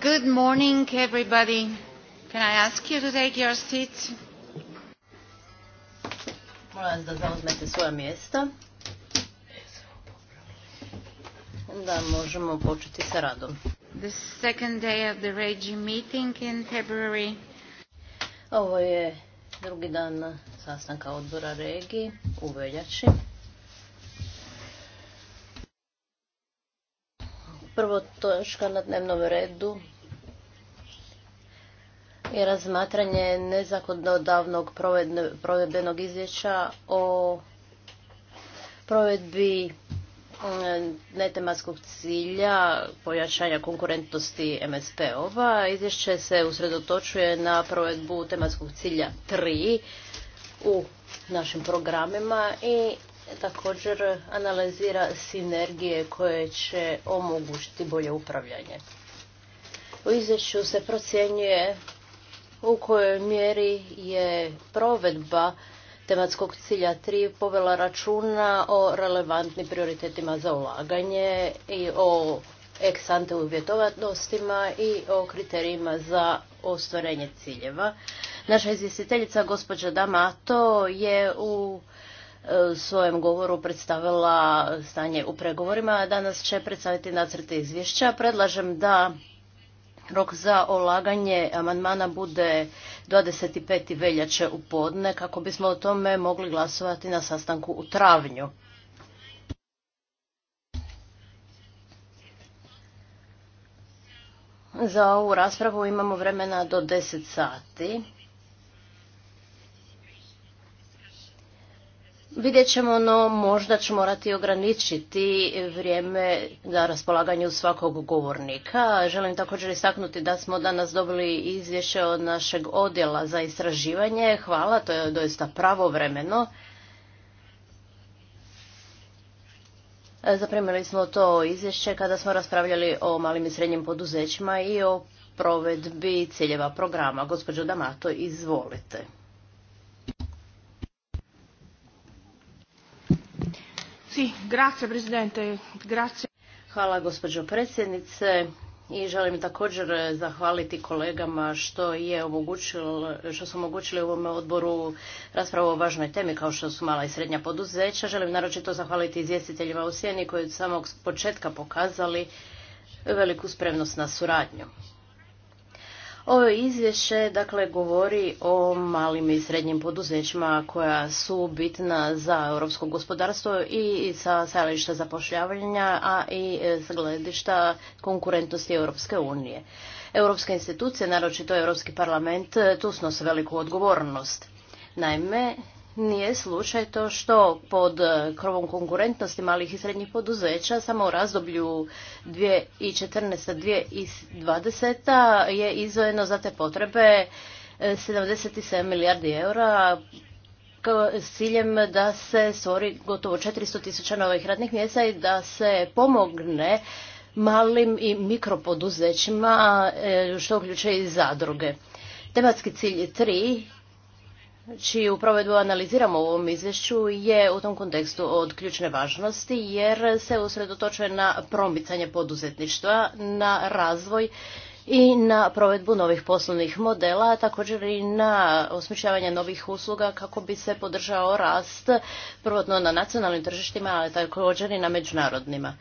Good morning, everybody. Can I ask you to take your seats? da zauzmete svoja mjesta. Da možemo početi sa radom. The second day of the REGI meeting in February. Ovo je drugi dan sastanka odbora REGI u veljači. Prvo točka na dnevnom redu je razmatranje nezakonodavnog provedbenog izvješća o provedbi mm, netematskog cilja pojačanja konkurentnosti MSP-ova. Izvješće se usredotočuje na provedbu tematskog cilja 3 u našim programima i također analizira sinergije koje će omogućiti bolje upravljanje. U izvješću se procjenjuje u kojoj mjeri je provedba tematskog cilja 3 povela računa o relevantnim prioritetima za ulaganje i o eksante uvjetovatnostima i o kriterijima za ostvarenje ciljeva. Naša izvjestiteljica gospođa Damato je u svojem govoru predstavila stanje u pregovorima, a danas će predstaviti nacrte izvješća. Predlažem da rok za olaganje amandmana bude 25. veljače u podne kako bismo o tome mogli glasovati na sastanku u travnju. Za ovu raspravu imamo vremena do 10 sati. Vidjet ćemo, no možda ću morati ograničiti vrijeme na raspolaganju svakog govornika. Želim također istaknuti da smo danas dobili izvješće od našeg odjela za istraživanje. Hvala, to je doista pravovremeno. Zaprimili smo to izvješće kada smo raspravljali o malim i srednjim poduzećima i o provedbi ciljeva programa. Gospođo Damato, izvolite. Hvala gospođo predsjednice i želim također zahvaliti kolegama što je su omogućili u ovome odboru raspravu o važnoj temi kao što su mala i srednja poduzeća. Želim naročito zahvaliti izvjestiteljima u Sjeni koji od samog početka pokazali veliku spremnost na suradnju. Ovo izvješće dakle, govori o malim i srednjim poduzećima koja su bitna za europsko gospodarstvo i sa stajališta zapošljavanja, a i sa gledišta konkurentnosti Europske unije. Europske institucije, naročito Europski parlament, tu snose veliku odgovornost. Naime, nije slučaj to što pod e, krovom konkurentnosti malih i srednjih poduzeća samo u razdoblju 2014-2020 je izvojeno za te potrebe 77 e, milijardi eura s ciljem da se stvori gotovo 400 tisuća novih radnih mjesta i da se pomogne malim i mikropoduzećima e, što uključuje i zadruge. Tematski cilj 3 čiju provedbu analiziramo u ovom izvješću je u tom kontekstu od ključne važnosti jer se usredotočuje na promicanje poduzetništva, na razvoj i na provedbu novih poslovnih modela, a također i na osmišljavanje novih usluga kako bi se podržao rast prvotno na nacionalnim tržištima, ali također i na međunarodnima.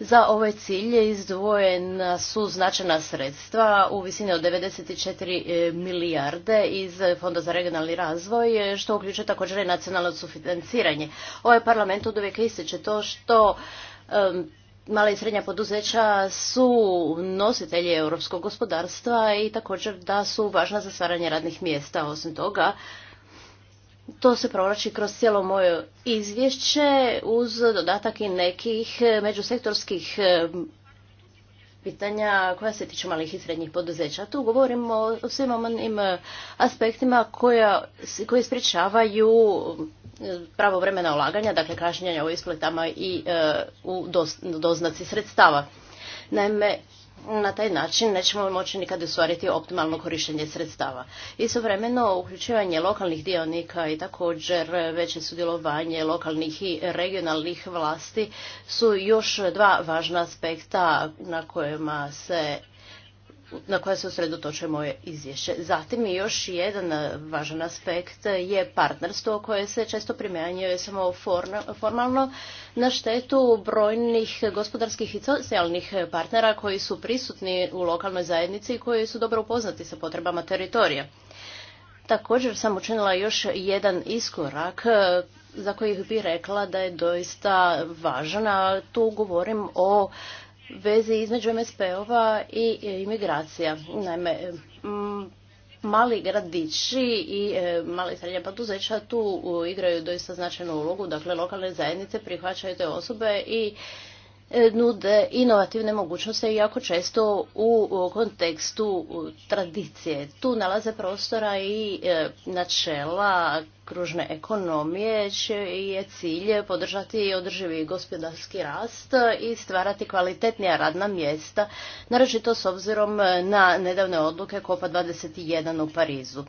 Za ovaj cilj izdvojena su značajna sredstva u visini od 94 e, milijarde iz Fonda za regionalni razvoj, što uključuje također i nacionalno sufinanciranje. Ovaj parlament od uvijek ističe to što mala i srednja poduzeća su nositelji europskog gospodarstva i također da su važna za stvaranje radnih mjesta. Osim toga, to se provlači kroz cijelo moje izvješće uz dodatak i nekih međusektorskih pitanja koja se tiču malih i srednjih poduzeća. Tu govorimo o svim onim e, aspektima koja, koji sprječavaju e, pravovremena ulaganja, dakle kašnjenja u isplatama i e, u doznaci sredstava. Naime, na taj način nećemo moći nikad ostvariti optimalno korištenje sredstava. Istovremeno, uključivanje lokalnih dionika i također veće sudjelovanje lokalnih i regionalnih vlasti su još dva važna aspekta na kojima se na koje se usredotočuje moje izvješće. Zatim još jedan važan aspekt je partnerstvo koje se često primjenjuje samo formalno na štetu brojnih gospodarskih i socijalnih partnera koji su prisutni u lokalnoj zajednici i koji su dobro upoznati sa potrebama teritorija. Također sam učinila još jedan iskorak e, za koji bi rekla da je doista važan, a tu govorim o vezi između MSP-ova i e, imigracija. Naime, e, mali gradići i e, mali srednja poduzeća tu igraju doista značajnu ulogu, dakle lokalne zajednice prihvaćaju te osobe i E, nude inovativne mogućnosti jako često u kontekstu tradicije. Tu nalaze prostora i e, načela kružne ekonomije čiji je cilj podržati održivi gospodarski rast i stvarati kvalitetnija radna mjesta, naročito s obzirom na nedavne odluke COPA 21 u Parizu.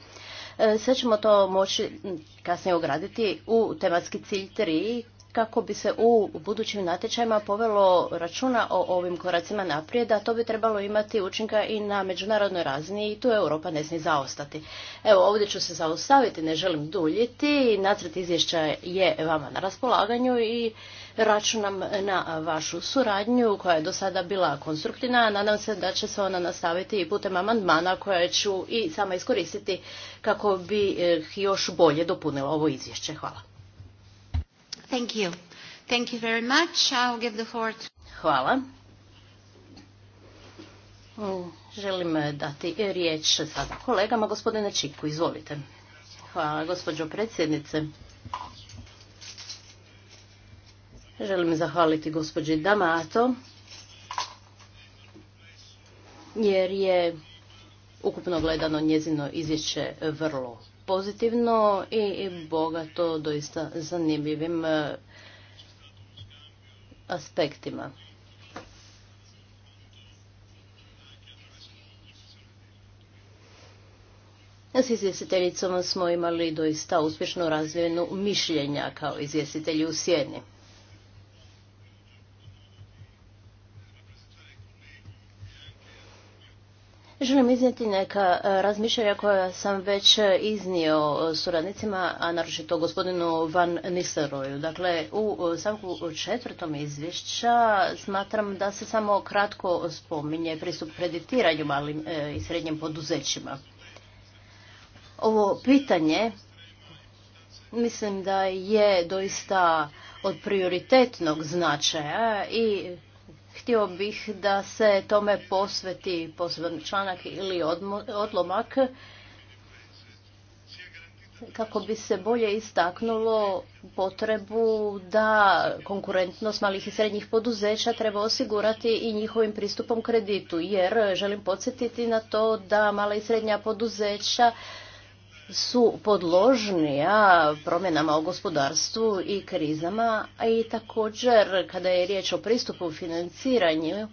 Sve ćemo to moći kasnije ograditi u tematski cilj 3 kako bi se u budućim natječajima povelo računa o ovim koracima naprijed, a to bi trebalo imati učinka i na međunarodnoj razini i tu Europa ne smije zaostati. Evo, ovdje ću se zaustaviti, ne želim duljiti, nacrt izvješća je vama na raspolaganju i računam na vašu suradnju koja je do sada bila konstruktivna, a nadam se da će se ona nastaviti i putem amandmana koje ću i sama iskoristiti kako bi eh, još bolje dopunila ovo izvješće. Hvala. Thank you. Thank Hvala. Želim dati riječ sada kolegama. Gospodine Čiku, izvolite. Hvala, gospođo predsjednice. Želim zahvaliti gospođi Damato, jer je ukupno gledano njezino izvješće vrlo pozitivno i bogato doista zanimljivim e, aspektima. S izvjestiteljicom smo imali doista uspješno razvijenu mišljenja kao izvjestitelji u sjedni. želim iznijeti neka e, razmišljanja koja sam već e, iznio suradnicima, a naročito gospodinu Van Niseroju. Dakle, u samog četvrtom izvješća smatram da se samo kratko spominje pristup kreditiranju malim e, i srednjim poduzećima. Ovo pitanje mislim da je doista od prioritetnog značaja i Htio bih da se tome posveti poseban članak ili odlomak kako bi se bolje istaknulo potrebu da konkurentnost malih i srednjih poduzeća treba osigurati i njihovim pristupom kreditu, jer želim podsjetiti na to da mala i srednja poduzeća su podložnija promjenama u gospodarstvu i krizama, a i također kada je riječ o pristupu u financiranju,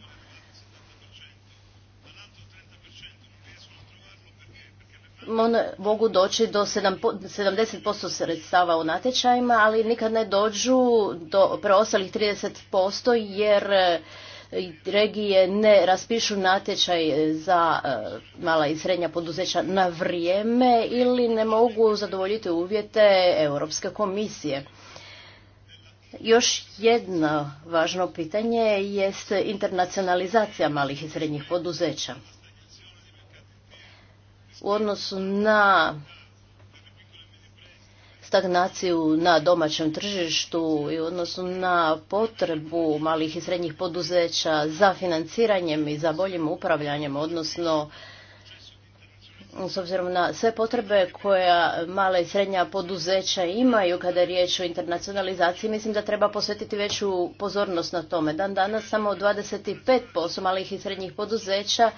mogu doći do 70% sredstava u natječajima, ali nikad ne dođu do preostalih 30% jer regije ne raspišu natječaj za e, mala i srednja poduzeća na vrijeme ili ne mogu zadovoljiti uvjete Europske komisije. Još jedno važno pitanje jest internacionalizacija malih i srednjih poduzeća. U odnosu na stagnaciju na domaćem tržištu i odnosu na potrebu malih i srednjih poduzeća za financiranjem i za boljim upravljanjem, odnosno s obzirom na sve potrebe koja mala i srednja poduzeća imaju kada je riječ o internacionalizaciji, mislim da treba posvetiti veću pozornost na tome. Dan danas samo 25% malih i srednjih poduzeća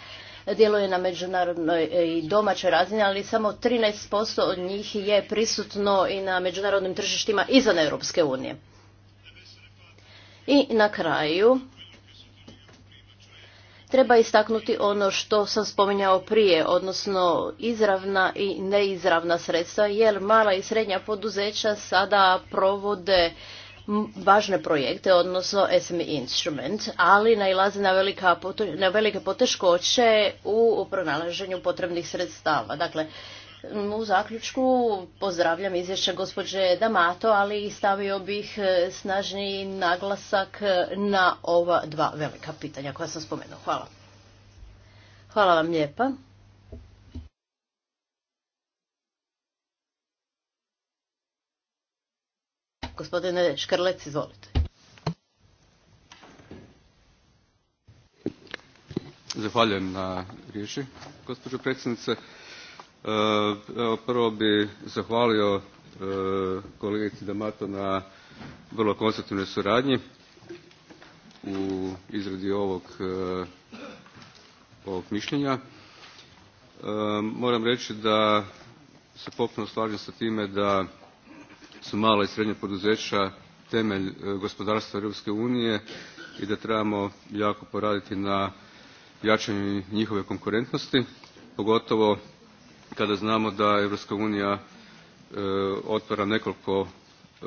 djeluje na međunarodnoj e, i domaćoj razini, ali samo 13% od njih je prisutno i na međunarodnim tržištima izvan Europske unije. I na kraju treba istaknuti ono što sam spominjao prije, odnosno izravna i neizravna sredstva, jer mala i srednja poduzeća sada provode važne projekte, odnosno SME Instrument, ali najlaze na, na velike poteškoće u pronalaženju potrebnih sredstava. Dakle, mm, u zaključku pozdravljam izvješće gospođe Damato, ali stavio bih e, snažni naglasak e, na ova dva velika pitanja koja sam spomenuo. Hvala. Hvala vam lijepa. Gospodine Škrlec, izvolite. Zahvaljujem na riječi, gospođo predsjednice. E, evo, prvo bih zahvalio e, kolegici D'Amato na vrlo konstruktivnoj suradnji u izradi ovog, e, ovog mišljenja. Moram reći da se potpuno slažem sa time da su mala i srednja poduzeća temelj e, gospodarstva Europske unije i da trebamo jako poraditi na jačanju njihove konkurentnosti, pogotovo kada znamo da Europska unija e, otvara nekoliko e,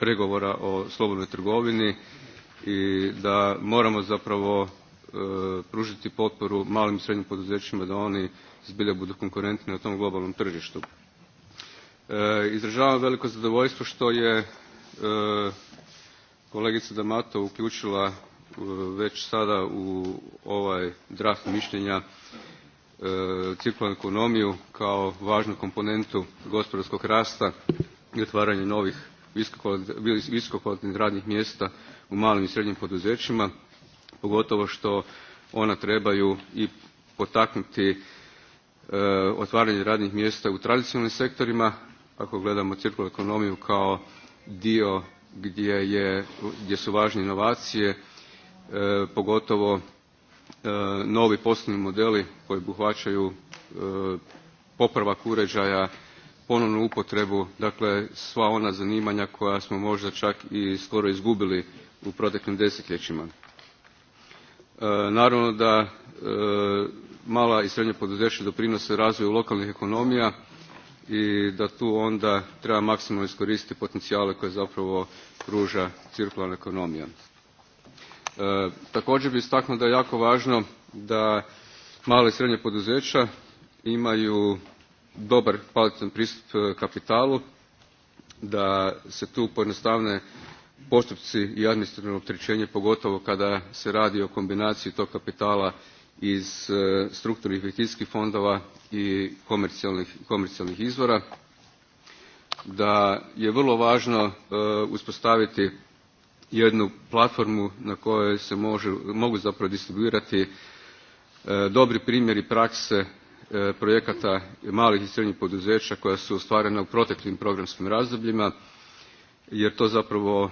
pregovora o slobodnoj trgovini i da moramo zapravo pružiti potporu malim i srednjim poduzećima da oni zbilja budu konkurentni na tom globalnom tržištu. E, izražavam veliko zadovoljstvo što je e, kolegica d'amato uključila e, već sada u ovaj draft mišljenja cirkularnu ekonomiju kao važnu komponentu gospodarskog rasta i otvaranje novih visokokvalitetnih radnih mjesta u malim i srednjim poduzećima pogotovo što ona trebaju i potaknuti otvaranje radnih mjesta u tradicionalnim sektorima ako gledamo cirkularnu ekonomiju kao dio gdje, je, gdje su važne inovacije, e, pogotovo e, novi poslovni modeli koji obuhvaćaju e, popravak uređaja, ponovnu upotrebu, dakle sva ona zanimanja koja smo možda čak i skoro izgubili u proteklim desetljećima. Naravno da mala i srednja poduzeća doprinose razvoju lokalnih ekonomija i da tu onda treba maksimalno iskoristiti potencijale koje zapravo pruža cirkularna ekonomija. E, također bih istaknuo da je jako važno da male i srednje poduzeća imaju dobar kvalitetan pristup e, kapitalu, da se tu pojednostavne postupci i administrativno opterećenje pogotovo kada se radi o kombinaciji tog kapitala iz e, strukturnih investicijskih fondova i komercijalnih, izvora da je vrlo važno e, uspostaviti jednu platformu na kojoj se može, mogu zapravo distribuirati e, dobri primjeri prakse projekata malih i srednjih poduzeća koja su ostvarena u proteklim programskim razdobljima jer to zapravo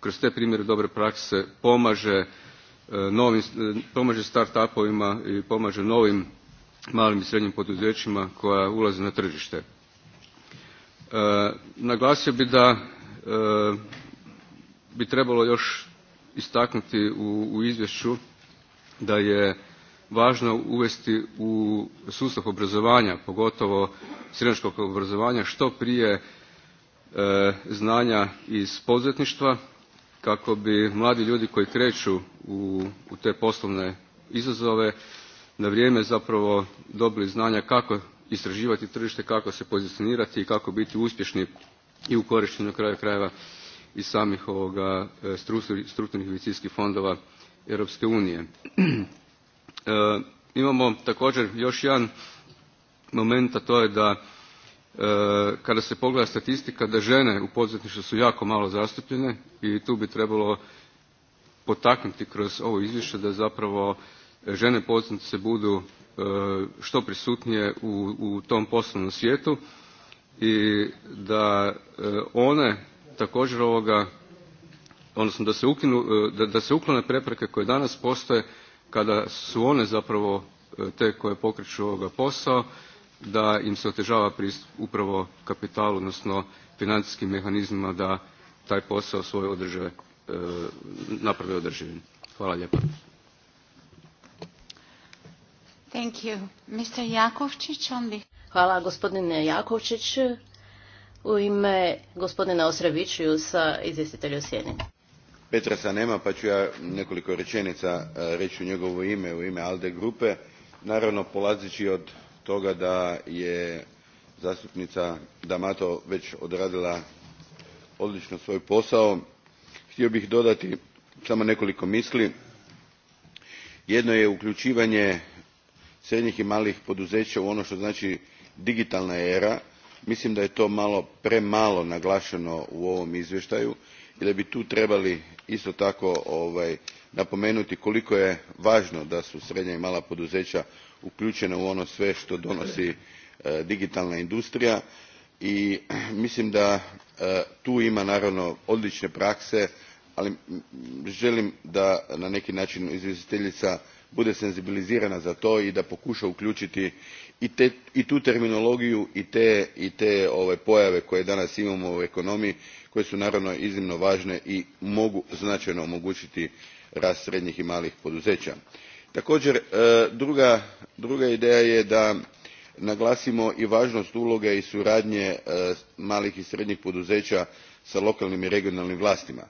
kroz te primjere dobre prakse pomaže E, e, pomaže start upovima i pomaže novim malim i srednjim poduzećima koja ulaze na tržište. E, naglasio bi da bi trebalo još istaknuti u, izvješću da je važno uvesti u sustav obrazovanja, pogotovo srednjoškolskog obrazovanja, što prije znanja iz poduzetništva kako bi mladi ljudi koji kreću u, u te poslovne izazove na vrijeme zapravo dobili znanja kako istraživati tržište, kako se pozicionirati i kako biti uspješni i u korištenju na kraju krajeva i samih ovoga e, strukturnih investicijskih fondova Europske unije. E, imamo također još jedan moment, a to je da E, kada se pogleda statistika da žene u poduzetništvu su jako malo zastupljene i tu bi trebalo potaknuti kroz ovo izvješće da zapravo žene poduzetnice budu e, što prisutnije u, tom poslovnom svijetu i da e, one također ovoga odnosno da se, ukinu, da, se uklone prepreke koje danas postoje kada su one zapravo te koje pokreću ovoga posao da im se otežava pristup upravo kapitalu, odnosno financijskim mehanizmima da taj posao svoje održe, e, naprave održivim. Hvala lijepa. Hvala gospodine Jakovčić. U ime gospodina sa izvjestitelju Petra sa nema, pa ću ja nekoliko rečenica e, reći u njegovo ime, u ime ALDE grupe. Naravno, polazići od toga da je zastupnica d'amato već odradila odlično svoj posao htio bih dodati samo nekoliko misli. jedno je uključivanje srednjih i malih poduzeća u ono što znači digitalna era. mislim da je to malo premalo naglašeno u ovom izvještaju i da bi tu trebali isto tako ovaj, napomenuti koliko je važno da su srednja i mala poduzeća uključena u ono sve što donosi e, digitalna industrija i mislim da e, tu ima naravno odlične prakse ali želim da na neki način izvjestiteljica bude senzibilizirana za to i da pokuša uključiti i tu terminologiju i te pojave koje danas imamo u ekonomiji koje su naravno iznimno važne i mogu značajno omogućiti rast srednjih i malih poduzeća također e, druga, ideja je da naglasimo i važnost uloge i suradnje e, malih i srednjih poduzeća s lokalnim i regionalnim vlastima.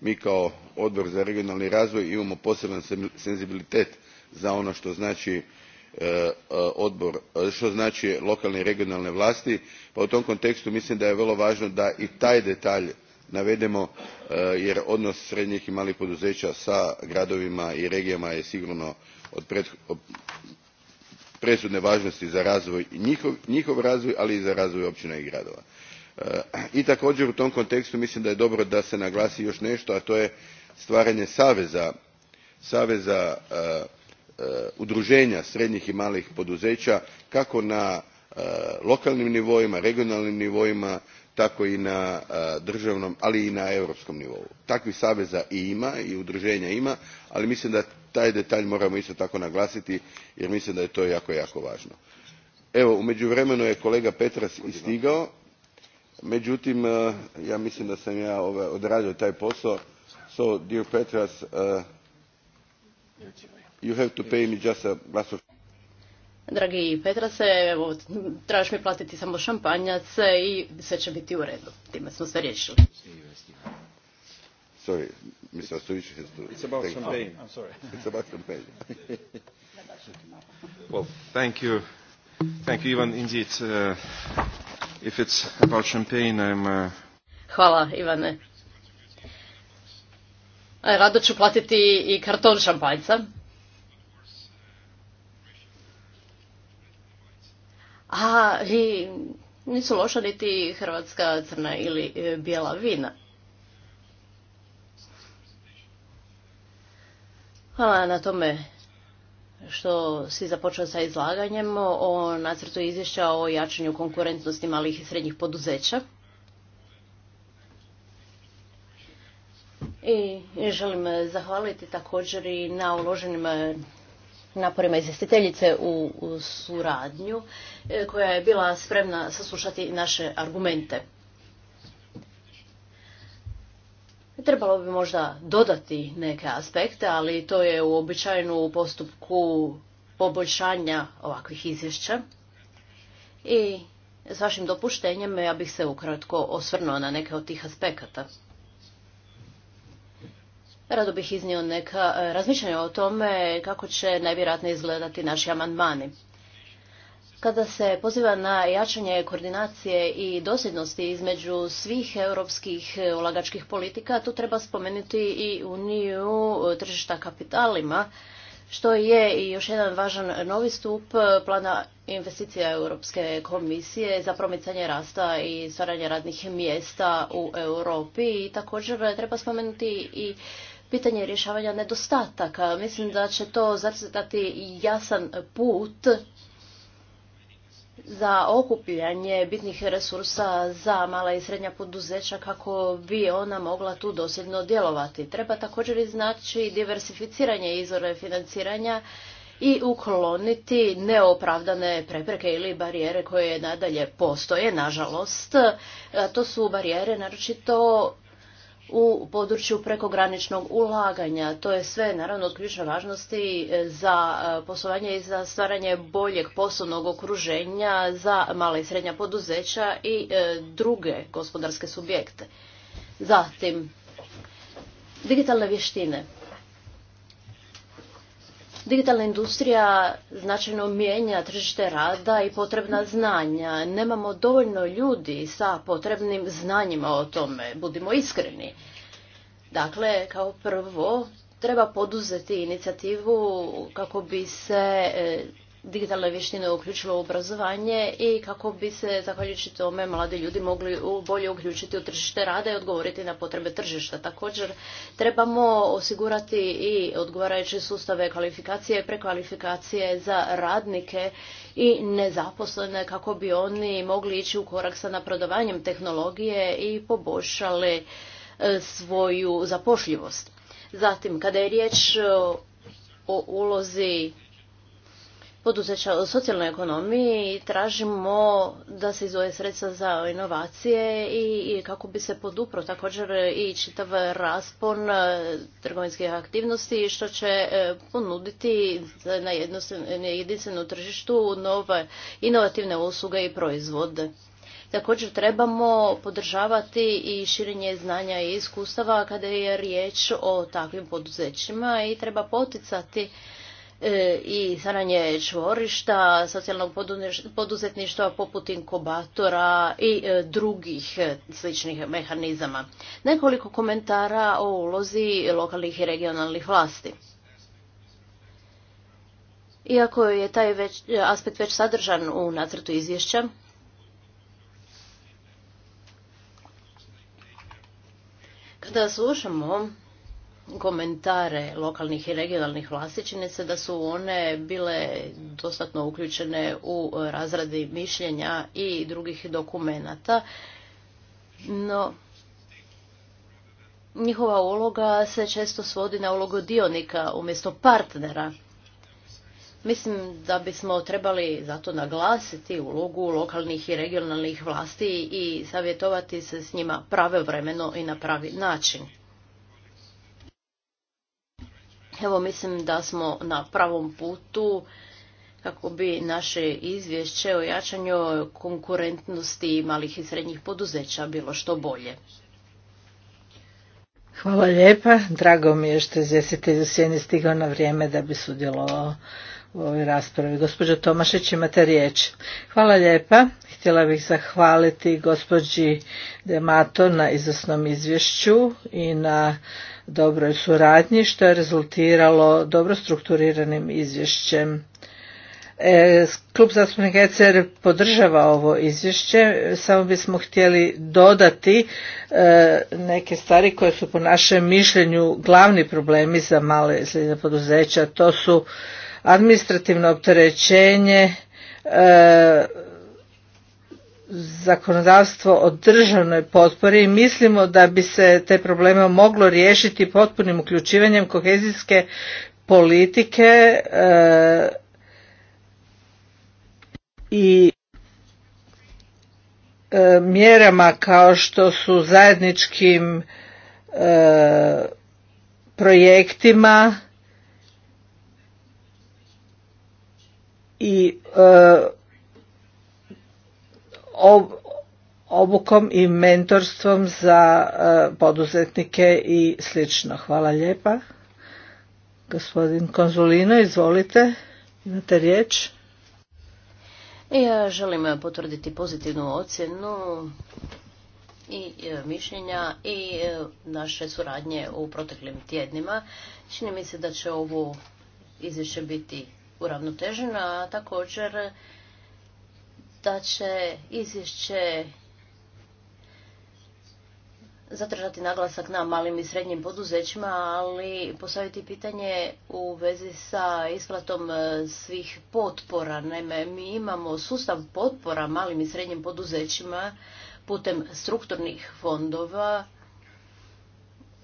mi kao odbor za regionalni razvoj imamo poseban senzibilitet za ono što znači, e, odbor, što znači lokalne i regionalne vlasti pa u tom kontekstu mislim da je vrlo važno da i taj detalj navedemo e, jer odnos srednjih i malih poduzeća sa gradovima i regijama je sigurno od presudne važnosti za njihov razvoj ali i za razvoj općina i gradova. E, i također u tom kontekstu mislim da je dobro da se naglasi još nešto a to je stvaranje saveza e, udruženja srednjih i malih poduzeća kako na lokalnim nivoima regionalnim nivoima tako i na državnom ali i na europskom nivou. takvih saveza i ima i udruženja ima ali mislim da taj detalj moramo isto tako naglasiti jer mislim da je to jako jako važno. Evo, u međuvremenu je kolega Petras i stigao, međutim ja mislim da sam ja odradio taj posao. So, dear Petras, you have to pay me just a dragi Petrase, evo, trebaš mi platiti samo šampanjac i sve će biti u redu. Time smo sve riješili. Sorry, Mr. Stojić. It's about champagne. I'm sorry. It's about champagne. well, thank you. Thank you, Ivan. Indeed, uh, if it's about champagne, I'm... Uh... Hvala, Ivane. E, rado ću platiti i karton šampanjca. a i nisu loša niti hrvatska crna ili e, bijela vina. Hvala na tome što si započeo sa izlaganjem o nacrtu izvješća o jačanju konkurentnosti malih i srednjih poduzeća. I želim zahvaliti također i na uloženim naporima izvjestiteljice u, suradnju e, koja je bila spremna saslušati naše argumente. Trebalo bi možda dodati neke aspekte, ali to je uobičajeno u postupku poboljšanja ovakvih izvješća. I s vašim dopuštenjem ja bih se ukratko osvrnula na neke od tih aspekata. Rado bih iznio neka e, razmišljanja o tome kako će najvjerojatnije izgledati naši amandmani. Kada se poziva na jačanje koordinacije i dosljednosti između svih europskih e, ulagačkih politika, tu treba spomenuti i Uniju e, tržišta kapitalima, što je i još jedan važan novi stup plana investicija Europske komisije za promicanje rasta i stvaranje radnih mjesta u Europi. I također treba spomenuti i pitanje rješavanja nedostataka. Mislim da će to zacrtati jasan put za okupljanje bitnih resursa za mala i srednja poduzeća kako bi ona mogla tu dosljedno djelovati. Treba također znači diversificiranje izvore financiranja i ukloniti neopravdane prepreke ili barijere koje nadalje postoje, nažalost. To su barijere naročito u području prekograničnog ulaganja. To je sve naravno od ključne važnosti e, za e, poslovanje i za stvaranje boljeg poslovnog okruženja za mala i srednja poduzeća i e, druge gospodarske subjekte. Zatim, digitalne vještine. Digitalna industrija značajno mijenja tržište rada i potrebna znanja. Nemamo dovoljno ljudi sa potrebnim znanjima o tome, budimo iskreni. Dakle, kao prvo, treba poduzeti inicijativu kako bi se e, digitalne vještine uključilo obrazovanje i kako bi se zahvaljujući tome mladi ljudi mogli bolje uključiti u tržište rada i odgovoriti na potrebe tržišta. Također trebamo osigurati i odgovarajuće sustave kvalifikacije i prekvalifikacije za radnike i nezaposlene kako bi oni mogli ići u korak sa napredovanjem tehnologije i poboljšali e, svoju zapošljivost. Zatim, kada je riječ o ulozi poduzeća o socijalnoj ekonomiji tražimo da se izvoje sredstva za inovacije i, kako bi se podupro također i čitav raspon e, trgovinskih aktivnosti što će e, ponuditi na, na jedinstvenom tržištu nove inovativne usluge i proizvode. Također trebamo podržavati i širenje znanja i iskustava kada je riječ o takvim poduzećima i treba poticati E, i saranje čvorišta, socijalnog poduzetništva poput inkubatora i e, drugih e, sličnih mehanizama. Nekoliko komentara o ulozi lokalnih i regionalnih vlasti. Iako je taj već, aspekt već sadržan u nacrtu izvješća, kada slušamo komentare lokalnih i regionalnih vlasti čini se da su one bile dostatno uključene u razradi mišljenja i drugih dokumenata, no njihova uloga se često svodi na ulogu dionika umjesto partnera. Mislim da bismo trebali zato naglasiti ulogu lokalnih i regionalnih vlasti i savjetovati se s njima pravovremeno i na pravi način. Evo mislim da smo na pravom putu kako bi naše izvješće o jačanju konkurentnosti malih i srednjih poduzeća bilo što bolje. Hvala lijepa. Drago mi je što je izvjestitelj u stigao na vrijeme da bi sudjelovao u ovoj raspravi. Gospođo Tomašić, imate riječ. Hvala lijepa. Htjela bih zahvaliti gospođi Demato na izvrsnom izvješću i na dobroj suradnji što je rezultiralo dobro strukturiranim izvješćem. E, Klub zastupnika ECR podržava ovo izvješće, samo bismo htjeli dodati e, neke stvari koje su po našem mišljenju glavni problemi za male i srednje poduzeća. To su administrativno opterećenje, e, zakonodavstvo o državnoj potpori mislimo da bi se te probleme moglo riješiti potpunim uključivanjem kohezijske politike e, i e, mjerama kao što su zajedničkim e, projektima i obukom i mentorstvom za e, poduzetnike i slično. Hvala lijepa. Gospodin Konzulino, izvolite, imate riječ. Ja želim potvrditi pozitivnu ocjenu i e, mišljenja i e, naše suradnje u proteklim tjednima. Čini mi se da će ovo izvješće biti uravnoteženo, a također da će izvješće zadržati naglasak na malim i srednjim poduzećima, ali postaviti pitanje u vezi sa isplatom e, svih potpora. Naime, mi imamo sustav potpora malim i srednjim poduzećima putem strukturnih fondova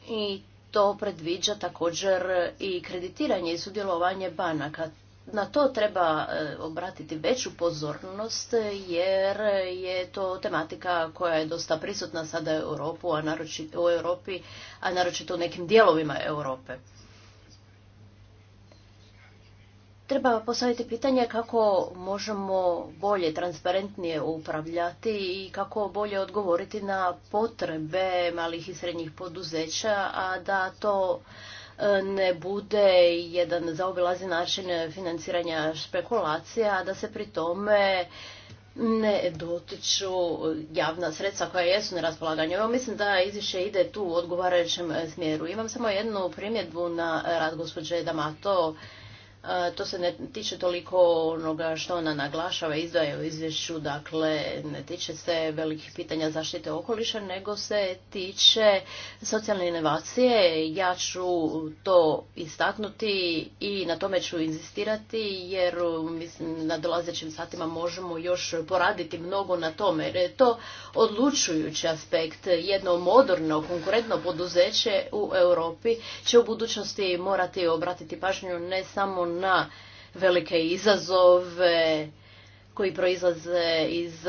i to predviđa također i kreditiranje i sudjelovanje banaka na to treba e, obratiti veću pozornost jer je to tematika koja je dosta prisutna sada u, Europu, a u Europi, a naročito u nekim dijelovima Europe. Treba postaviti pitanje kako možemo bolje, transparentnije upravljati i kako bolje odgovoriti na potrebe malih i srednjih poduzeća, a da to ne bude jedan zaobilazni način financiranja špekulacija, da se pri tome ne dotiču javna sredstva koja jesu na raspolaganju. Evo mislim da izvješće ide tu u odgovarajućem smjeru. Imam samo jednu primjedbu na rad gospođe Damato E, to se ne tiče toliko onoga što ona naglašava izdaje u izvješću, dakle ne tiče se velikih pitanja zaštite okoliša, nego se tiče socijalne inovacije. Ja ću to istaknuti i na tome ću inzistirati jer mislim na dolazećim satima možemo još poraditi mnogo na tome jer je to odlučujući aspekt. Jedno moderno, konkurentno poduzeće u Europi će u budućnosti morati obratiti pažnju ne samo na velike izazove koji proizlaze iz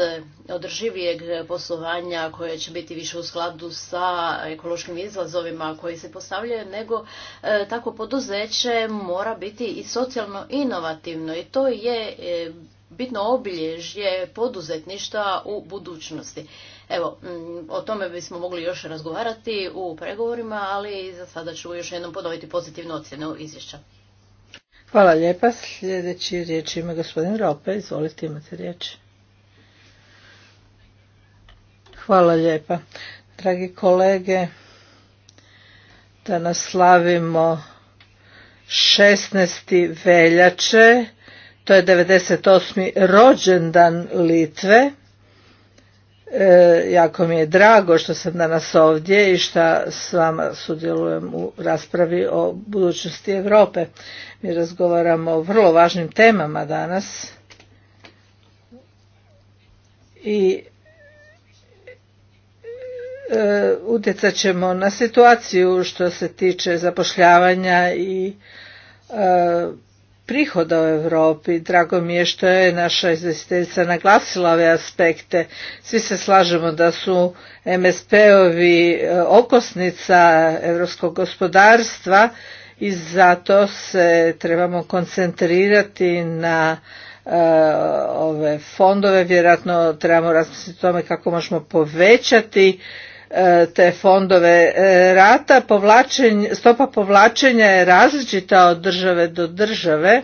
održivijeg poslovanja koje će biti više u skladu sa ekološkim izazovima koji se postavljaju, nego e, tako poduzeće mora biti i socijalno inovativno i to je e, bitno obilježje poduzetništva u budućnosti. Evo, mm, o tome bismo mogli još razgovarati u pregovorima, ali za sada ću još jednom ponoviti pozitivnu ocjenu izvješća. Hvala lijepa. Sljedeći riječ ima gospodin Rope. Izvolite, imate riječ. Hvala lijepa. Dragi kolege, danas slavimo 16. veljače, to je 98. rođendan Litve. E, jako mi je drago što sam danas ovdje i što s vama sudjelujem u raspravi o budućnosti Europe. Mi razgovaramo o vrlo važnim temama danas i e, utjecat ćemo na situaciju što se tiče zapošljavanja i e, prihoda u Europi. Drago mi je što je naša izvjestiteljica naglasila ove aspekte. Svi se slažemo da su MSP-ovi eh, okosnica europskog gospodarstva i zato se trebamo koncentrirati na eh, ove fondove. Vjerojatno trebamo razmisliti o tome kako možemo povećati E, te fondove e, rata stopa povlačenja je različita od države do države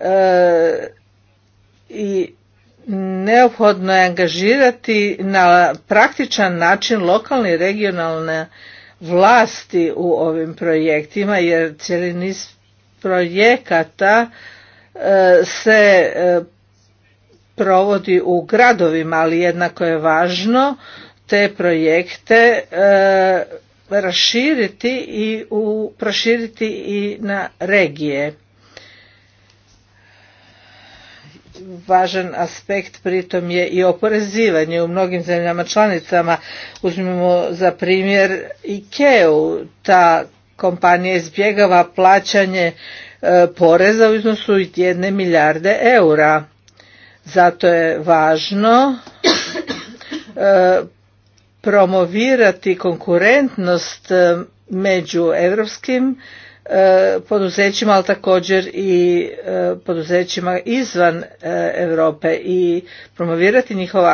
e, i neophodno je angažirati na praktičan način lokalne i regionalne vlasti u ovim projektima jer cijeli niz projekata se provodi u gradovima ali jednako je važno te projekte e, raširiti i u, proširiti i na regije. Važan aspekt pritom je i oporezivanje u mnogim zemljama članicama. Uzmimo za primjer IKEA, ta kompanija izbjegava plaćanje e, poreza u iznosu jedne milijarde eura. Zato je važno e, promovirati konkurentnost e, među europskim e, poduzećima, ali također i e, poduzećima izvan Europe i promovirati njihov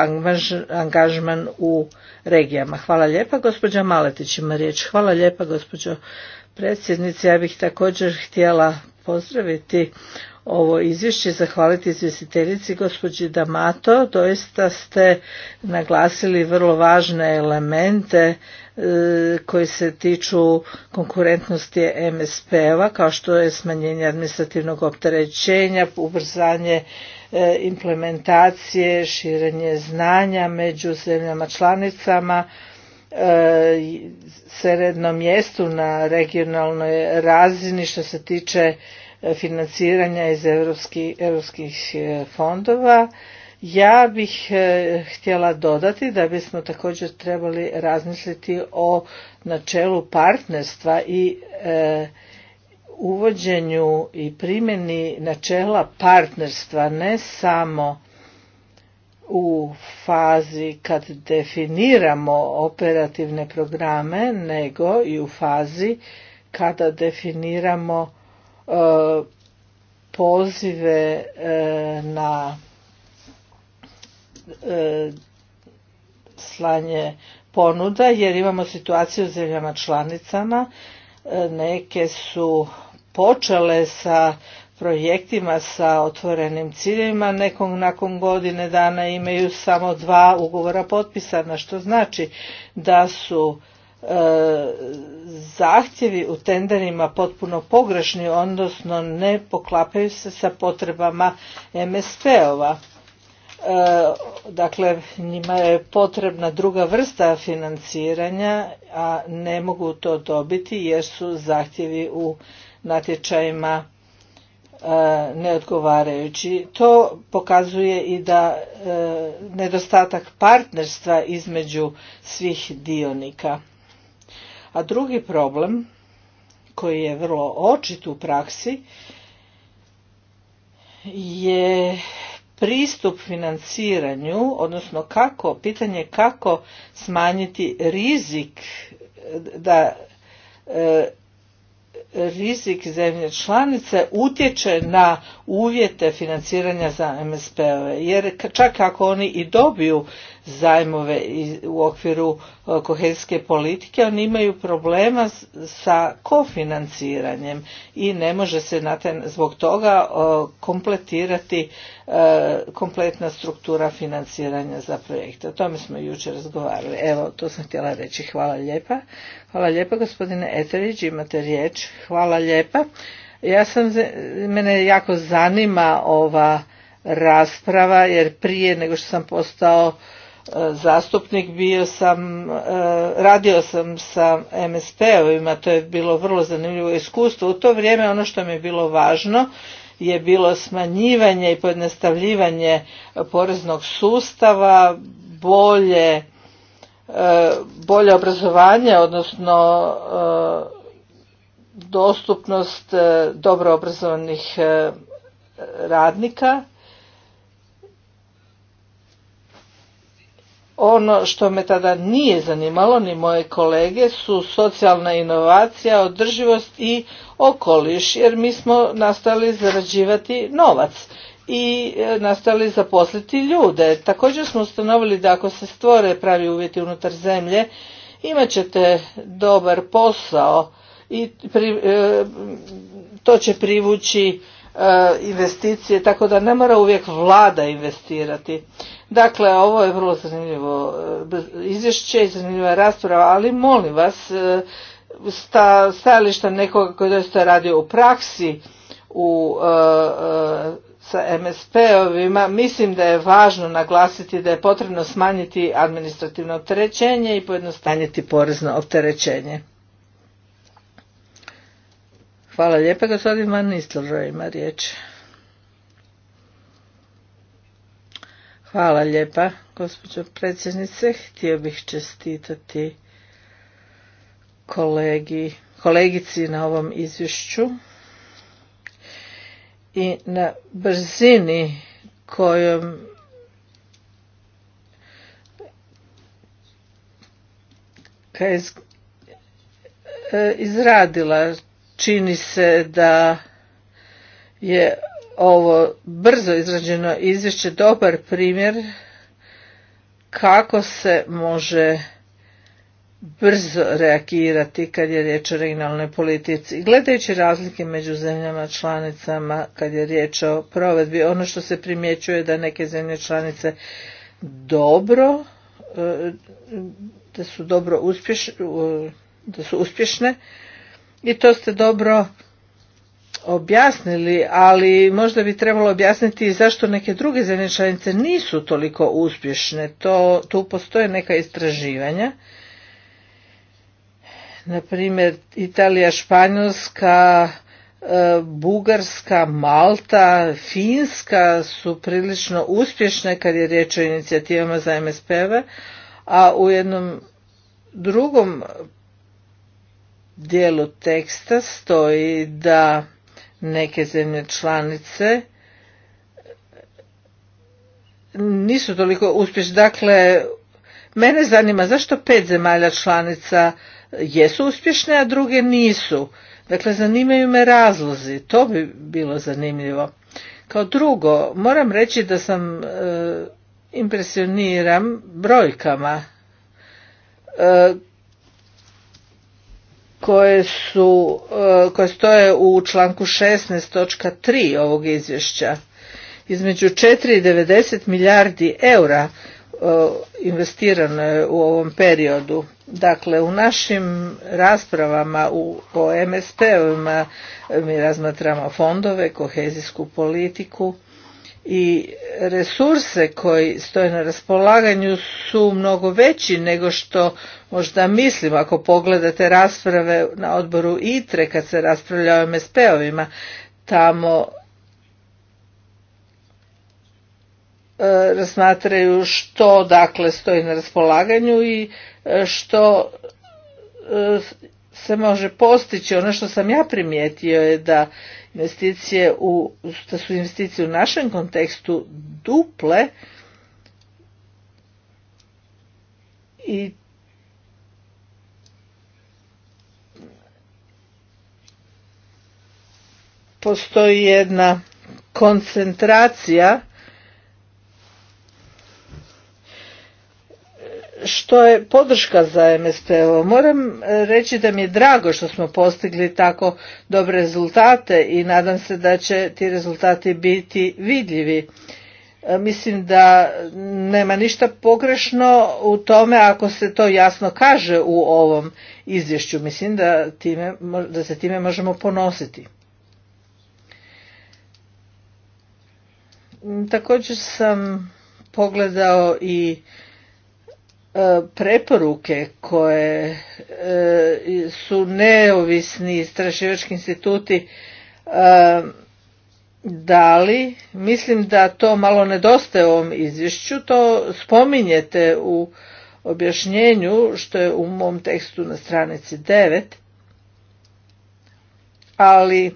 angažman u regijama. Hvala lijepa, gospođa Maletić ima riječ. Hvala lijepa, gospođo predsjednice. Ja bih također htjela pozdraviti ovo izvješće, zahvaliti izvjestiteljici gospođi Damato. Doista ste naglasili vrlo važne elemente e, koji se tiču konkurentnosti msp ova kao što je smanjenje administrativnog opterećenja, ubrzanje e, implementacije, širenje znanja među zemljama članicama, e, srednom mjestu na regionalnoj razini što se tiče financiranja iz europskih, e, fondova. Ja bih e, htjela dodati da bismo također trebali razmisliti o načelu partnerstva i e, uvođenju i primjeni načela partnerstva ne samo u fazi kad definiramo operativne programe nego i u fazi kada definiramo E, pozive e, na e, slanje ponuda jer imamo situaciju u zemljama članicama neke su počele sa projektima sa otvorenim ciljevima Nekom nakon godine dana imaju samo dva ugovora potpisana što znači da su E, zahtjevi u tenderima potpuno pogrešni, odnosno ne poklapaju se sa potrebama MSP-ova. E, dakle, njima je potrebna druga vrsta financiranja, a ne mogu to dobiti jer su zahtjevi u natječajima e, neodgovarajući. To pokazuje i da nedostatak partnerstva između svih dionika. A drugi problem koji je vrlo očit u praksi je pristup financiranju, odnosno kako, pitanje kako smanjiti rizik da e, rizik zemlje članice utječe na uvjete financiranja za MSP-ove. Jer čak ako oni i dobiju zajmove u okviru e, kohezijske politike, oni imaju problema sa kofinanciranjem i ne može se zbog toga e, kompletirati e, kompletna struktura financiranja za projekte. O tome smo jučer razgovarali. Evo, to sam htjela reći. Hvala lijepa. Hvala lijepa gospodine Eterić, imate riječ. Hvala lijepa. Ja sam, mene jako zanima ova rasprava jer prije nego što sam postao zastupnik bio sam e, radio sam sa MSP-ovima to je bilo vrlo zanimljivo iskustvo u to vrijeme ono što mi je bilo važno je bilo smanjivanje i pojednostavljivanje poreznog sustava bolje e, bolje obrazovanje odnosno e, dostupnost dobro obrazovanih radnika ono što me tada nije zanimalo, ni moje kolege, su socijalna inovacija, održivost i okoliš, jer mi smo nastali zarađivati novac i e, nastali zaposliti ljude. Također smo ustanovili da ako se stvore pravi uvjeti unutar zemlje, imat ćete dobar posao i e, to će privući E, investicije, tako da ne mora uvijek vlada investirati. Dakle, ovo je vrlo zanimljivo e, izvješće i zanimljiva rasprava, ali molim vas, e, stajališta nekoga koji doista radi u praksi u, sa MSP-ovima, mislim da je važno naglasiti da je potrebno smanjiti administrativno opterećenje i pojednostaviti porezno opterećenje. Hvala lijepa, gospodin Van ima riječ. Hvala lijepa, gospođo predsjednice. Htio bih čestitati kolegi, kolegici na ovom izvješću i na brzini kojom je izradila čini se da je ovo brzo izrađeno izvješće dobar primjer kako se može brzo reagirati kad je riječ o regionalnoj politici. Gledajući razlike među zemljama članicama kad je riječ o provedbi, ono što se primjećuje da neke zemlje članice dobro, e, da su dobro uspješne, da su uspješne i to ste dobro objasnili, ali možda bi trebalo objasniti zašto neke druge zemlje članice nisu toliko uspješne. To, tu postoje neka istraživanja. Na primjer, Italija, Španjolska, e, Bugarska, Malta, Finska su prilično uspješne kad je riječ o inicijativama za MSPV, a u jednom drugom dijelu teksta stoji da neke zemlje članice nisu toliko uspješne. Dakle, mene zanima zašto pet zemalja članica jesu uspješne, a druge nisu. Dakle, zanimaju me razlozi, to bi bilo zanimljivo. Kao drugo, moram reći da sam e, impresioniram brojkama. E, koje, su, e, koje stoje u članku 16.3 ovog izvješća. Između 4 i 90 milijardi eura e, investirano je u ovom periodu. Dakle, u našim raspravama u, o MSP-ovima e, mi razmatramo fondove, kohezijsku politiku i resurse koji stoje na raspolaganju su mnogo veći nego što možda mislim ako pogledate rasprave na odboru ITRE kad se raspravlja o MSP-ovima tamo e, razmatraju što dakle stoji na raspolaganju i e, što e, se može postići. Ono što sam ja primijetio je da investicije u, da su investicije u našem kontekstu duple i postoji jedna koncentracija što je podrška za msp Moram e, reći da mi je drago što smo postigli tako dobre rezultate i nadam se da će ti rezultati biti vidljivi. E, mislim da nema ništa pogrešno u tome ako se to jasno kaže u ovom izvješću. Mislim da, time, da se time možemo ponositi. Mm, također sam pogledao i E, preporuke koje e, su neovisni istraživački instituti e, dali, mislim da to malo nedostaje u ovom izvješću, to spominjete u objašnjenju što je u mom tekstu na stranici 9, ali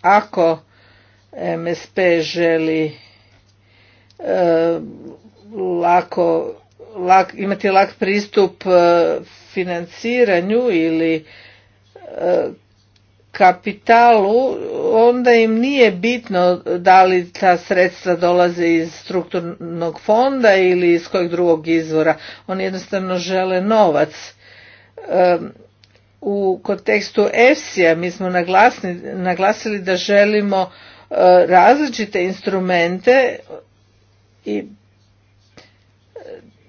ako MSP želi lako lak, imati lak pristup e, financiranju ili e, kapitalu, onda im nije bitno da li ta sredstva dolaze iz strukturnog fonda ili iz kojeg drugog izvora. Oni jednostavno žele novac. E, u kontekstu EFSI-a mi smo naglasili da želimo različite instrumente i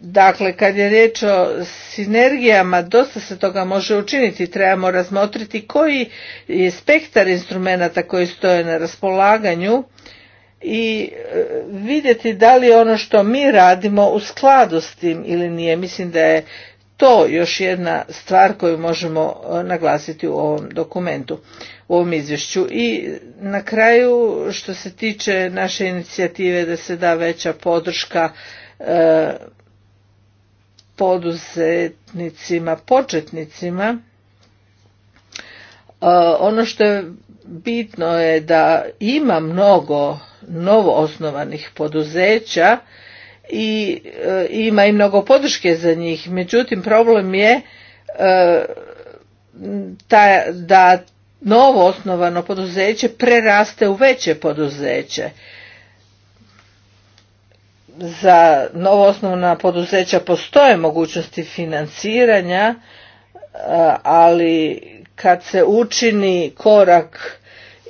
Dakle, kad je riječ o sinergijama, dosta se toga može učiniti. Trebamo razmotriti koji je spektar instrumenta koji stoje na raspolaganju i e, vidjeti da li ono što mi radimo u skladu s tim ili nije. Mislim da je to još jedna stvar koju možemo e, naglasiti u ovom dokumentu, u ovom izvješću. I na kraju što se tiče naše inicijative da se da veća podrška e, poduzetnicima, početnicima, e, ono što je bitno je da ima mnogo novoosnovanih poduzeća i e, ima i mnogo podrške za njih. Međutim, problem je e, da novo osnovano poduzeće preraste u veće poduzeće za novoosnovna poduzeća postoje mogućnosti financiranja, e, ali kad se učini korak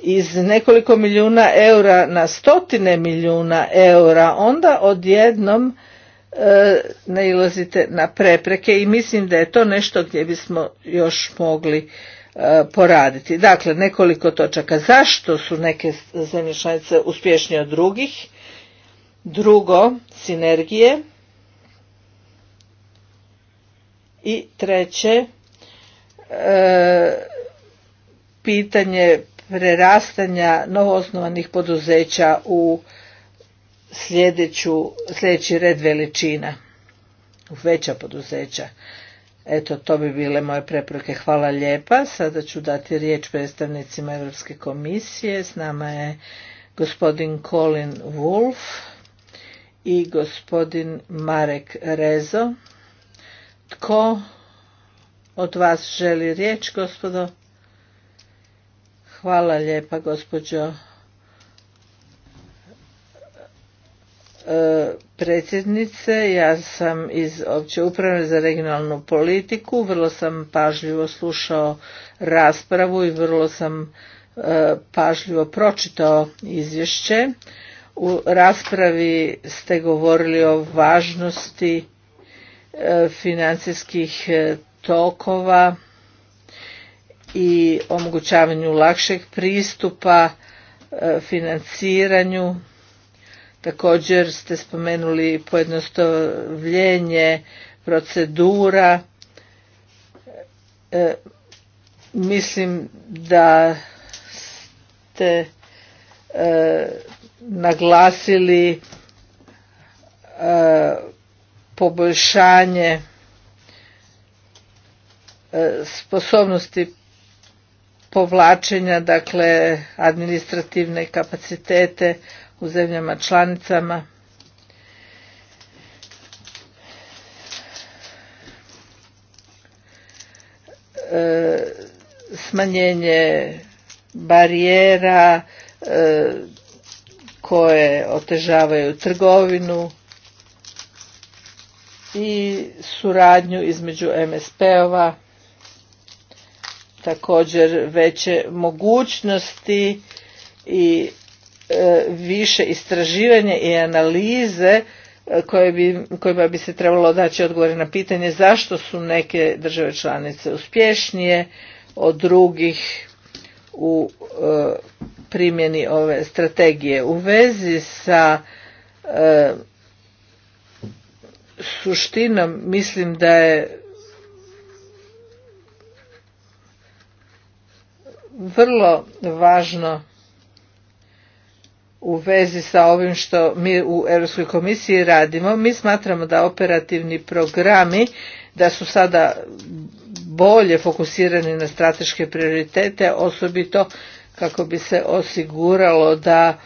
iz nekoliko milijuna eura na stotine milijuna eura, onda odjednom e, ne nailazite na prepreke i mislim da je to nešto gdje bismo još mogli e, poraditi. Dakle, nekoliko točaka. Zašto su neke zemlje članice uspješnije od drugih? drugo sinergije i treće e, pitanje prerastanja novoosnovanih poduzeća u sljedeću, sljedeći red veličina u veća poduzeća. Eto, to bi bile moje preporuke. Hvala lijepa. Sada ću dati riječ predstavnicima Europske komisije. S nama je gospodin Colin Wolf i gospodin Marek Rezo. Tko od vas želi riječ, gospodo? Hvala lijepa, gospođo e, predsjednice. Ja sam iz opće uprave za regionalnu politiku. Vrlo sam pažljivo slušao raspravu i vrlo sam e, pažljivo pročitao izvješće. U raspravi ste govorili o važnosti e, financijskih e, tokova i omogućavanju lakšeg pristupa e, financiranju. Također ste spomenuli pojednostavljenje procedura. mislim da ste naglasili e, poboljšanje e, sposobnosti povlačenja, dakle administrativne kapacitete u zemljama članicama. E, smanjenje barijera, koje otežavaju trgovinu i suradnju između MSP-ova, također veće mogućnosti i e, više istraživanje i analize e, kojima bi se trebalo daći odgovore na pitanje zašto su neke države članice uspješnije od drugih u e, primjeni ove strategije. U vezi sa e, suštinom mislim da je vrlo važno u vezi sa ovim što mi u Europskoj komisiji radimo. Mi smatramo da operativni programi da su sada bolje fokusirani na strateške prioritete, osobito kako bi se osiguralo da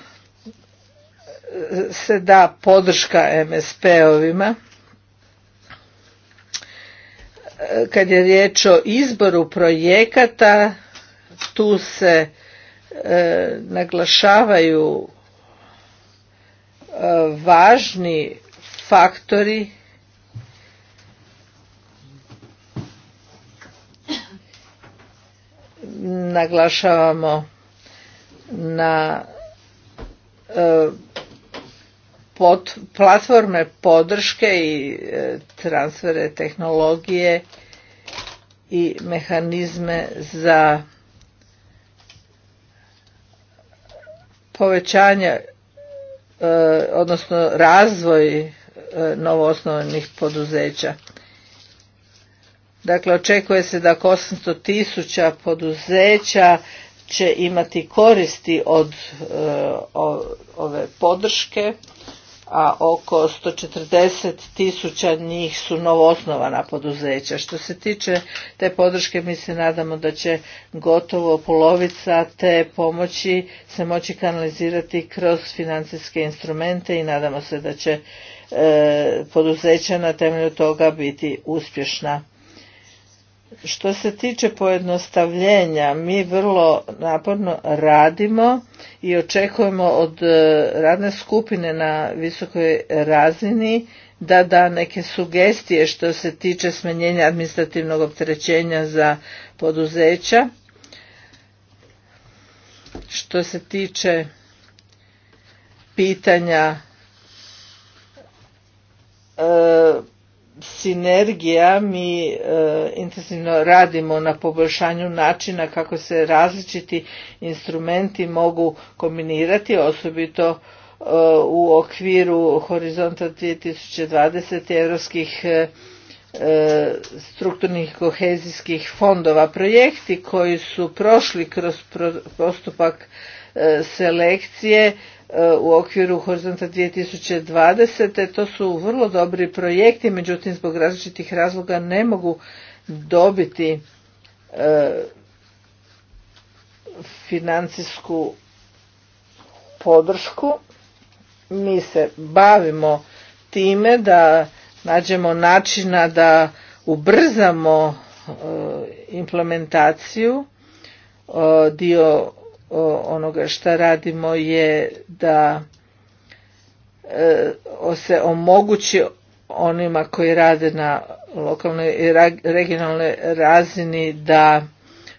se da podrška MSP-ovima. Kad je riječ o izboru projekata, tu se e, naglašavaju e, važni faktori naglašavamo na e, pod platforme podrške i e, transfere tehnologije i mehanizme za povećanje e, odnosno razvoj novoosnovanih poduzeća Dakle, očekuje se da 800 tisuća poduzeća će imati koristi od e, ove podrške, a oko 140 tisuća njih su novoosnovana poduzeća. Što se tiče te podrške, mi se nadamo da će gotovo polovica te pomoći se moći kanalizirati kroz financijske instrumente i nadamo se da će e, poduzeća na temelju toga biti uspješna. Što se tiče pojednostavljenja, mi vrlo naporno radimo i očekujemo od e, radne skupine na visokoj razini da da neke sugestije što se tiče smanjenja administrativnog opterećenja za poduzeća. Što se tiče pitanja e, sinergija mi e, intenzivno radimo na poboljšanju načina kako se različiti instrumenti mogu kombinirati osobito e, u okviru horizonta 2020 europskih e, e, strukturnih kohezijskih fondova projekti koji su prošli kroz postupak selekcije u okviru Horizonta 2020. To su vrlo dobri projekti, međutim zbog različitih razloga ne mogu dobiti e, financijsku podršku. Mi se bavimo time da nađemo načina da ubrzamo e, implementaciju. E, dio onoga šta radimo je da e, se omogući onima koji rade na lokalnoj i regionalnoj razini da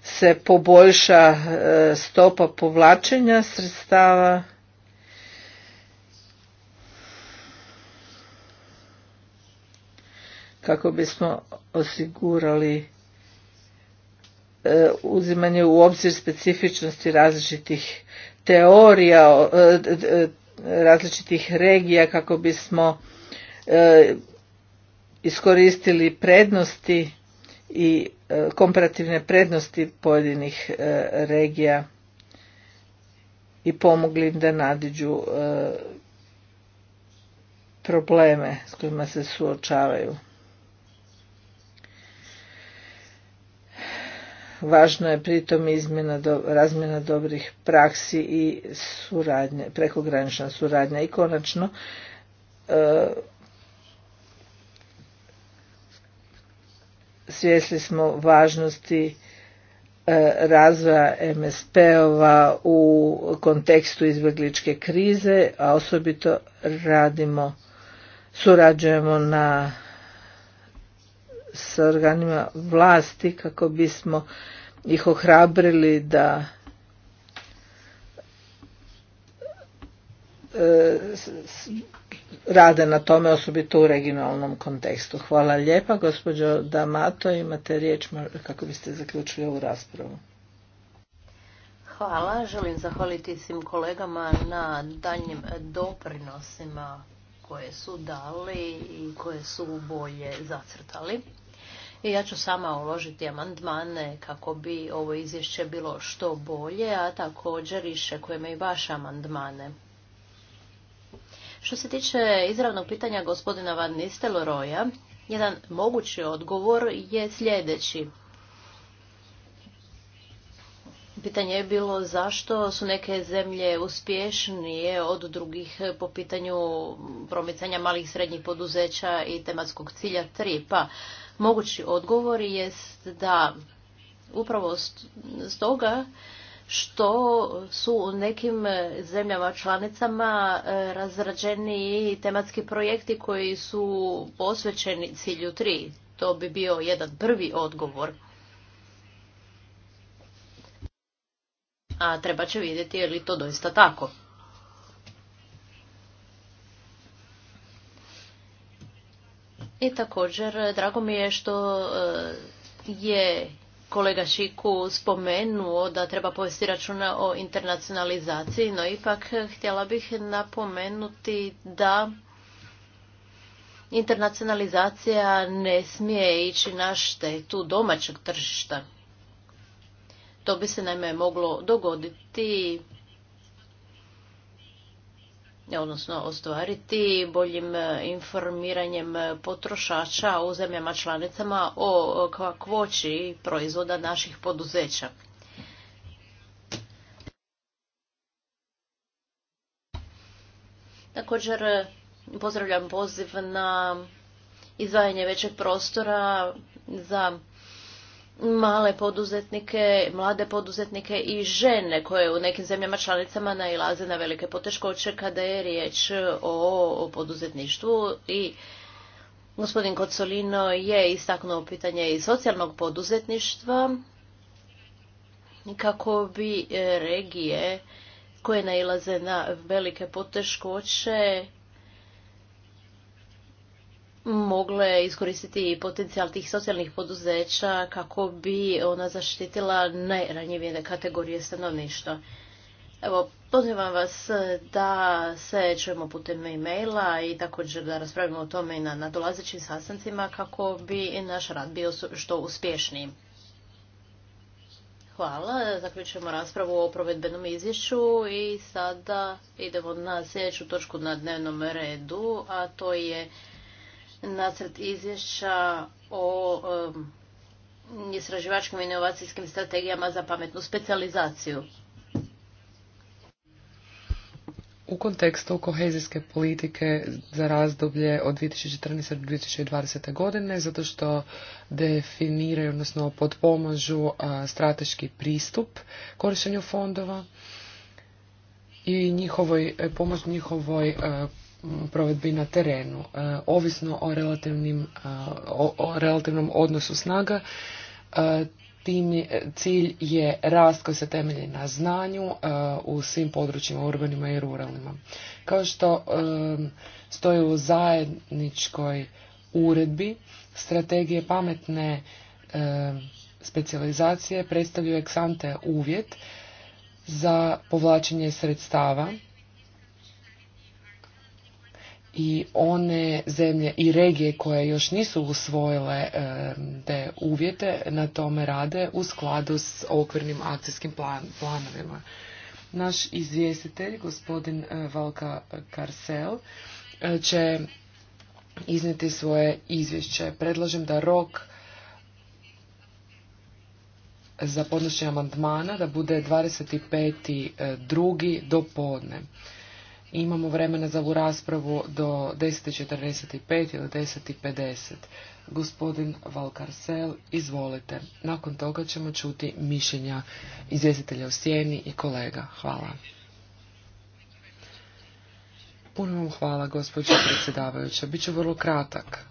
se poboljša e, stopa povlačenja sredstava kako bismo osigurali E, uzimanje u obzir specifičnosti različitih teorija, e, različitih regija kako bismo e, iskoristili prednosti i komparativne prednosti pojedinih regija i pomogli im da nadiđu probleme s kojima se suočavaju. Važno je pritom izmjena razmjena dobrih praksi i suradnje, prekogranična suradnja i konačno e, svjesli smo važnosti e, razvoja MSP-ova u kontekstu izbjegličke krize, a osobito radimo, surađujemo na s organima vlasti kako bismo ih ohrabrili da e, rade na tome osobito u regionalnom kontekstu. Hvala lijepa gospođo Damato, imate riječ kako biste zaključili ovu raspravu. Hvala, želim zahvaliti svim kolegama na daljnjim doprinosima koje su dali i koje su boje zacrtali. I ja ću sama uložiti amandmane kako bi ovo izvješće bilo što bolje, a također koje i vaše amandmane. Što se tiče izravnog pitanja gospodina Van Nistelroja, jedan mogući odgovor je sljedeći. Pitanje je bilo zašto su neke zemlje uspješnije od drugih po pitanju promicanja malih srednjih poduzeća i tematskog cilja 3. Pa mogući odgovor jest da upravo stoga što su u nekim zemljama članicama e, razrađeni tematski projekti koji su posvećeni cilju 3. To bi bio jedan prvi odgovor. A treba će vidjeti je li to doista tako. I također, drago mi je što e, je kolega Šiku spomenuo da treba povesti računa o internacionalizaciji, no ipak htjela bih napomenuti da internacionalizacija ne smije ići na štetu domaćeg tržišta. To bi se naime moglo dogoditi odnosno ostvariti boljim e, informiranjem potrošača u zemljama članicama o kakvoći proizvoda naših poduzeća. Također e, pozdravljam poziv na izdvajanje većeg prostora za male poduzetnike, mlade poduzetnike i žene koje u nekim zemljama članicama nailaze na velike poteškoće kada je riječ o poduzetništvu i gospodin Kocolino je istaknuo pitanje i socijalnog poduzetništva kako bi regije koje nailaze na velike poteškoće mogle iskoristiti potencijal tih socijalnih poduzeća kako bi ona zaštitila najranjivije kategorije stanovništva. Evo, pozivam vas da se čujemo putem e-maila i također da raspravimo o tome i na nadolazećim sastancima kako bi naš rad bio što uspješniji. Hvala, zaključujemo raspravu o provedbenom izvješću i sada idemo na sljedeću točku na dnevnom redu, a to je nacrt izvješća o istraživačkim inovacijskim strategijama za pametnu specijalizaciju. U kontekstu kohezijske politike za razdoblje od 2014. do 2020. godine, zato što definiraju, odnosno podpomažu strateški pristup korištenju fondova i njihovoj, pomoć njihovoj provedbi na terenu. E, ovisno e, o, o, relativnom odnosu snaga, e, tim cilj je rast koji se temelji na znanju u svim područjima, urbanima i ruralnima. Kao što stoji u zajedničkoj uredbi, strategije pametne specijalizacije predstavljaju eksante uvjet za povlačenje sredstava i one zemlje i regije koje još nisu usvojile te uvjete na tome rade u skladu s okvirnim akcijskim planovima. Naš izvjestitelj, gospodin e, Valka Karsel, e, će iznijeti svoje izvješće. Predlažem da rok za podnošenje amandmana da bude e, drugi do podne. Imamo vremena za ovu raspravu do 10.45 ili 10.50. Gospodin Valkarsel, izvolite. Nakon toga ćemo čuti mišljenja izvjestitelja u sjeni i kolega. Hvala. Puno vam hvala, gospođo predsjedavajuća. Biću vrlo kratak,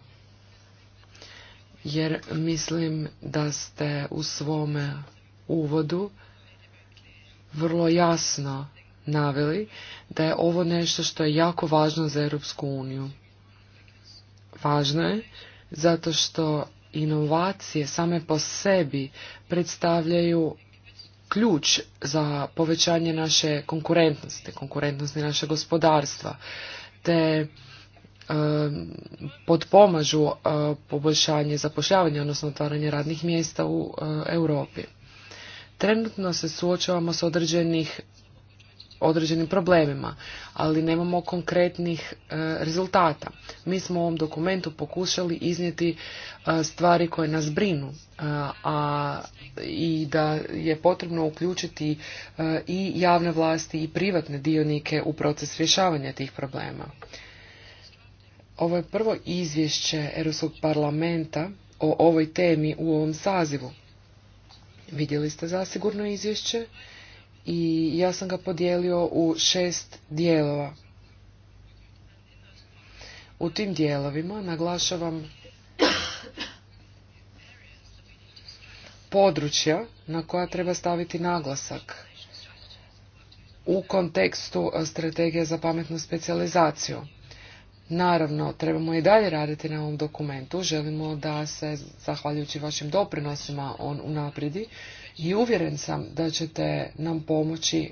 jer mislim da ste u svome uvodu vrlo jasno naveli da je ovo nešto što je jako važno za Europsku uniju. Važno je zato što inovacije same po sebi predstavljaju ključ za povećanje naše konkurentnosti, konkurentnosti naše gospodarstva, te e, podpomažu poboljšanje zapošljavanja, odnosno otvaranje radnih mjesta u e, Europi. Trenutno se suočavamo s određenih određenim problemima, ali nemamo konkretnih e, rezultata. Mi smo u ovom dokumentu pokušali iznijeti e, stvari koje nas brinu, e, a i da je potrebno uključiti i javne vlasti i privatne dionike u proces rješavanja tih problema. Ovo je prvo izvješće Europskog parlamenta o ovoj temi u ovom sazivu. Vidjeli ste zasigurno izvješće i ja sam ga podijelio u šest dijelova. U tim dijelovima naglašavam područja na koja treba staviti naglasak u kontekstu strategije za pametnu specijalizaciju. Naravno, trebamo i dalje raditi na ovom dokumentu. Želimo da se, zahvaljujući vašim doprinosima, on unapredi i uvjeren sam da ćete nam pomoći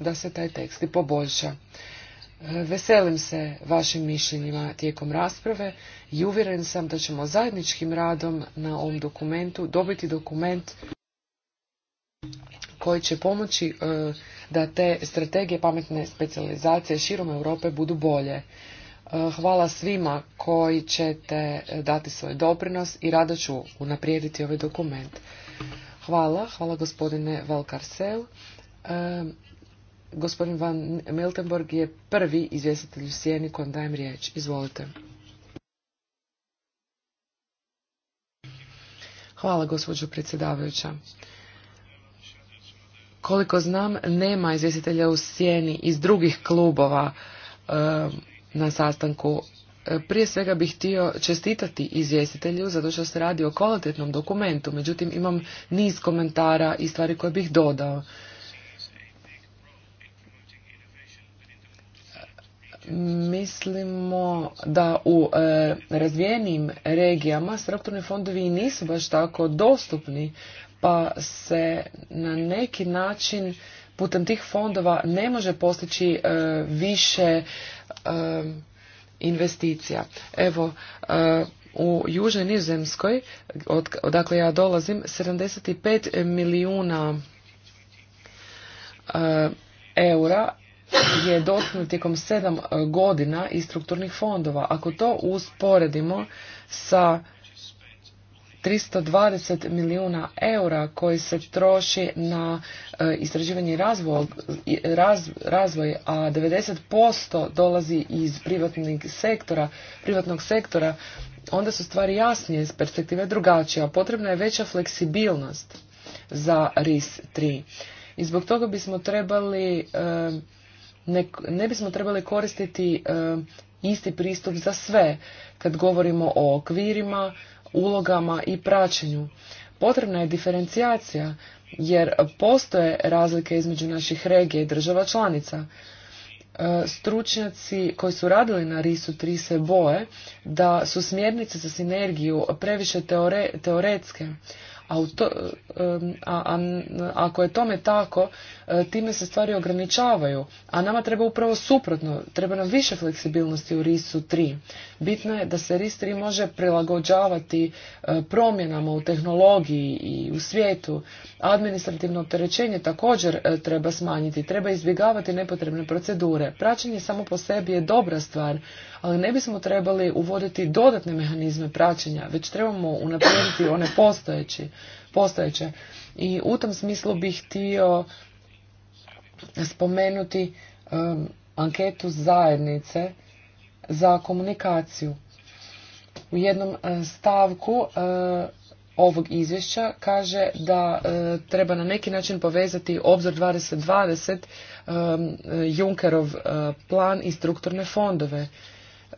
da se taj tekst i poboljša. E, veselim se vašim mišljenjima tijekom rasprave i uvjeren sam da ćemo zajedničkim radom na ovom dokumentu dobiti dokument koji će pomoći e, da te strategije pametne specijalizacije širom Europe budu bolje. E, hvala svima koji ćete dati svoj doprinos i rado ću unaprijediti ovaj dokument. Hvala, hvala gospodine Valkarsel. gospodin Van Miltenborg je prvi izvjestitelj u Sijeni kojem dajem riječ. Izvolite. Hvala, gospođo predsjedavajuća. Koliko znam, nema izvjestitelja u sjeni iz drugih klubova na sastanku prije svega bih htio čestitati izvjestitelju zato što se radi o kvalitetnom dokumentu, međutim imam niz komentara i stvari koje bih dodao. Mislimo da u e, razvijenim regijama strukturni fondovi nisu baš tako dostupni, pa se na neki način putem tih fondova ne može postići e, više e, investicija. Evo, uh, u Južnoj Nizozemskoj, odakle ja dolazim, 75 milijuna uh, eura je dotknut tijekom 7 godina iz strukturnih fondova. Ako to usporedimo sa 320 milijuna eura koji se troši na e, istraživanje i razvoj, raz, razvoj, a 90% dolazi iz privatnog sektora, privatnog sektora, onda su stvari jasnije, iz perspektive drugačije, a Potrebna je veća fleksibilnost za RIS-3. I zbog toga bismo trebali, e, ne bismo trebali koristiti e, isti pristup za sve, kad govorimo o okvirima, ulogama i praćenju. Potrebna je diferencijacija jer postoje razlike između naših regija i država članica. E, stručnjaci koji su radili na RISU 3 se boje da su smjernice za sinergiju previše teoretske, a, to, a, ako je tome tako, e, time se stvari ograničavaju. A nama treba upravo suprotno, treba nam više fleksibilnosti u risu u 3. Bitno je da se RIS 3 može prilagođavati e, promjenama u tehnologiji i u svijetu. Administrativno opterećenje također e, treba smanjiti, treba izbjegavati nepotrebne procedure. Praćenje samo po sebi je dobra stvar, ali ne bismo trebali uvoditi dodatne mehanizme praćenja, već trebamo unaprijediti one postojeći postojeće. I u tom smislu bih htio spomenuti um, anketu zajednice za komunikaciju. U jednom e, stavku e, ovog izvješća kaže da e, treba na neki način povezati obzor 2020 um, Junkerov plan i strukturne fondove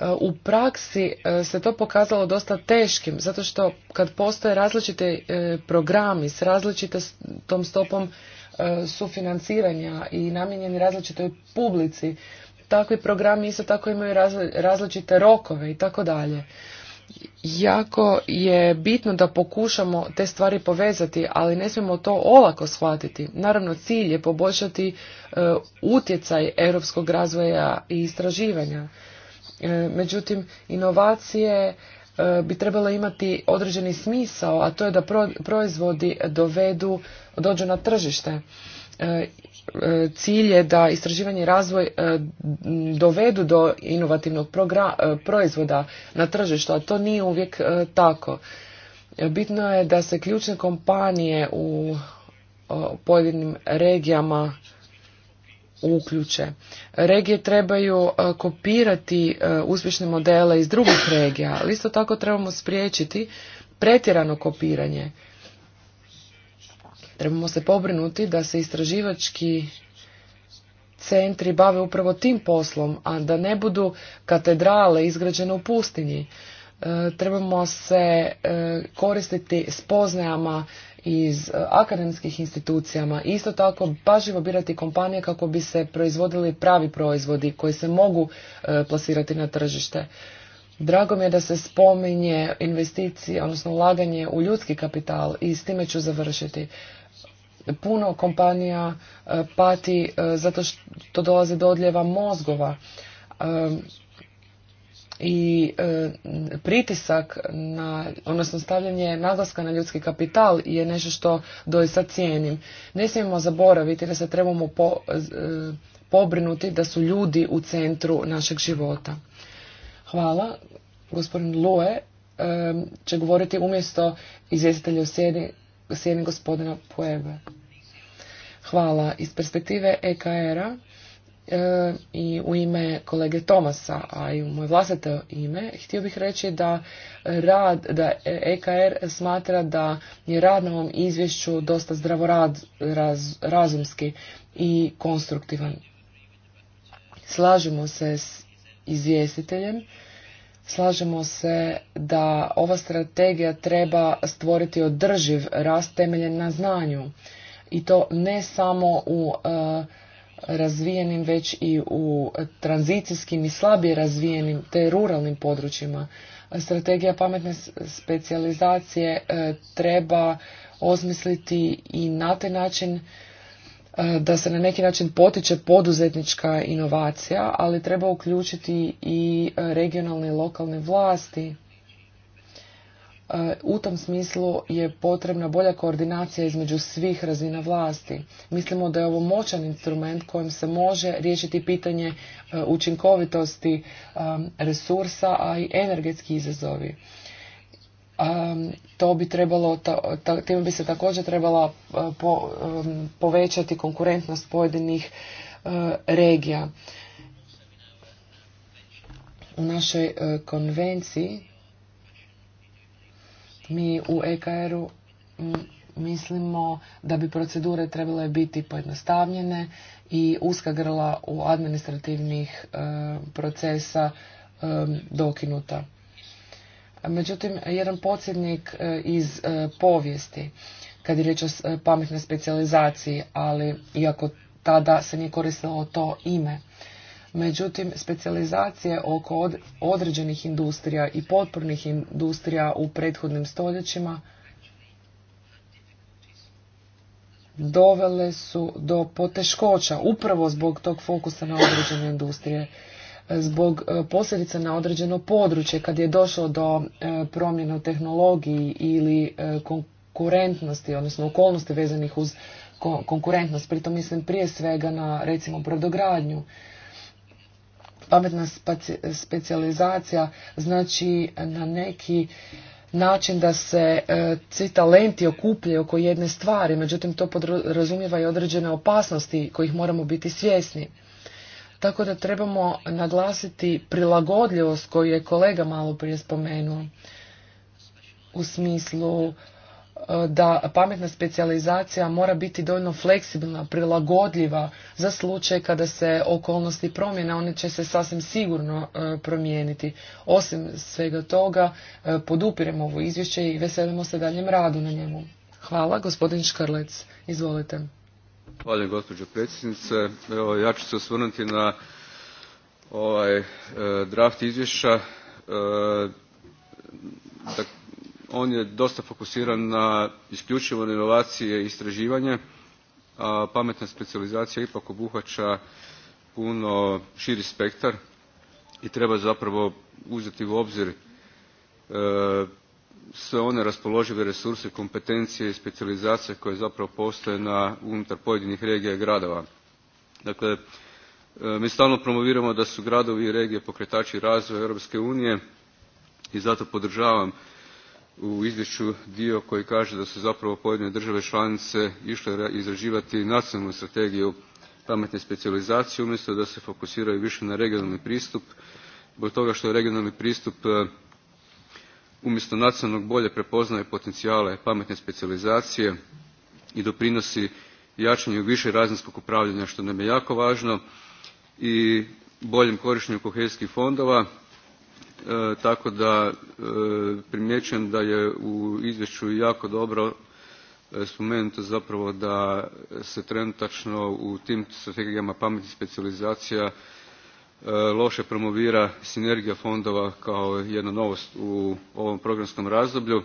E, u praksi e, se to pokazalo dosta teškim, zato što kad postoje različite programi s različitom stopom e, sufinanciranja i namijenjeni različitoj publici, takvi programi isto tako imaju različite rokove i tako dalje. Jako je bitno da pokušamo te stvari povezati, ali ne smijemo to olako shvatiti. Naravno, cilj je poboljšati utjecaj europskog razvoja i istraživanja E, međutim, inovacije e, bi trebala imati određeni smisao, a to je da proizvodi dovedu, dođu na tržište. E, cilj je da istraživanje i razvoj dovedu do inovativnog proizvoda na tržištu, a to nije uvijek tako. Bitno je da se ključne kompanije u pojedinim regijama uključe. Regije trebaju e, kopirati e, uspješne modele iz drugih regija, ali isto tako trebamo spriječiti pretjerano kopiranje. Trebamo se pobrinuti da se istraživački centri bave upravo tim poslom, a da ne budu katedrale izgrađene u pustinji. E, trebamo se koristiti spoznajama iz e, akademskih institucijama isto tako pažljivo birati kompanije kako bi se proizvodili pravi proizvodi koji se mogu e, plasirati na tržište. Drago mi je da se spominje investicije, odnosno ulaganje u ljudski kapital i s time ću završiti. Puno kompanija e, pati zato što dolazi do odljeva mozgova i e, pritisak na, odnosno stavljanje naglaska na ljudski kapital je nešto što doista cijenim. Ne smijemo zaboraviti da se trebamo e, pobrinuti da su ljudi u centru našeg života. Hvala. Gospodin Lue e, će govoriti umjesto izvjestitelja u sjeni gospodina Puebe. Hvala. Iz perspektive EKR-a E, i u ime kolege Tomasa, a i u moje vlastito ime, htio bih reći da rad, da EKR smatra da je rad na ovom izvješću dosta zdravorad, razumski i konstruktivan. Slažemo se s izvjestiteljem, slažemo se da ova strategija treba stvoriti održiv rast temeljen na znanju i to ne samo u e, razvijenim, već i u tranzicijskim i slabije razvijenim te ruralnim područjima. Strategija pametne specijalizacije e, treba osmisliti i na taj način e, da se na neki način potiče poduzetnička inovacija, ali treba uključiti i e, regionalne i lokalne vlasti u tom smislu je potrebna bolja koordinacija između svih razina vlasti. Mislimo da je ovo moćan instrument kojim se može riješiti pitanje e, učinkovitosti e, resursa, a i energetski izazovi. E, to bi trebalo, time bi se također trebala povećati konkurentnost pojedinih regija. U našoj konvenciji mi u EKR-u mm, mislimo da bi procedure trebale biti pojednostavljene i uska grla u administrativnih e, procesa e, dokinuta. Međutim, jedan podsjednik e, iz povijesti, kad je riječ o pametnoj specijalizaciji, ali iako tada se nije koristilo to ime, Međutim, specijalizacije oko određenih industrija i potpornih industrija u prethodnim stoljećima dovele su do poteškoća upravo zbog tog fokusa na određene industrije, zbog e, posljedica na određeno područje kad je došlo do e, promjene u tehnologiji ili e, konkurentnosti, odnosno okolnosti vezanih uz konkurentnost. Pritom mislim prije svega na recimo brodogradnju pametna specijalizacija znači na neki način da se e, talenti okupljaju oko jedne stvari, međutim to podrazumijeva i određene opasnosti kojih moramo biti svjesni. Tako da trebamo naglasiti prilagodljivost koju je kolega malo prije spomenuo u smislu da pametna specijalizacija mora biti dovoljno fleksibilna, prilagodljiva za slučaj kada se okolnosti promjene, one će se sasvim sigurno e, promijeniti. Osim svega toga, e, podupiremo ovo izvješće i veselimo se daljem radu na njemu. Hvala, gospodin Škrlec. Izvolite. Hvala, gospođo predsjednice. Evo, ja ću se osvrnuti na ovaj e, draft izvješća. Dakle, on je dosta fokusiran na isključivo inovacije i istraživanje, a pametna specijalizacija ipak obuhvaća puno širi spektar i treba zapravo uzeti u obzir e, sve one raspoložive resurse, kompetencije i specijalizacije koje zapravo postoje na unutar pojedinih regija i gradova. Dakle, e, mi stalno promoviramo da su gradovi i regije pokretači razvoja Europske unije i zato podržavam u izvješću dio koji kaže da su zapravo pojedine države članice išle izraživati nacionalnu strategiju pametne specijalizacije umjesto da se fokusiraju više na regionalni pristup zbog toga što je regionalni pristup e, umjesto nacionalnog bolje prepoznaje potencijale pametne specijalizacije i doprinosi jačanju više razinskog upravljanja što nam je jako važno i boljem korištenju kohezijskih fondova E, tako da e, primjećujem da je u izvješću jako dobro e, spomenuto zapravo da se trenutačno u tim strategijama pametnih specijalizacija loše promovira sinergija fondova kao jedna novost u ovom programskom razdoblju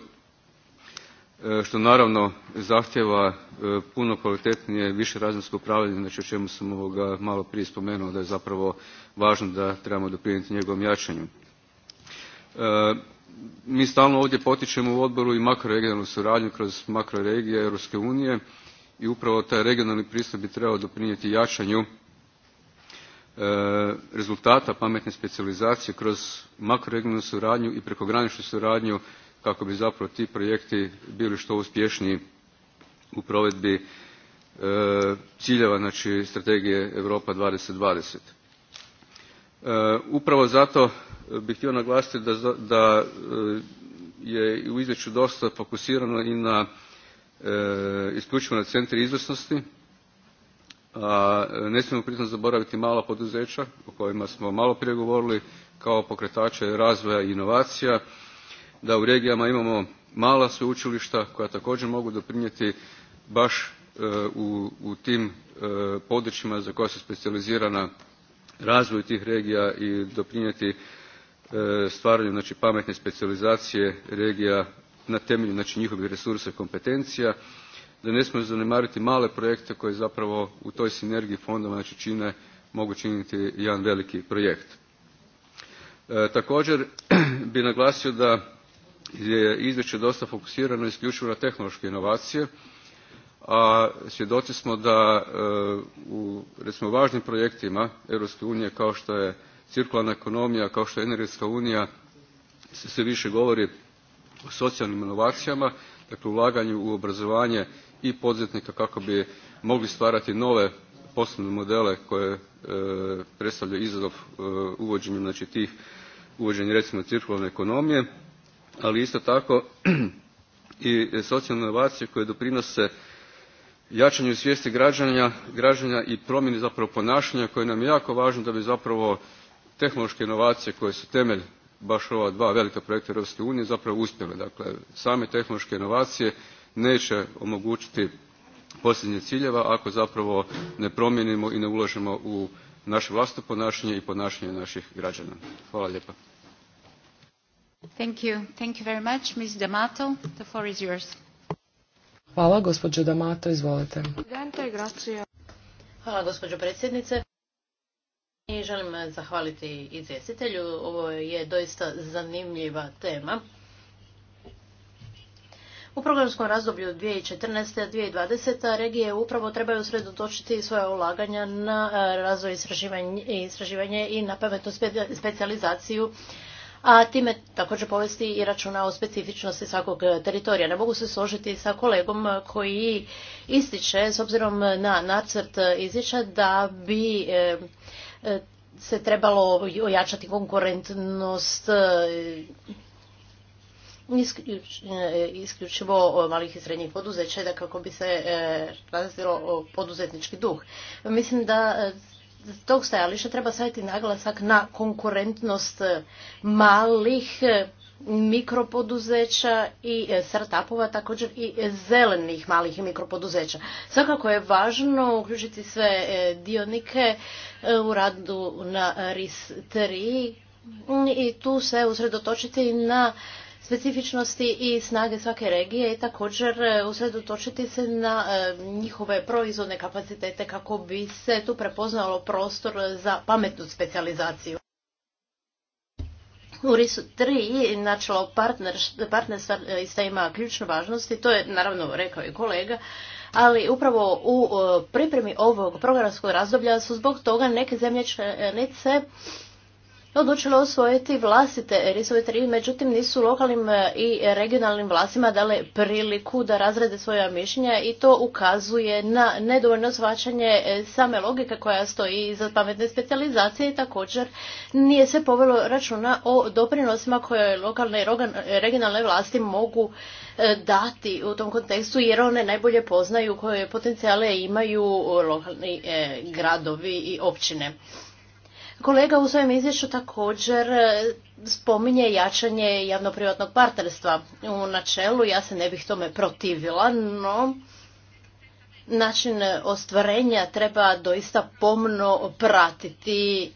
što naravno zahtjeva puno kvalitetnije više razinsko upravljanje znači o čemu sam malo prije spomenuo da je zapravo važno da trebamo doprinijeti njegovom jačanju. E, mi stalno ovdje potičemo u odboru i makroregionalnu suradnju kroz makroregije Europske unije i upravo taj regionalni pristup bi trebao doprinijeti jačanju e, rezultata pametne specijalizacije kroz makroregionalnu suradnju i prekograničnu suradnju kako bi zapravo ti projekti bili što uspješniji u provedbi e, ciljeva znači strategije Europa 2020. E, upravo zato e, bih htio naglasiti da, e, je u izvješću dosta fokusirano i na isključivo na centre izvrsnosti a ne smijemo pritom zaboraviti mala poduzeća o kojima smo prije govorili kao pokretače razvoja i inovacija da u regijama imamo mala sveučilišta koja također mogu doprinijeti baš u, u tim područjima za koja su specijalizirana razvoju tih regija i doprinijeti e, stvaranju znači pametne specijalizacije regija na temelju znači njihovih resursa i kompetencija da ne smijemo zanemariti male projekte koji zapravo u toj sinergiji fondova znači čine mogu činiti jedan veliki projekt. E, također bih naglasio da je izvješće dosta fokusirano isključivo na tehnološke inovacije a svjedoci smo da e, u recimo važnim projektima Europske unije kao što je cirkularna ekonomija, kao što je energetska unija se sve više govori o socijalnim inovacijama, dakle ulaganju u obrazovanje i poduzetnika kako bi mogli stvarati nove poslovne modele koje e, predstavljaju izazov e, uvođenju znači tih uvođenja, recimo cirkularne ekonomije, ali isto tako i socijalne inovacije koje doprinose jačanju svijesti građana i promjeni zapravo ponašanja koje nam je jako važno da bi zapravo tehnološke inovacije koje su temelj baš ova dva velika projekta europske unije zapravo uspjele. dakle same tehnološke inovacije neće omogućiti posljednje ciljeva ako zapravo ne promijenimo i ne uložimo u naše vlastito ponašanje i ponašanje naših građana. hvala lijepa. Thank you. Thank you very much. D'Amato, the floor is yours. Hvala, gospođo Damato, izvolite. Hvala, gospođo predsjednice. I želim zahvaliti izvjestitelju. Ovo je doista zanimljiva tema. U programskom razdoblju 2014-2020 regije upravo trebaju sredotočiti svoja ulaganja na eh, razvoj i istraživanje i na pametnu specijalizaciju a time također povesti i računa o specifičnosti svakog e, teritorija. Ne mogu se složiti sa kolegom e, koji ističe, s obzirom na nacrt e, izvješća, da bi se trebalo ojačati konkurentnost isključivo malih i srednjih poduzeća da kako bi se razvilo poduzetnički duh. Mislim da tog stajališta treba staviti naglasak na konkurentnost e, malih e, mikropoduzeća i e, startupova, također i zelenih malih mikropoduzeća. Svakako je važno uključiti sve dionike u radu na RIS 3 i tu se usredotočiti na specifičnosti i snage svake regije i također e, usredotočiti se na e, njihove proizvodne kapacitete kako bi se tu prepoznalo prostor za pametnu specijalizaciju. U RISU 3 načelo partnerstva e, ima ključnu važnost i to je naravno rekao i kolega, ali upravo u pripremi ovog programskog razdoblja su zbog toga neke zemlje članice odlučile osvojiti vlastite tri, međutim nisu lokalnim e, i regionalnim vlastima dale priliku da razrede svoja mišljenja i to ukazuje na nedovoljno svačanje e, same logike koja stoji iza pametne specijalizacije i također nije se povelo računa o doprinosima koje lokalne i regionalne vlasti mogu e, dati u tom kontekstu jer one najbolje poznaju koje potencijale imaju lokalni gradovi i općine. Kolega u svojem izvješću također e, spominje jačanje javno-privatnog partnerstva. U načelu ja se ne bih tome protivila, no način ostvarenja treba doista pomno pratiti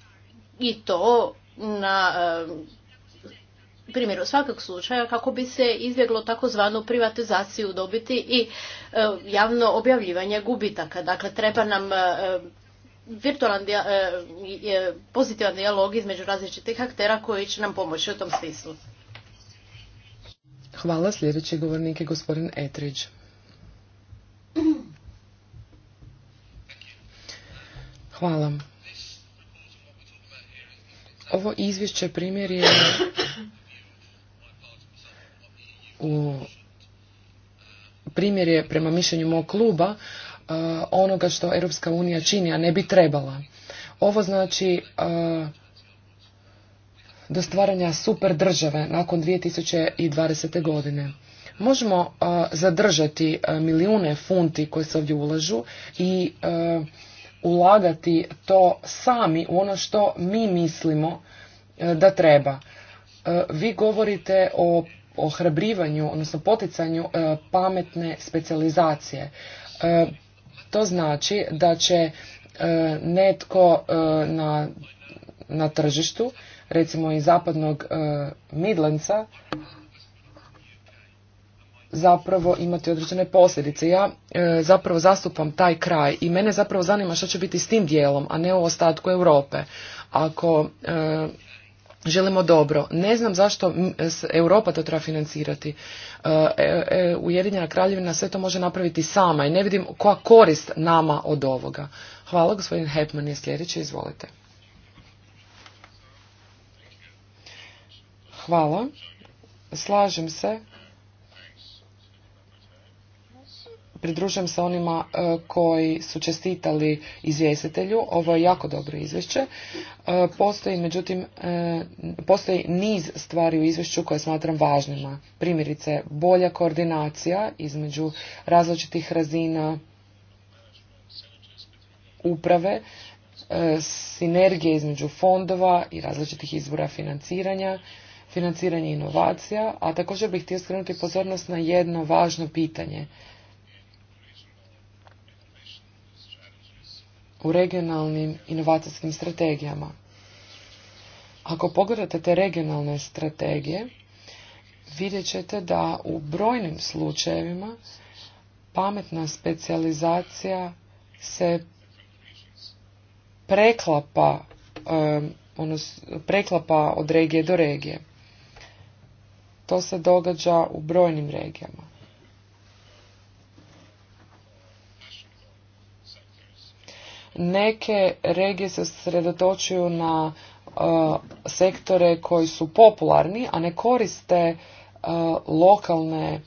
i to na e, primjeru svakog slučaja kako bi se izbjeglo takozvanu privatizaciju dobiti i e, javno objavljivanje gubitaka. Dakle, treba nam virtualan e, pozitivan dijalog između različitih aktera koji će nam pomoći u tom smislu. Hvala. Sljedeći govornik je gospodin Etrić. Hvala. Ovo izvješće primjer je u primjer je prema mišljenju mog kluba E, onoga što Europska unija čini, a ne bi trebala. Ovo znači e, do stvaranja super države nakon 2020. godine. Možemo e, zadržati milijune funti koje se ovdje ulažu i ulagati to sami u ono što mi mislimo da treba. Vi govorite o ohrabrivanju, odnosno poticanju pametne specijalizacije. To znači da će e, netko e, na, na tržištu, recimo iz zapadnog e, Midlandsa, zapravo imati određene posljedice. Ja zapravo zastupam taj kraj i mene zapravo zanima što će biti s tim dijelom, a ne u ostatku Europe. Ako želimo dobro. Ne znam zašto Europa to treba financirati. E, e, e, Ujedinjena kraljevina sve to može napraviti sama i ne vidim koja korist nama od ovoga. Hvala, gospodin Hepman je sljedeći, izvolite. Hvala. Slažem se pridružujem se onima e, koji su čestitali izvjestitelju. Ovo je jako dobro izvješće. E, postoji, međutim, e, postoji niz stvari u izvješću koje smatram važnima. Primjerice, bolja koordinacija između različitih razina uprave, sinergije između fondova i različitih izvora financiranja, financiranje inovacija, a također bih htio skrenuti pozornost na jedno važno pitanje – u regionalnim inovacijskim strategijama. Ako pogledate te regionalne strategije, vidjet ćete da u brojnim slučajevima pametna specijalizacija se preklapa, ono preklapa od regije do regije. To se događa u brojnim regijama. Neke regije se sredotočuju na e, sektore koji su popularni, a ne koriste e, lokalne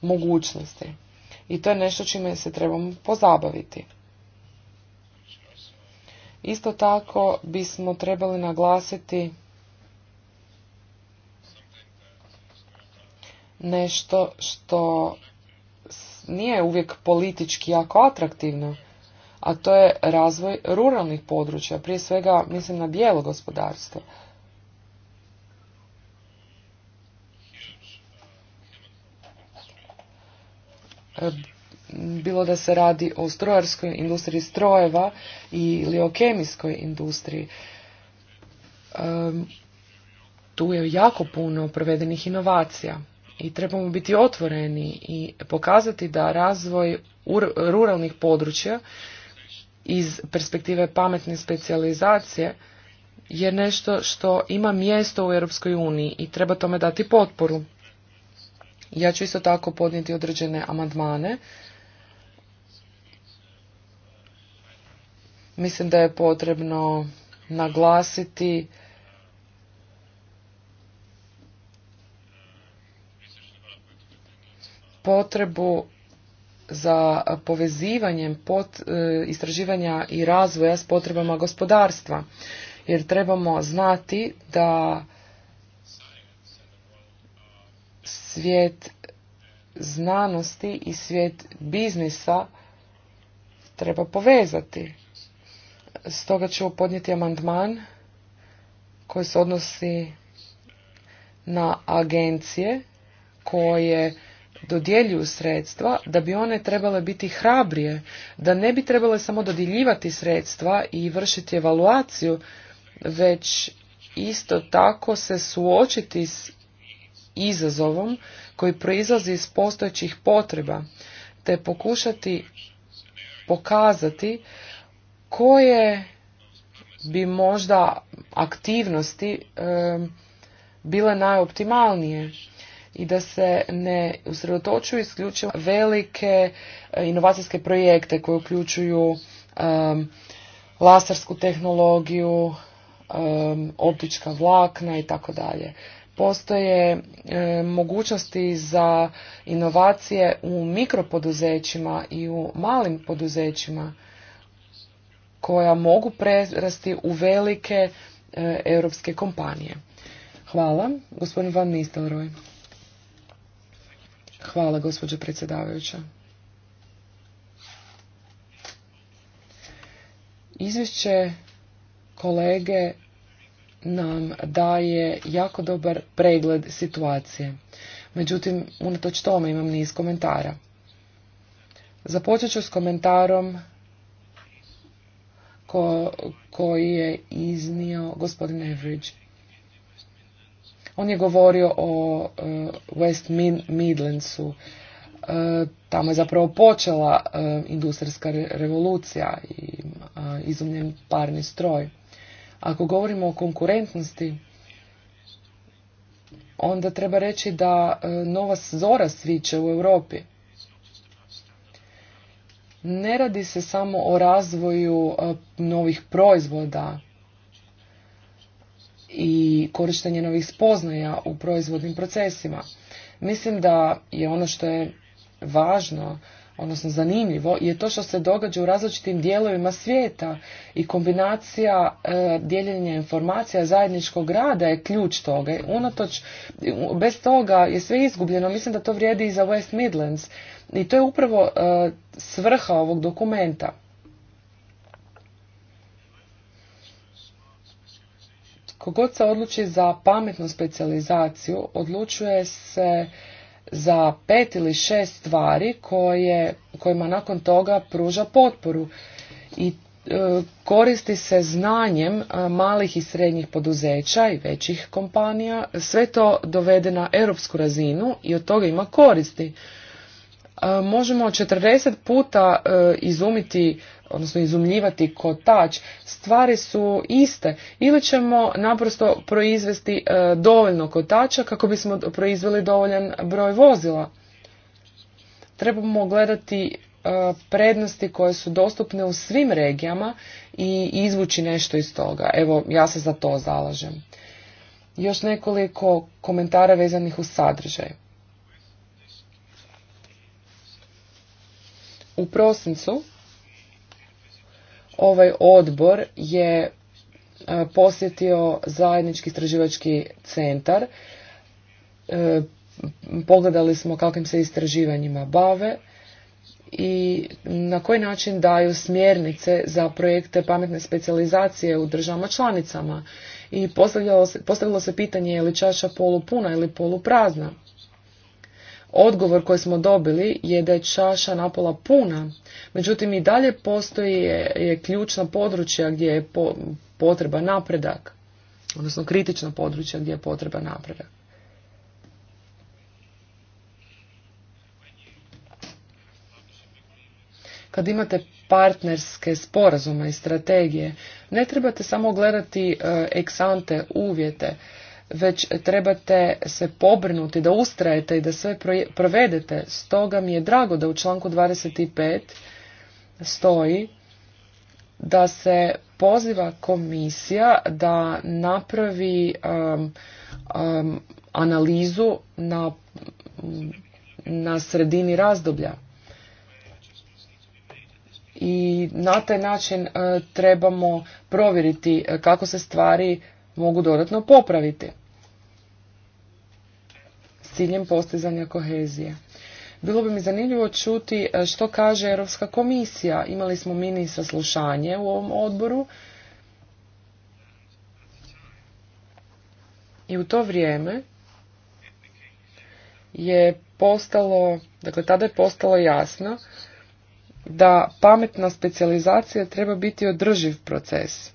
mogućnosti. I to je nešto čime se trebamo pozabaviti. Isto tako bismo trebali naglasiti nešto što nije uvijek politički jako atraktivno, a to je razvoj ruralnih područja, prije svega mislim na bijelo gospodarstvo. E, bilo da se radi o strojarskoj industriji strojeva ili o kemijskoj industriji. E, tu je jako puno provedenih inovacija i trebamo biti otvoreni i pokazati da razvoj ruralnih područja iz perspektive pametne specijalizacije je nešto što ima mjesto u Europskoj uniji i treba tome dati potporu. Ja ću isto tako podnijeti određene amandmane. Mislim da je potrebno naglasiti potrebu za povezivanjem pot, e, istraživanja i razvoja s potrebama gospodarstva. Jer trebamo znati da svijet znanosti i svijet biznisa treba povezati. Stoga ću podnijeti amandman koji se odnosi na agencije koje dodjeljuju sredstva, da bi one trebale biti hrabrije, da ne bi trebale samo dodjeljivati sredstva i vršiti evaluaciju, već isto tako se suočiti s izazovom koji proizlazi iz postojećih potreba, te pokušati pokazati koje bi možda aktivnosti bile najoptimalnije i da se ne usredotočuju isključivo velike e, inovacijske projekte koje uključuju lasarsku tehnologiju, optička vlakna i tako dalje. Postoje e, mogućnosti za inovacije u mikropoduzećima i u malim poduzećima koja mogu prerasti u velike e, europske kompanije. Hvala, gospodin Van Nistelrooy. Hvala, gospođo predsjedavajuća. Izvješće kolege nam daje jako dobar pregled situacije. Međutim, unatoč tome imam niz komentara. Započet ću s komentarom koji je iznio gospodin Average. On je govorio o e, West Midlandsu. E, tamo je zapravo počela e, industrijska revolucija i izumljen parni stroj. Ako govorimo o konkurentnosti, onda treba reći da nova zora sviče u Europi. Ne radi se samo o razvoju novih proizvoda, i korištenje novih spoznaja u proizvodnim procesima. Mislim da je ono što je važno, odnosno zanimljivo, je to što se događa u različitim dijelovima svijeta i kombinacija e, dijeljenja informacija zajedničkog rada je ključ toga. Unatoč, bez toga je sve izgubljeno. Mislim da to vrijedi i za West Midlands. I to je upravo e, svrha ovog dokumenta. Kogod se odluči za pametnu specijalizaciju, odlučuje se za pet ili šest stvari koje, kojima nakon toga pruža potporu i e, koristi se znanjem e, malih i srednjih poduzeća i većih kompanija. Sve to dovede na europsku razinu i od toga ima koristi. E, možemo 40 puta e, izumiti, odnosno izumljivati kotač, stvari su iste ili ćemo naprosto proizvesti e, dovoljno kotača kako bismo proizveli dovoljan broj vozila. Trebamo gledati prednosti koje su dostupne u svim regijama i izvući nešto iz toga. Evo, ja se za to zalažem. Još nekoliko komentara vezanih uz sadržaj. U prosincu ovaj odbor je e, posjetio zajednički istraživački centar. E, pogledali smo kakvim se istraživanjima bave i na koji način daju smjernice za projekte pametne specijalizacije u državama članicama. I postavilo se, postavilo se pitanje je li čaša polupuna ili poluprazna. Odgovor koji smo dobili je da je čaša napola puna, međutim i dalje postoji je ključna područja gdje je po, potreba napredak, odnosno kritična područja gdje je potreba napredak. Kad imate partnerske sporazume i strategije, ne trebate samo gledati e, eksante uvjete, već trebate se pobrinuti da ustrajete i da sve provedete. Stoga mi je drago da u članku 25 stoji da se poziva komisija da napravi um, um, analizu na, na sredini razdoblja. I na taj način uh, trebamo provjeriti uh, kako se stvari mogu dodatno popraviti ciljem postizanja kohezije. Bilo bi mi zanimljivo čuti e, što kaže Europska komisija. Imali smo mini saslušanje u ovom odboru. I u to vrijeme je postalo, dakle tada je postalo jasno da pametna specijalizacija treba biti održiv proces.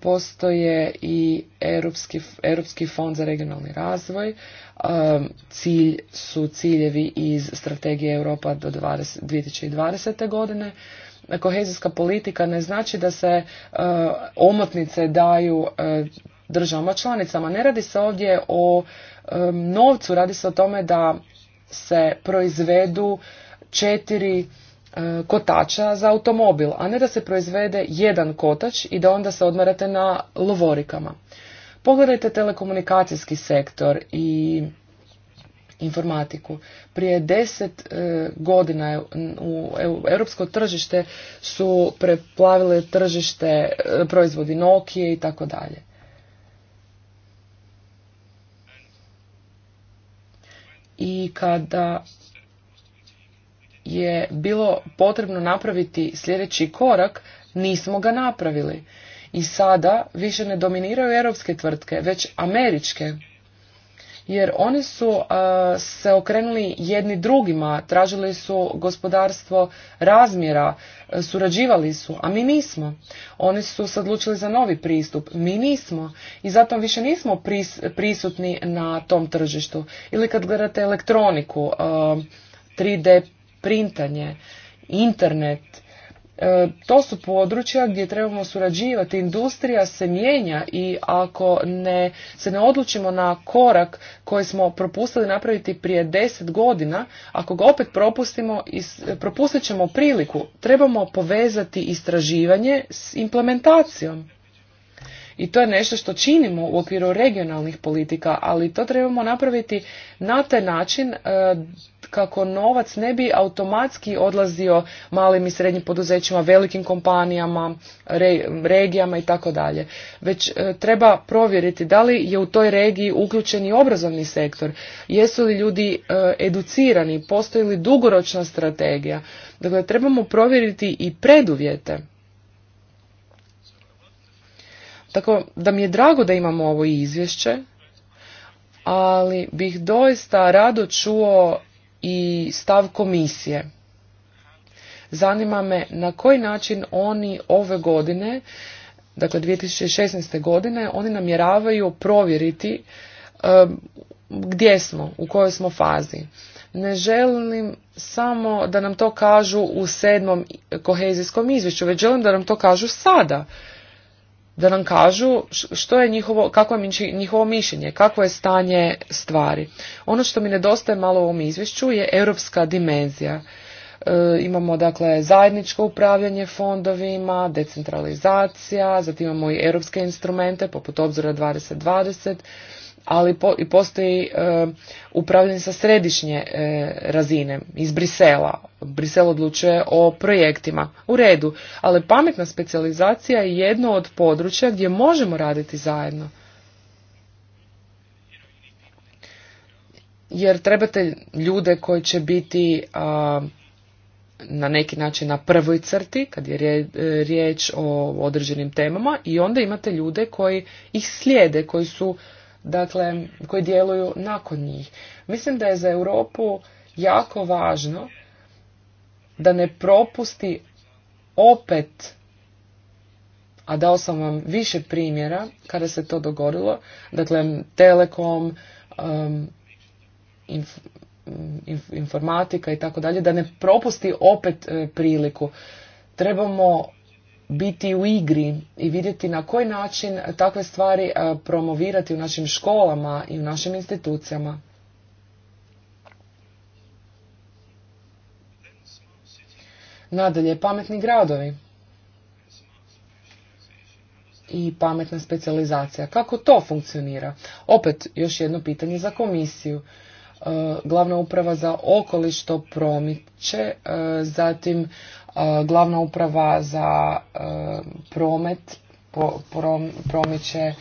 postoje i Europski, Europski fond za regionalni razvoj. Cilj su ciljevi iz strategije Europa do 20, 2020. godine. Kohezijska politika ne znači da se omotnice daju državama članicama. Ne radi se ovdje o novcu, radi se o tome da se proizvedu četiri E, kotača za automobil, a ne da se proizvede jedan kotač i da onda se odmarate na lovorikama. Pogledajte telekomunikacijski sektor i informatiku. Prije deset e, godina u europsko tržište su preplavile tržište e, proizvodi Nokia i tako dalje. I kada je bilo potrebno napraviti sljedeći korak, nismo ga napravili. I sada više ne dominiraju europske tvrtke, već američke. Jer oni su uh, se okrenuli jedni drugima, tražili su gospodarstvo razmjera, uh, surađivali su, a mi nismo. Oni su se odlučili za novi pristup, mi nismo. I zato više nismo prisutni na tom tržištu. Ili kad gledate elektroniku, 3D uh, printanje, internet. E, to su područja gdje trebamo surađivati. Industrija se mijenja i ako ne, se ne odlučimo na korak koji smo propustili napraviti prije deset godina, ako ga opet propustimo, propustit ćemo priliku. Trebamo povezati istraživanje s implementacijom. I to je nešto što činimo u okviru regionalnih politika, ali to trebamo napraviti na taj način e, kako novac ne bi automatski odlazio malim i srednjim poduzećima, velikim kompanijama, regijama i tako dalje. Već e, treba provjeriti da li je u toj regiji uključen i obrazovni sektor, jesu li ljudi e, educirani, postoji li dugoročna strategija. Dakle, trebamo provjeriti i preduvjete. Tako da mi je drago da imamo ovo izvješće, ali bih doista rado čuo i stav komisije. Zanima me na koji način oni ove godine, dakle 2016. godine, oni namjeravaju provjeriti gdje smo, u kojoj smo fazi. Ne želim samo da nam to kažu u sedmom kohezijskom izvješću, već želim da nam to kažu sada da nam kažu što je njihovo, kako je njihovo mišljenje, kako je stanje stvari. Ono što mi nedostaje malo u ovom izvješću je europska dimenzija. E, imamo dakle zajedničko upravljanje fondovima, decentralizacija, zatim imamo i europske instrumente poput obzora 2020, ali i postoji e, upravljanje sa središnje e, razine iz Brisela. Brisel odlučuje o projektima u redu, ali pametna specijalizacija je jedno od područja gdje možemo raditi zajedno. Jer trebate ljude koji će biti na neki način na prvoj crti kad je e, riječ o određenim temama i onda imate ljude koji ih slijede, koji su dakle, koji djeluju nakon njih. Mislim da je za Europu jako važno da ne propusti opet, a dao sam vam više primjera kada se to dogodilo, dakle, telekom, um, informatika i tako dalje, da ne propusti opet e, priliku. Trebamo biti u igri i vidjeti na koji način takve stvari e, promovirati u našim školama i u našim institucijama. Nadalje, pametni gradovi i pametna specijalizacija. Kako to funkcionira? Opet, još jedno pitanje za komisiju. E, glavna uprava za okoliš to promiče, e, zatim Eh, glavna uprava za eh, promet promiče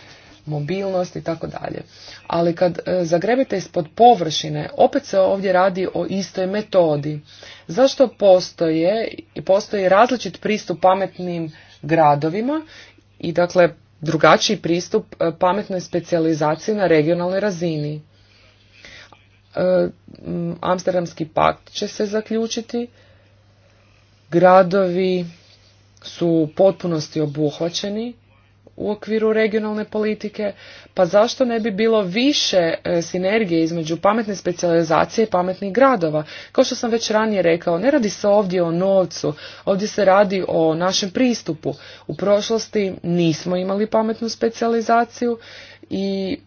mobilnost i tako dalje. Ali kad eh, zagrebite ispod površine, opet se ovdje radi o istoj metodi. Zašto postoje i postoji različit pristup pametnim gradovima i dakle drugačiji pristup pametnoj specijalizaciji na regionalnoj razini. Amsterdamski pakt će se zaključiti Gradovi su u potpunosti obuhvaćeni u okviru regionalne politike, pa zašto ne bi bilo više e, sinergije između pametne specijalizacije i pametnih gradova? Kao što sam već ranije rekao, ne radi se ovdje o novcu, ovdje se radi o našem pristupu. U prošlosti nismo imali pametnu specijalizaciju i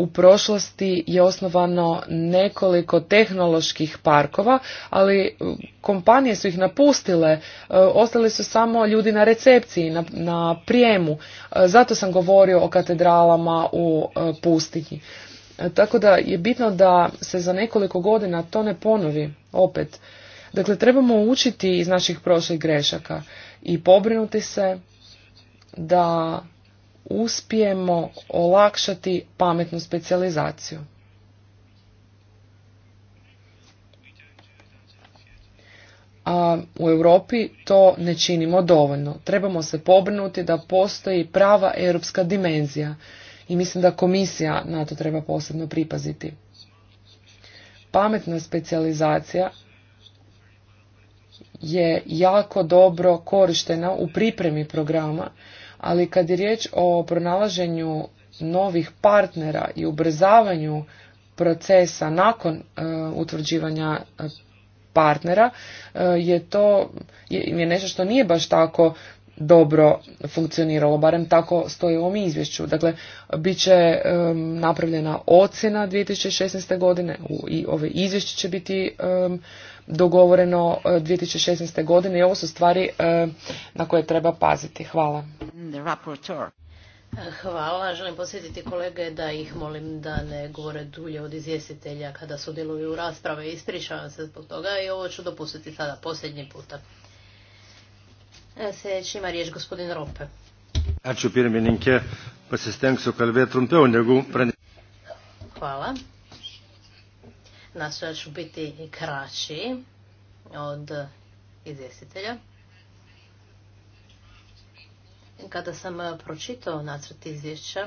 u prošlosti je osnovano nekoliko tehnoloških parkova, ali kompanije su ih napustile, e, ostali su samo ljudi na recepciji, na, prijemu. E, zato sam govorio o katedralama u e, pustinji. Tako da je bitno da se za nekoliko godina to ne ponovi opet. Dakle, trebamo učiti iz naših prošlih grešaka i pobrinuti se da uspijemo olakšati pametnu specijalizaciju. a u Europi to ne činimo dovoljno. Trebamo se pobrinuti da postoji prava europska dimenzija i mislim da komisija na to treba posebno pripaziti. Pametna specijalizacija je jako dobro korištena u pripremi programa ali kad je riječ o pronalaženju novih partnera i ubrzavanju procesa nakon e, utvrđivanja e, partnera e, je to je, je nešto što nije baš tako dobro funkcioniralo, barem tako stoji u ovom izvješću. Dakle, bit će napravljena ocjena 2016. godine i ove izvješće će biti dogovoreno 2016. E, godine i ovo su stvari e, na koje treba paziti. Hvala. Hvala. Želim posjetiti kolege da ih molim da ne govore dulje od izvjestitelja kada sudjeluju u rasprave. Ispričavam se zbog toga i ovo ću dopustiti sada posljednji puta. E, sljedeći ima gospodin Rope. Hvala nastojat ću biti kraći od izvjestitelja. Kada sam pročitao nacrt izvješća,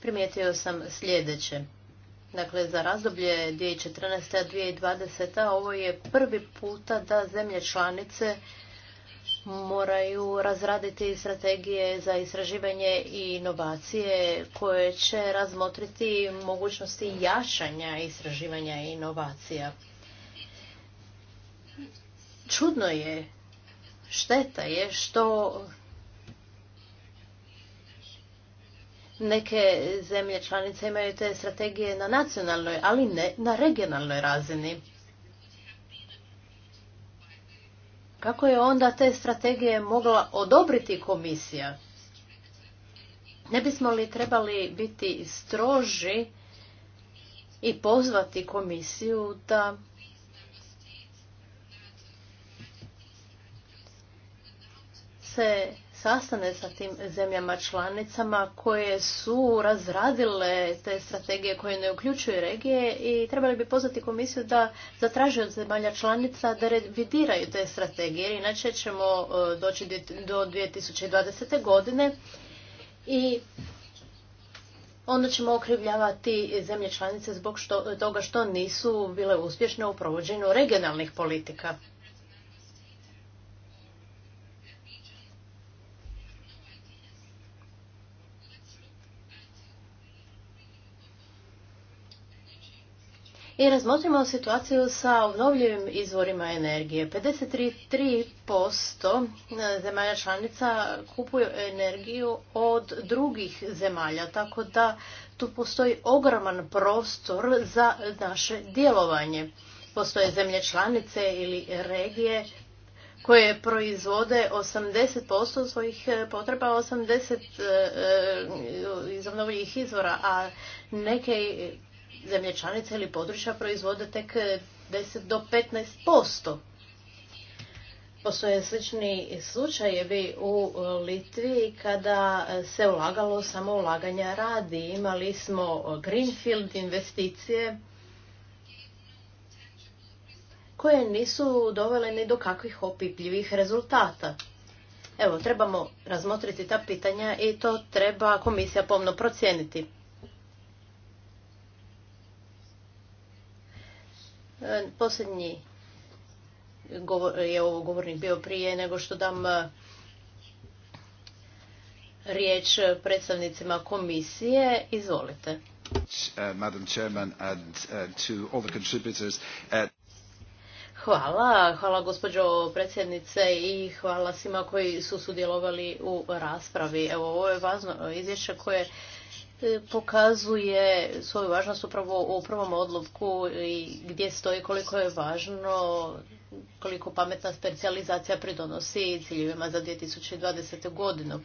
primijetio sam sljedeće. Dakle, za razdoblje 2014. a 2020. ovo je prvi puta da zemlje članice moraju razraditi strategije za istraživanje i inovacije koje će razmotriti mogućnosti jačanja istraživanja i inovacija. Čudno je, šteta je što neke zemlje članice imaju te strategije na nacionalnoj, ali ne na regionalnoj razini. Kako je onda te strategije mogla odobriti komisija? Ne bismo li trebali biti stroži i pozvati komisiju da se sastane sa tim zemljama članicama koje su razradile te strategije koje ne uključuju regije i trebali bi pozvati komisiju da zatraže od zemalja članica da revidiraju te strategije, inače ćemo e, doći do 2020. godine i onda ćemo okrivljavati zemlje članice zbog toga što nisu bile uspješne u provođenju regionalnih politika. i razmotrimo situaciju sa obnovljivim izvorima energije. 53% e, zemalja članica kupuju energiju od drugih zemalja, tako da tu postoji ogroman prostor za naše djelovanje. Postoje zemlje članice ili regije koje proizvode 80% svojih e, potreba, 80% e, iz obnovljivih izvora, a neke zemlje članice ili područja proizvode tek 10 e, do 15%. Postoje slični slučajevi u e, Litvi kada e, se ulagalo samo ulaganja radi. Imali smo greenfield investicije koje nisu dovele ni do kakvih opipljivih rezultata. Evo, trebamo razmotriti ta pitanja i to treba komisija pomno procijeniti. E, posljednji je ovo govornik bio prije nego što dam e, riječ predstavnicima komisije. Izvolite. Uh, uh, uh, hvala, hvala gospođo predsjednice i hvala svima koji su sudjelovali u raspravi. Evo, ovo je važno izvješće koje E, pokazuje svoju važnost upravo u prvom odlovku i gdje stoji koliko je važno, koliko pametna specijalizacija pridonosi ciljevima za 2020. godinu.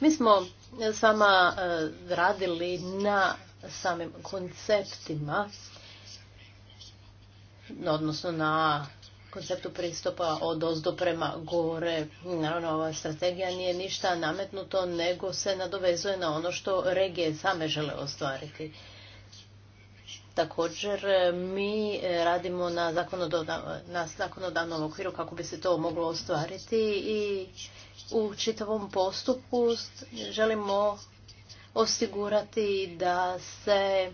Mi smo sama e, radili na samim konceptima, odnosno na konceptu pristupa od ozdo prema gore. Naravno, ova strategija nije ništa nametnuto, nego se nadovezuje na ono što regije same žele ostvariti. Također, mi radimo na, na zakonodavnom okviru kako bi se to moglo ostvariti i u čitavom postupku želimo osigurati da se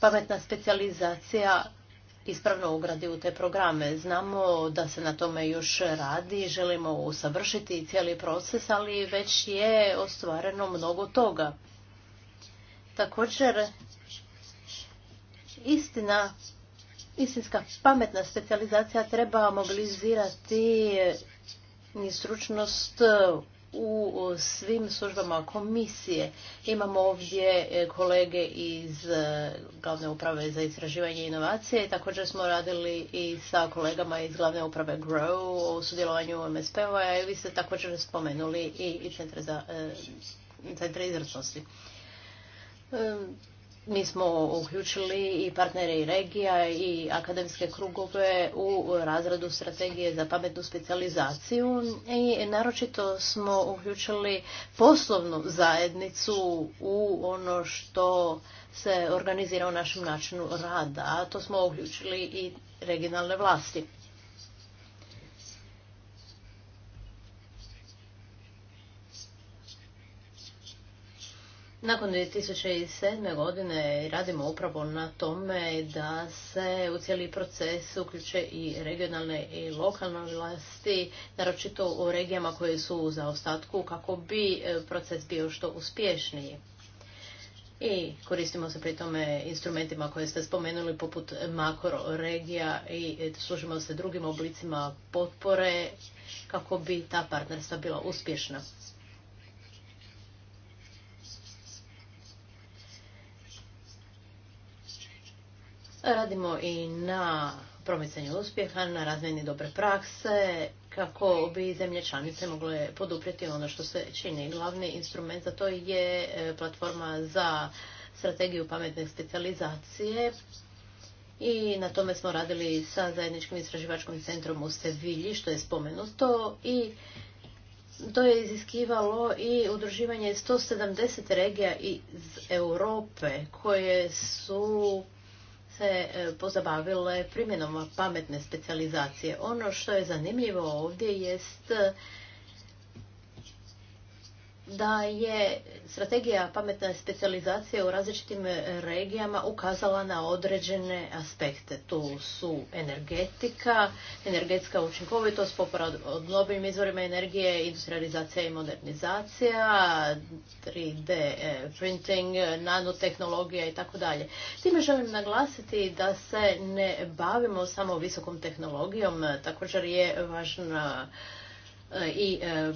pametna specijalizacija ispravno ugradi u te programe. Znamo da se na tome još radi, želimo usavršiti cijeli proces, ali već je ostvareno mnogo toga. Također, istina, istinska pametna specializacija treba mobilizirati stručnost u svim službama komisije. Imamo ovdje e, kolege iz e, glavne uprave za istraživanje i inovacije. Također smo radili i sa kolegama iz glavne uprave GROW o sudjelovanju MSP-ova i vi ste također spomenuli i centre za e, centre mi smo uključili i partnere i regija i akademske krugove u razradu strategije za pametnu specijalizaciju i naročito smo uključili poslovnu zajednicu u ono što se organizira u našem načinu rada, a to smo uključili i regionalne vlasti. Nakon 2007. godine radimo upravo na tome da se u cijeli proces uključe i regionalne i lokalne vlasti, naročito u regijama koje su u zaostatku, kako bi e, proces bio što uspješniji. I koristimo se pri tome instrumentima koje ste spomenuli, poput makroregija i e, služimo se drugim oblicima potpore kako bi ta partnerstva bila uspješna. Radimo i na promicanju uspjeha, na razmjeni dobre prakse, kako bi zemlje članice mogle poduprijeti ono što se čini. Glavni instrument za to je e, platforma za strategiju pametne specijalizacije i na tome smo radili sa zajedničkim istraživačkom centrom u Sevilji, što je spomenuto, i to je iziskivalo i udruživanje 170 regija iz Europe koje su se e, pozabavile primjenom pametne specijalizacije. Ono što je zanimljivo ovdje jest da je strategija pametne specijalizacije u različitim regijama ukazala na određene aspekte. Tu su energetika, energetska učinkovitost, od obnovljivim izvorima energije, industrializacija i modernizacija, 3D e, printing, nanotehnologija i tako dalje. Time želim naglasiti da se ne bavimo samo visokom tehnologijom, također je važna e, i e,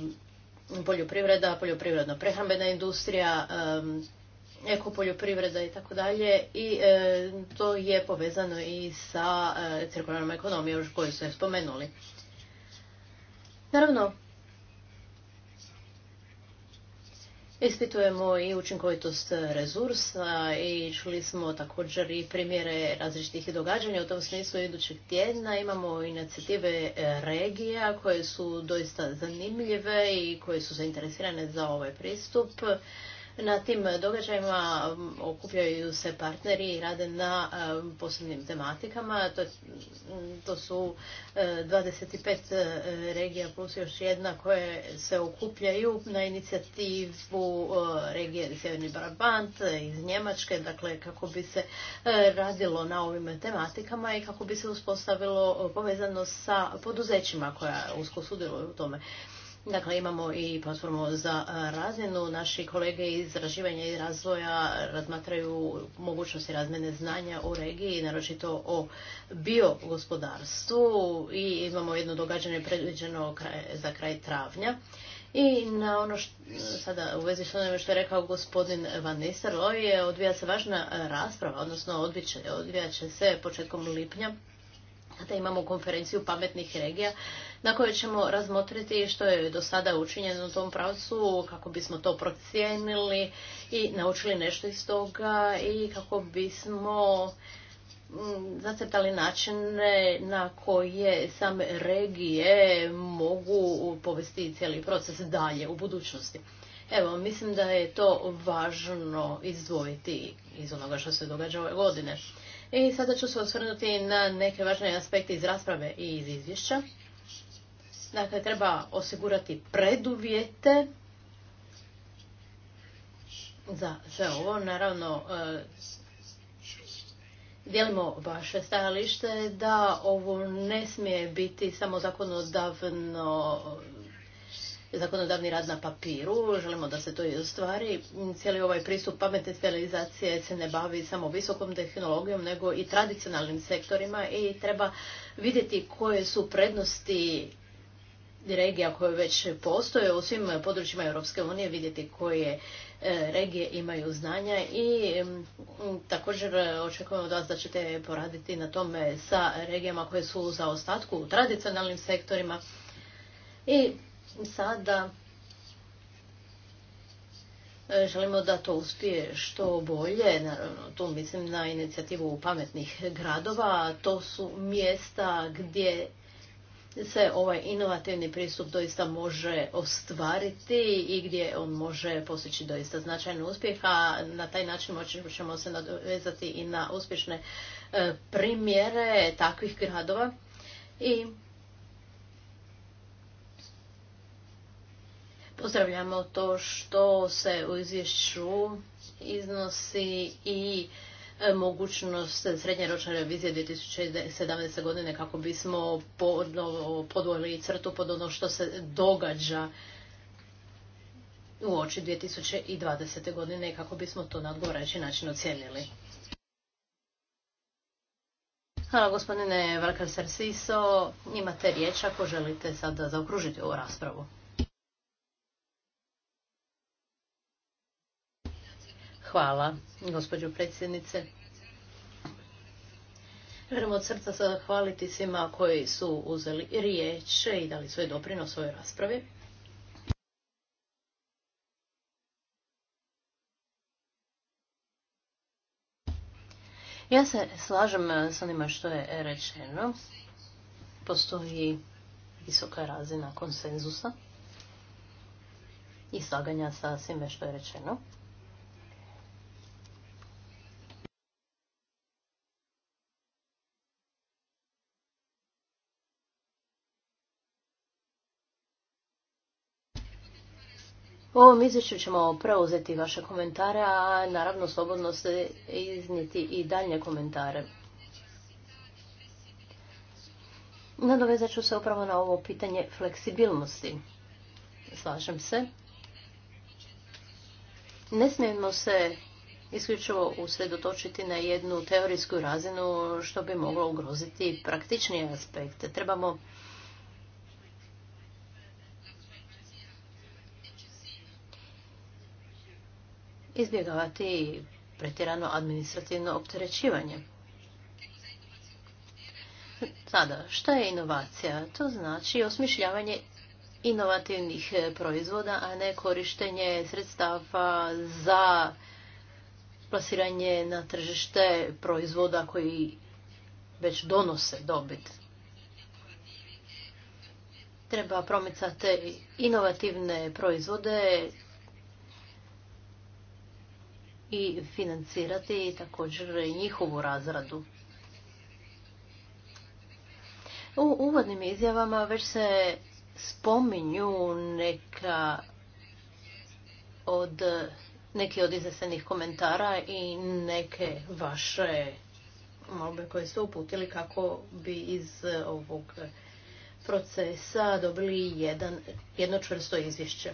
poljoprivreda, poljoprivredno-prehrambena industrija, ekopoljoprivreda i tako dalje i to je povezano i sa eh, cirkularnom ekonomijom koju ste spomenuli. Naravno, Ispitujemo i učinkovitost resursa i čuli smo također i primjere različitih događanja. U tom smislu idućeg tjedna imamo inicijative e, regija koje su doista zanimljive i koje su zainteresirane za ovaj pristup. Na tim događajima okupljaju se partneri i rade na posebnim tematikama. To, to su 25 e, e, regija plus još jedna koje se okupljaju na inicijativu e, regije Sjeverni Brabant iz Njemačke, dakle kako bi se radilo na ovim tematikama i kako bi se uspostavilo povezano sa poduzećima koja usko sudjeluju u tome. Dakle, imamo i platformu za razmjenu. Naši kolege iz raživanja i razvoja razmatraju mogućnosti razmjene znanja u regiji, naročito o biogospodarstvu i imamo jedno događanje predviđeno za kraj travnja. I na ono što, sada u vezi s onome što je rekao gospodin Van je odvija se važna rasprava, odnosno odvija će se početkom lipnja kada dakle, imamo konferenciju pametnih regija na kojoj ćemo razmotriti što je do sada učinjeno u tom pravcu, kako bismo to procijenili i naučili nešto iz toga i kako bismo mm, zacrtali načine na koje same regije mogu povesti cijeli proces dalje u budućnosti. Evo, mislim da je to važno izdvojiti iz onoga što se događa ove godine. I sada ću se osvrnuti na neke važne aspekte iz rasprave i iz izvješća. Dakle, treba osigurati preduvjete za sve ovo. Naravno, e, dijelimo vaše stajalište da ovo ne smije biti samo zakonodavno zakonodavni rad na papiru, želimo da se to i ostvari. Cijeli ovaj pristup pametne sterilizacije se ne bavi samo visokom tehnologijom, nego i tradicionalnim sektorima i treba vidjeti koje su prednosti regija koje već postoje u svim područjima Europske unije, vidjeti koje e, regije imaju znanja i mm, također e, očekujemo od vas da ćete poraditi na tome sa regijama koje su za ostatku u tradicionalnim sektorima. I sada e, želimo da to uspije što bolje. Naravno, tu mislim na inicijativu pametnih gradova. To su mjesta gdje se ovaj inovativni pristup doista može ostvariti i gdje on može postići doista značajan uspjeh, a na taj način ćemo se nadovezati i na uspješne e, primjere takvih gradova. I pozdravljamo to što se u izvješću iznosi i mogućnost ročne revizije 2017. godine kako bismo podvojili crtu pod ono što se događa u oči 2020. godine i kako bismo to na odgovarajući način ocijenili. Hvala gospodine Valkar Sersiso. Imate riječ ako želite sada zaokružiti ovu raspravu. Hvala, gospođo predsjednice. Želim od srca zahvaliti svima koji su uzeli riječ i dali svoj doprinos svojoj raspravi. Ja se slažem s onima što je rečeno. Postoji visoka razina konsenzusa i slaganja sa svime što je rečeno. U ovom izvješću ćemo preuzeti vaše komentare, a naravno slobodno se iznijeti i daljnje komentare. Nadovezat ću se upravo na ovo pitanje fleksibilnosti. Slažem se. Ne smijemo se isključivo usredotočiti na jednu teorijsku razinu što bi moglo ugroziti praktični aspekte. Trebamo izbjegavati pretjerano administrativno opterećivanje. Sada, šta je inovacija? To znači osmišljavanje inovativnih e, proizvoda, a ne korištenje sredstava za plasiranje na tržište proizvoda koji već donose dobit. Treba promicati inovativne proizvode i financirati također njihovu razradu. U uvodnim izjavama već se spominju neka od, neki od iznesenih komentara i neke vaše molbe koje ste uputili kako bi iz ovog procesa dobili jedan, jedno čvrsto izvješće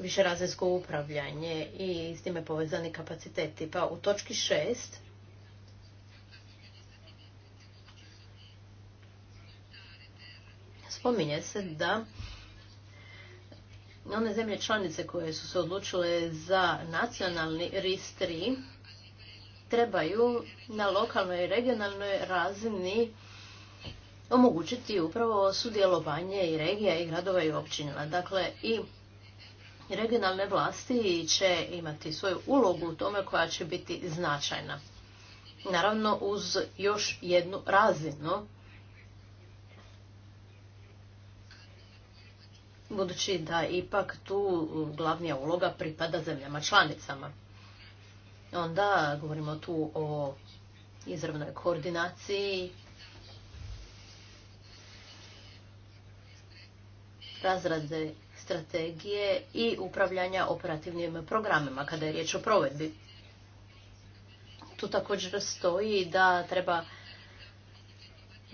višerazinsko upravljanje i s time povezani kapaciteti. Pa u točki šest spominje se da one zemlje članice koje su se odlučile za nacionalni RIS 3 trebaju na lokalnoj i regionalnoj razini omogućiti upravo sudjelovanje i regija i gradova i općina. Dakle, i regionalne vlasti će imati svoju ulogu u tome koja će biti značajna. Naravno uz još jednu razinu. Budući da ipak tu glavnija uloga pripada zemljama članicama. Onda govorimo tu o izravnoj koordinaciji, razrade strategije i upravljanja operativnim programima kada je riječ o provedbi. Tu također stoji da treba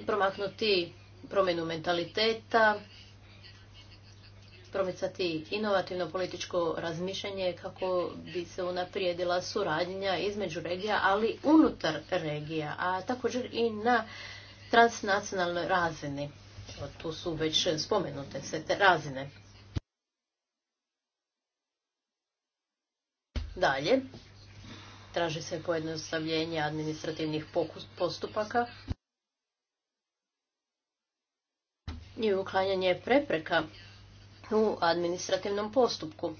promaknuti promjenu mentaliteta, promicati inovativno političko razmišljanje kako bi se unaprijedila suradnja između regija, ali unutar regija, a također i na transnacionalnoj razini. Tu su već spomenute se te razine. Dalje, traži se pojednostavljenje administrativnih postupaka i uklanjanje prepreka u administrativnom postupku.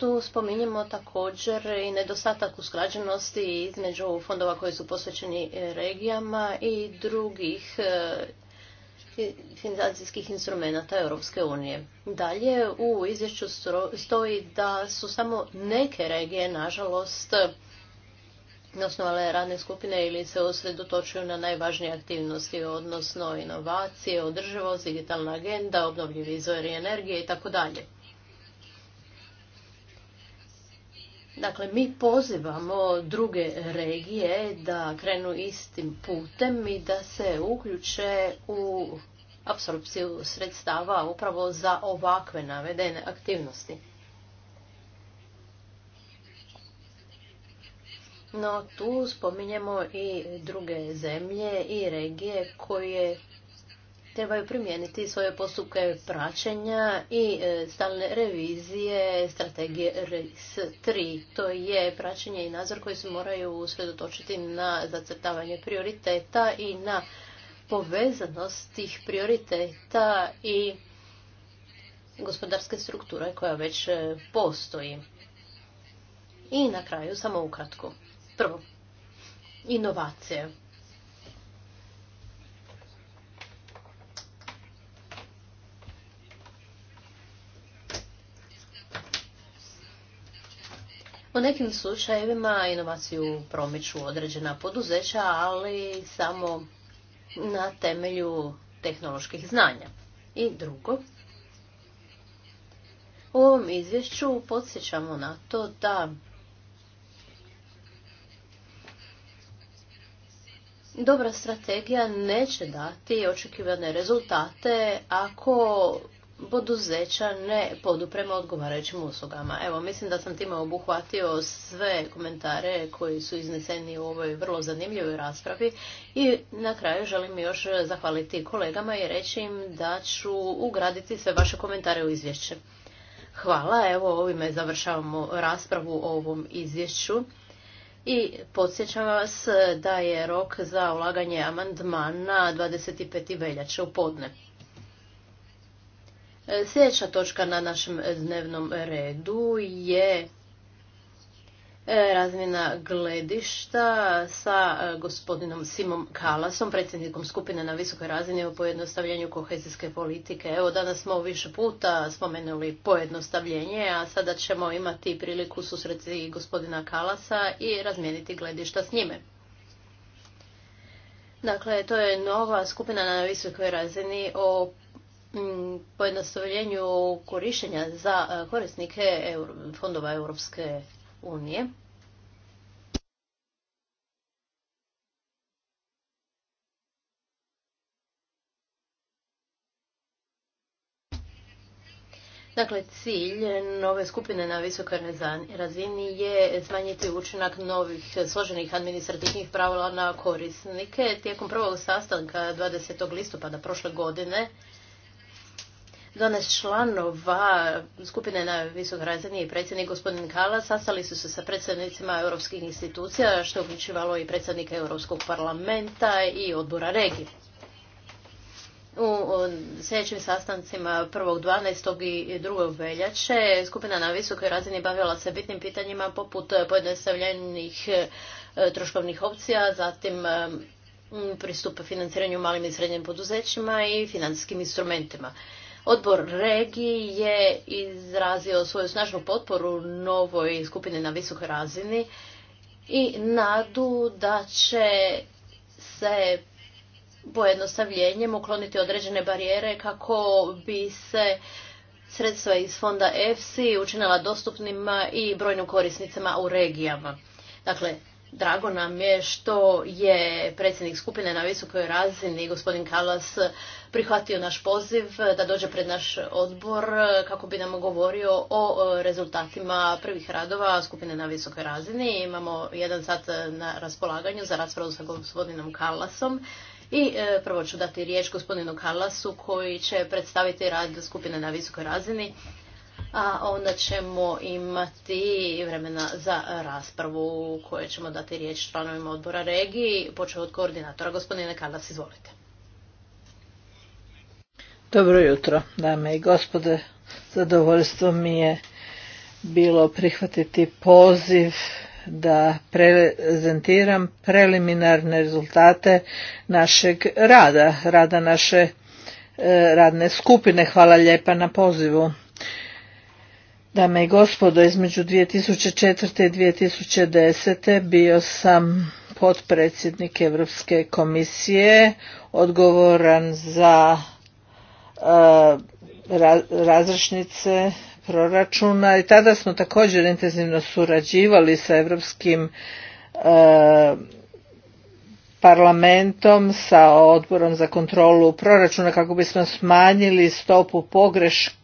Tu spominjemo također i nedostatak usklađenosti između fondova koji su posvećeni regijama i drugih e, financijskih instrumenta Europske unije. Dalje u izvješću stoji da su samo neke regije, nažalost, osnovale radne skupine ili se usredotočuju na najvažnije aktivnosti, odnosno inovacije, održivost, digitalna agenda, obnovljivi izvori energije i tako dalje. Dakle, mi pozivamo druge regije da krenu istim putem i da se uključe u apsorpciju sredstava upravo za ovakve navedene aktivnosti. No tu spominjemo i druge zemlje i regije koje trebaju primijeniti svoje postupke praćenja i e, stalne revizije strategije RIS-3. To je praćenje i nadzor koji se moraju usredotočiti na zacrtavanje prioriteta i na povezanost tih prioriteta i gospodarske strukture koja već e, postoji. I na kraju, samo ukratko. Prvo, inovacije. U nekim slučajevima inovaciju promiču određena poduzeća, ali samo na temelju tehnoloških znanja. I drugo, u ovom izvješću podsjećamo na to da dobra strategija neće dati očekivane rezultate ako poduzeća ne poduprema odgovarajućim uslugama. Evo, mislim da sam time obuhvatio sve komentare koji su izneseni u ovoj vrlo zanimljivoj raspravi i na kraju želim još zahvaliti kolegama i reći im da ću ugraditi sve vaše komentare u izvješće. Hvala, evo ovime završavamo raspravu o ovom izvješću. I podsjećam vas da je rok za ulaganje amandmana 25. veljače u podne. E, sljedeća točka na našem dnevnom redu je e, razmjena gledišta sa e, gospodinom Simom Kalasom, predsjednikom skupine na visokoj razini o pojednostavljenju kohezijske politike. Evo danas smo više puta spomenuli pojednostavljenje, a sada ćemo imati priliku susreti gospodina Kalasa i razmijeniti gledišta s njime. Dakle, to je nova skupina na visokoj razini o Mm, pojednostavljenju korištenja za e, korisnike fondova Europske unije. Dakle, cilj nove skupine na visokoj razini je smanjiti učinak novih složenih administrativnih pravila na korisnike. Tijekom prvog sastanka 20. listopada prošle godine 12 članova skupine na visokoj razini i predsjednik gospodin Kala sastali su se sa predsjednicima europskih institucija, što je uključivalo i predsjednika Europskog parlamenta i odbora regije. U sljedećim sastancima 1.12. i 2. veljače skupina na visokoj razini bavila se bitnim pitanjima poput pojednostavljenih e, troškovnih opcija, zatim e, pristup financiranju malim i srednjim poduzećima i financijskim instrumentima. Odbor regiji je izrazio svoju snažnu potporu novoj skupini na visokoj razini i nadu da će se pojednostavljenjem ukloniti određene barijere kako bi se sredstva iz fonda EFSI učinila dostupnima i brojnim korisnicama u regijama. Dakle, Drago nam je što je predsjednik skupine na visokoj razini, gospodin Kalas, prihvatio naš poziv da dođe pred naš odbor kako bi nam govorio o rezultatima prvih radova skupine na visokoj razini. Imamo jedan sat na raspolaganju za raspravu sa gospodinom Kalasom. I e, prvo ću dati riječ gospodinu Kalasu koji će predstaviti rad skupine na visokoj razini a onda ćemo imati vremena za raspravu koje ćemo dati riječ članovima odbora regiji, počeo od koordinatora. Gospodine se izvolite. Dobro jutro, dame i gospode. Zadovoljstvo mi je bilo prihvatiti poziv da prezentiram preliminarne rezultate našeg rada, rada naše eh, radne skupine. Hvala lijepa na pozivu. Dame i gospodo, između 2004. i 2010. bio sam potpredsjednik Europske komisije, odgovoran za e, razrešnice proračuna i tada smo također intenzivno surađivali sa Europskim e, parlamentom, sa odborom za kontrolu proračuna kako bismo smanjili stopu pogreške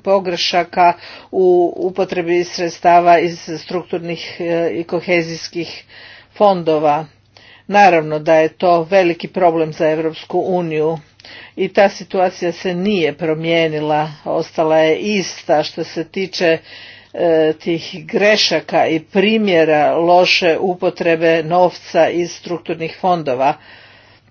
pogrešaka u upotrebi sredstava iz strukturnih e, i kohezijskih fondova. Naravno da je to veliki problem za Europsku uniju i ta situacija se nije promijenila, ostala je ista što se tiče e, tih grešaka i primjera loše upotrebe novca iz strukturnih fondova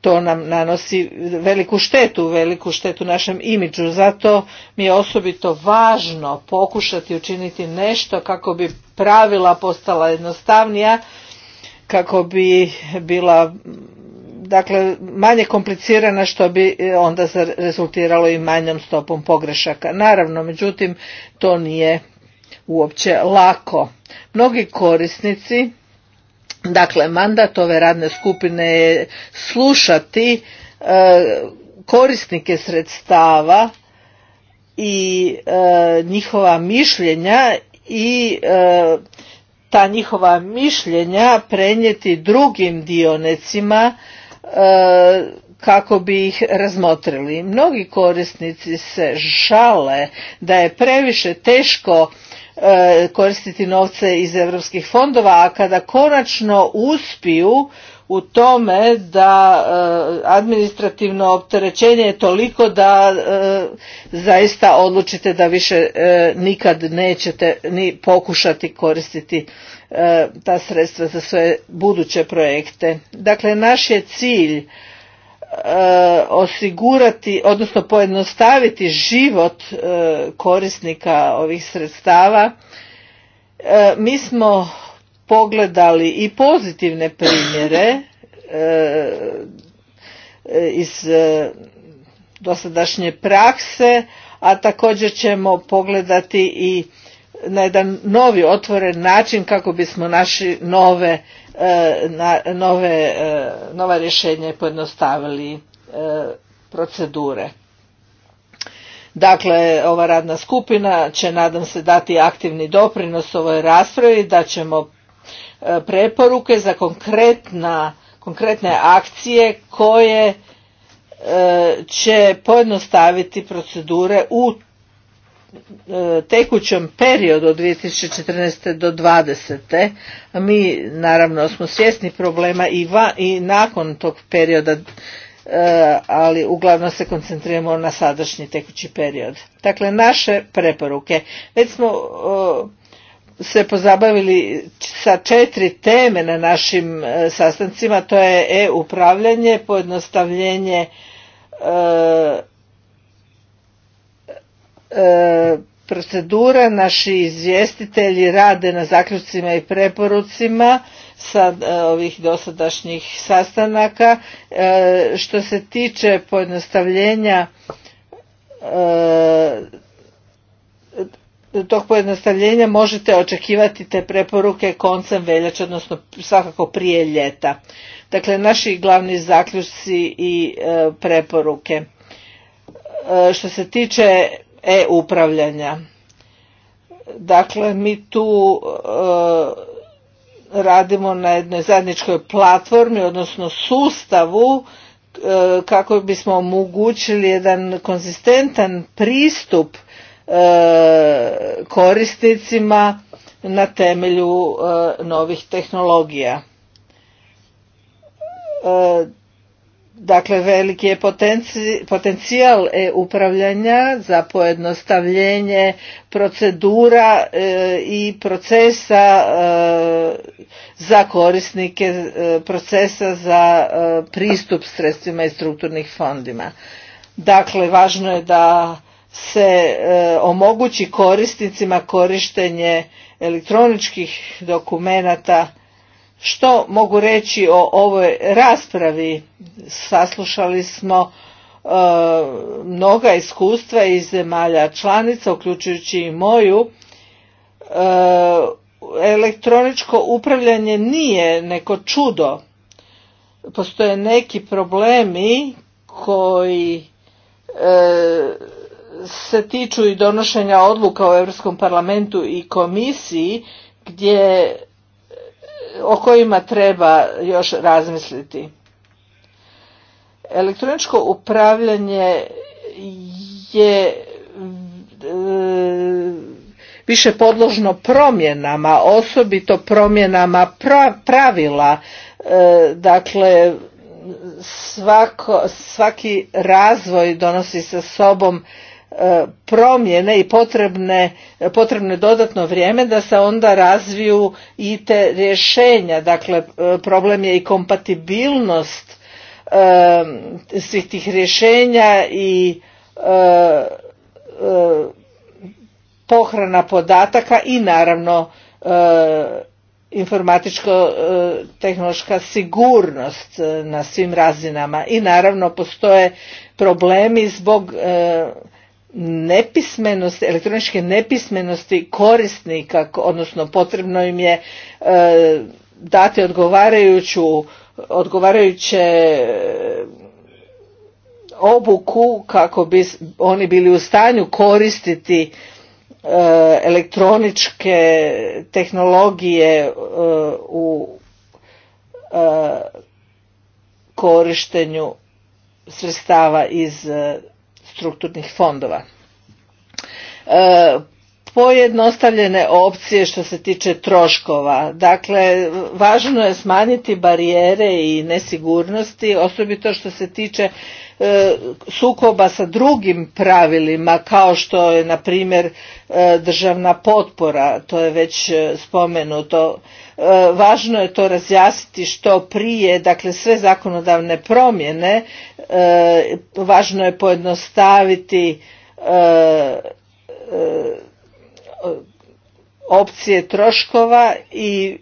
to nam nanosi veliku štetu, veliku štetu našem imidžu. Zato mi je osobito važno pokušati učiniti nešto kako bi pravila postala jednostavnija, kako bi bila dakle manje komplicirana što bi onda rezultiralo i manjom stopom pogrešaka. Naravno, međutim, to nije uopće lako. Mnogi korisnici Dakle, mandat ove radne skupine je slušati e, korisnike sredstava i e, njihova mišljenja i e, ta njihova mišljenja prenijeti drugim dionicima kako bi ih razmotrili. Mnogi korisnici se žale da je previše teško E, koristiti novce iz europskih fondova, a kada konačno uspiju u tome da e, administrativno opterećenje je toliko da e, zaista odlučite da više nikad nećete ni pokušati koristiti ta sredstva za svoje buduće projekte. Dakle, naš je cilj Eh, osigurati, odnosno pojednostaviti život eh, korisnika ovih sredstava. Eh, mi smo pogledali i pozitivne primjere iz dosadašnje prakse, a također ćemo pogledati i na jedan novi otvoren način kako bismo naši nove E, na nove, e, nova rješenja i pojednostavili e, procedure. Dakle, ova radna skupina će nadam se dati aktivni doprinos ovoj raspravi, da ćemo preporuke za konkretna, konkretne akcije koje će pojednostaviti procedure u tekućem periodu od 2014. do 2020. Mi naravno smo svjesni problema i, va, i nakon tog perioda e, ali uglavnom se koncentriramo na sadašnji tekući period. Dakle, naše preporuke. Već smo e, se pozabavili sa četiri teme na našim e, sastancima, to je e-upravljanje, pojednostavljenje E, procedura, naši izvjestitelji rade na zaključcima i preporucima sa e, ovih dosadašnjih sastanaka. E, što se tiče pojednostavljenja tog pojednostavljenja možete očekivati te preporuke koncem veljača, odnosno svakako prije ljeta. Dakle, naši glavni zaključci i preporuke. Što se tiče e-upravljanja. Dakle, mi tu e, radimo na jednoj zajedničkoj platformi, odnosno sustavu, e, kako bismo omogućili jedan konzistentan pristup e, korisnicima na temelju e, novih tehnologija Dakle, veliki je potencijal e-upravljanja za pojednostavljenje procedura e, i procesa e, za korisnike, e, procesa za pristup sredstvima i strukturnih fondima. Dakle, važno je da se omogući korisnicima korištenje elektroničkih dokumenata što mogu reći o ovoj raspravi saslušali smo e, mnoga iskustva iz zemalja članica uključujući i moju e, elektroničko upravljanje nije neko čudo postoje neki problemi koji e, se tiču i donošenja odluka u europskom parlamentu i komisiji gdje o kojima treba još razmisliti. Elektroničko upravljanje je e, više podložno promjenama, osobito promjenama pravila. E, dakle, svaki razvoj donosi sa sobom promjene i potrebne, potrebno dodatno vrijeme da se onda razviju i te rješenja. Dakle, problem je i kompatibilnost svih tih rješenja i eh, eh, pohrana podataka i naravno eh, informatičko tehnološka sigurnost na svim razinama i naravno postoje problemi zbog nepismenosti, elektroničke nepismenosti korisnika, odnosno potrebno im je e, dati odgovarajuću, odgovarajuće e, obuku kako bi oni bili u stanju koristiti e, elektroničke tehnologije u korištenju sredstava iz strukturnih fondova. E, pojednostavljene opcije što se tiče troškova. Dakle, važno je smanjiti barijere i nesigurnosti, osobito što se tiče e, sukoba sa drugim pravilima, kao što je, na primjer, e, državna potpora, to je već spomenuto. važno je to razjasniti što prije, dakle, sve zakonodavne promjene E, važno je pojednostaviti e, e, opcije troškova i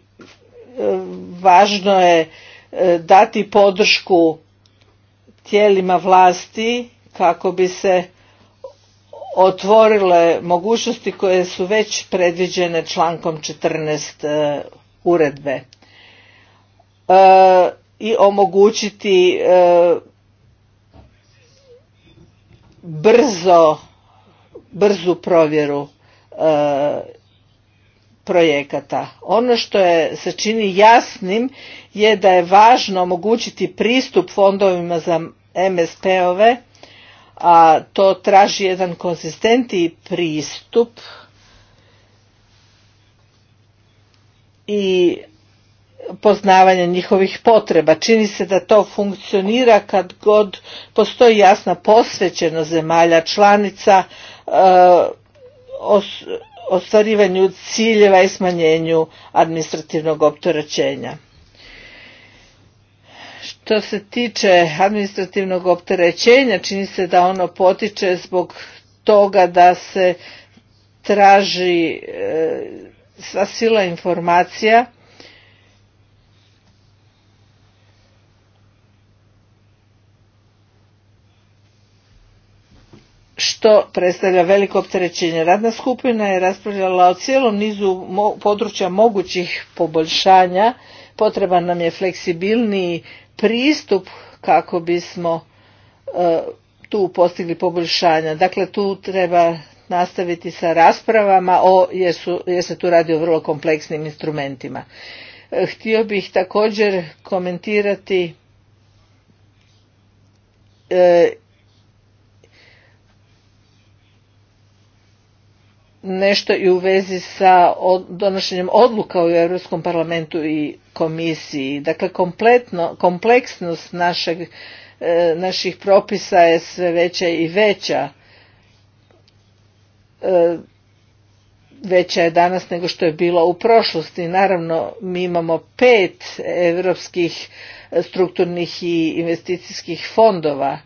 važno je dati podršku tijelima vlasti kako bi se otvorile mogućnosti koje su već predviđene člankom 14 uredbe i omogućiti brzo, brzu provjeru e, projekata. Ono što je, se čini jasnim je da je važno omogućiti pristup fondovima za MSP-ove, a to traži jedan konzistentiji pristup i poznavanja njihovih potreba. Čini se da to funkcionira kad god postoji jasna posvećena zemalja članica e, ostvarivanju ciljeva i smanjenju administrativnog opterećenja. Što se tiče administrativnog opterećenja, čini se da ono potiče zbog toga da se traži e, sva sila informacija što predstavlja veliko opterećenje. Radna skupina je raspravljala o cijelom nizu područja mogućih poboljšanja. Potreban nam je fleksibilniji pristup kako bismo e, tu postigli poboljšanja. Dakle, tu treba nastaviti sa raspravama o, jer, se tu radi o vrlo kompleksnim instrumentima. E, htio bih također komentirati i e, nešto i u vezi sa donošenjem odluka u Europskom parlamentu i komisiji. Dakle, kompleksnost našeg, e, naših propisa je sve veća i veća. E, veća je danas nego što je bilo u prošlosti. Naravno, mi imamo pet europskih strukturnih i investicijskih fondova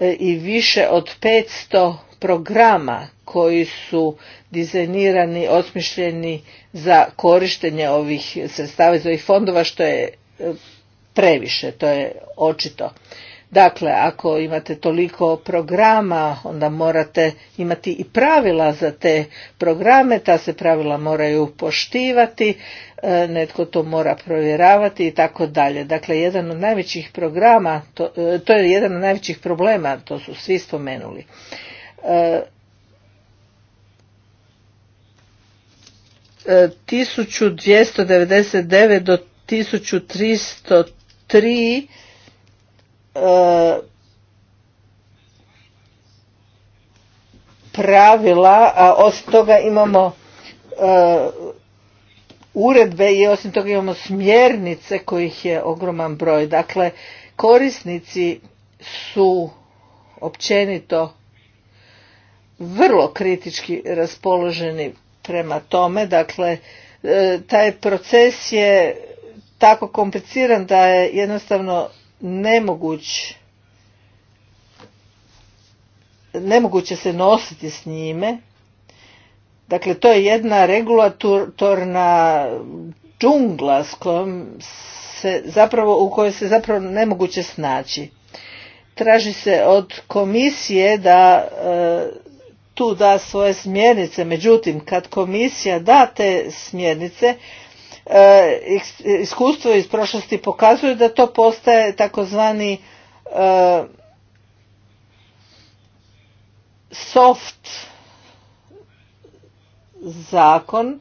e, i više od 500 programa koji su dizajnirani, osmišljeni za korištenje ovih sredstava iz ovih fondova što je e, previše, to je očito. Dakle, ako imate toliko programa, onda morate imati i pravila za te programe, ta se pravila moraju poštivati, e, netko to mora provjeravati i tako dalje. Dakle, jedan od najvećih programa, to, e, to je jedan od najvećih problema, to su svi spomenuli. 1299 do 1303 e, pravila, a osim toga imamo e, uredbe i osim toga imamo smjernice kojih je ogroman broj. Dakle, korisnici su općenito vrlo kritički raspoloženi prema tome. Dakle, e, taj proces je tako kompliciran da je jednostavno nemoguć nemoguće se nositi s njime. Dakle, to je jedna regulatorna džungla s kojom se zapravo, u kojoj se zapravo nemoguće snaći. Traži se od komisije da e, tu da svoje smjernice, međutim kad komisija da te smjernice, e, iskustvo iz prošlosti pokazuje da to postaje takozvani e, soft zakon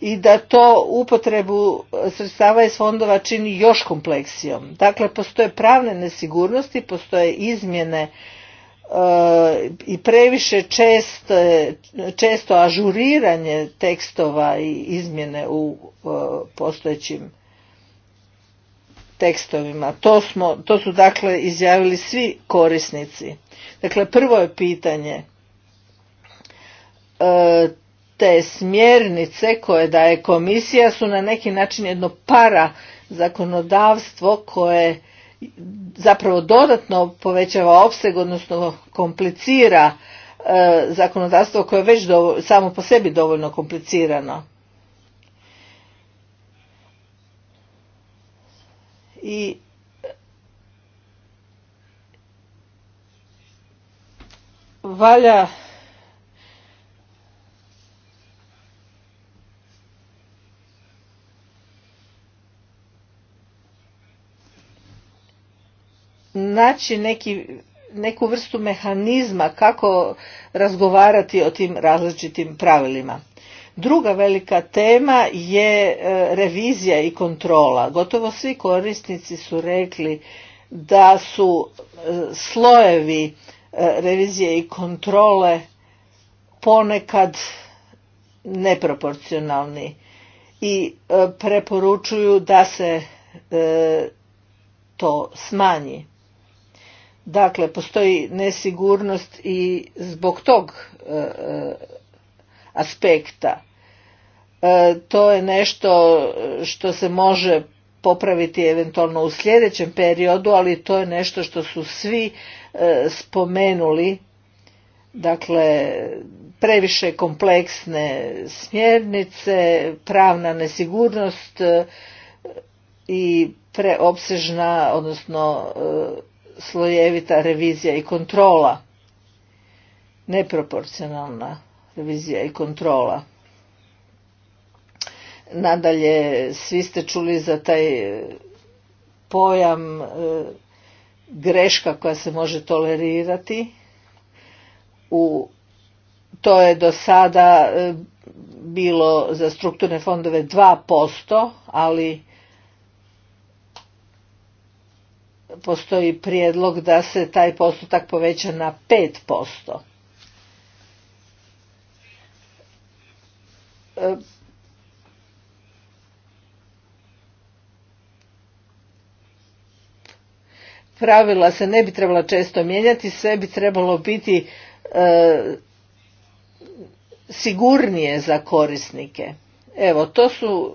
i da to upotrebu sredstava iz fondova čini još kompleksijom. Dakle, postoje pravne nesigurnosti, postoje izmjene i previše često ažuriranje tekstova i izmjene u e, postojećim tekstovima. To, to su dakle izjavili svi korisnici. Dakle, prvo je pitanje e, te smjernice koje daje komisija su na neki način jedno para zakonodavstvo koje zapravo dodatno povećava opseg, odnosno komplicira e, zakonodavstvo koje je već samo po sebi dovoljno komplicirano. I valja naći neki, neku vrstu mehanizma kako razgovarati o tim različitim pravilima. Druga velika tema je e, revizija i kontrola. Gotovo svi korisnici su rekli da su e, slojevi e, revizije i kontrole ponekad neproporcionalni i preporučuju da se to smanji. Dakle, postoji nesigurnost i zbog tog e, e, aspekta. E, to je nešto što se može popraviti eventualno u sljedećem periodu, ali to je nešto što su svi spomenuli. Dakle, previše kompleksne smjernice, pravna nesigurnost i preopsežna, odnosno slojevita revizija i kontrola neproporcionalna revizija i kontrola nadalje svi ste čuli za taj e, pojam e, greška koja se može tolerirati u to je do sada e, bilo za strukturne fondove 2%, ali postoji prijedlog da se taj postotak poveća na 5%. E, pravila se ne bi trebala često mijenjati, sve bi trebalo biti e, sigurnije za korisnike. Evo, to su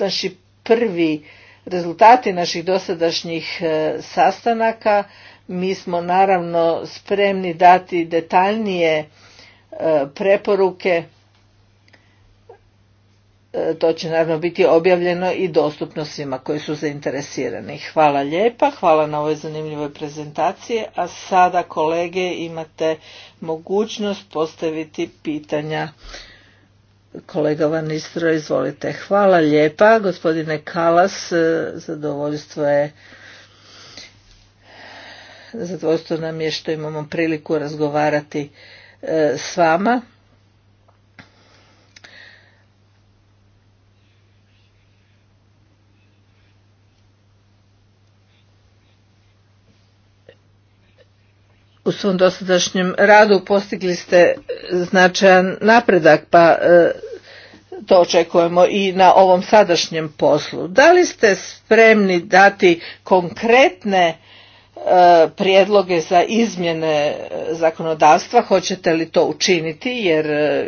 naši prvi rezultati naših dosadašnjih e, sastanaka. Mi smo naravno spremni dati detaljnije e, preporuke. E, to će naravno biti objavljeno i dostupno svima koji su zainteresirani. Hvala lijepa, hvala na ovoj zanimljivoj prezentaciji, a sada kolege imate mogućnost postaviti pitanja Kolega Van izvolite. Hvala lijepa, gospodine Kalas, zadovoljstvo je zadovoljstvo nam je što imamo priliku razgovarati e, s vama. u svom dosadašnjem radu postigli ste e, značajan napredak pa e, to očekujemo i na ovom sadašnjem poslu. Da li ste spremni dati konkretne e, prijedloge za izmjene zakonodavstva, hoćete li to učiniti jer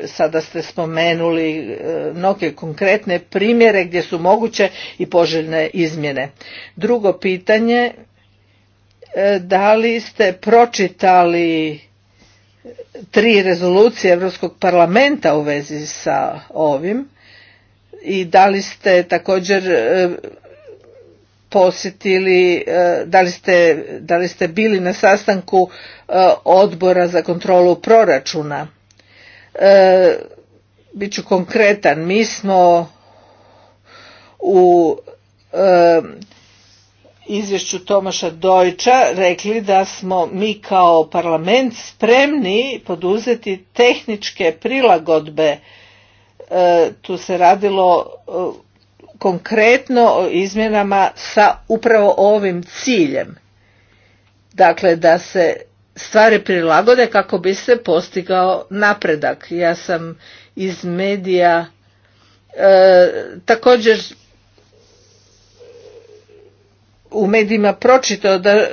sada ste spomenuli mnoge konkretne primjere gdje su moguće i poželjne izmjene. Drugo pitanje da li ste pročitali tri rezolucije Europskog parlamenta u vezi sa ovim i da li ste također e, posjetili, e, da li ste, da li ste bili na sastanku e, odbora za kontrolu proračuna. Biću konkretan, mi smo u izvješću Tomaša Dojča rekli da smo mi kao parlament spremni poduzeti tehničke prilagodbe. E, tu se radilo e, konkretno o izmjenama sa upravo ovim ciljem. Dakle, da se stvari prilagode kako bi se postigao napredak. Ja sam iz medija e, također u medijima pročitao da e,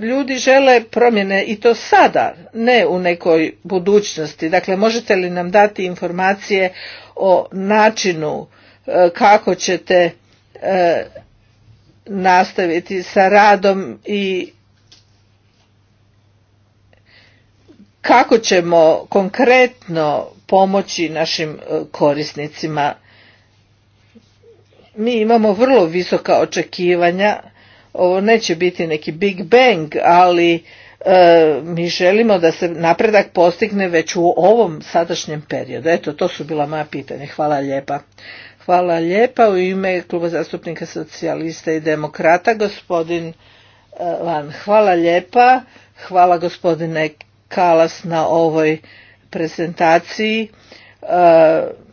ljudi žele promjene i to sada, ne u nekoj budućnosti. Dakle, možete li nam dati informacije o načinu e, kako ćete e, nastaviti sa radom i kako ćemo konkretno pomoći našim korisnicima mi imamo vrlo visoka očekivanja ovo neće biti neki big bang, ali e, mi želimo da se napredak postigne već u ovom sadašnjem periodu. Eto, to su bila moja pitanja. Hvala lijepa. Hvala lijepa. U ime Kluba zastupnika socijalista i demokrata, gospodin e, Van. Hvala lijepa. Hvala gospodine Kalas na ovoj prezentaciji. E,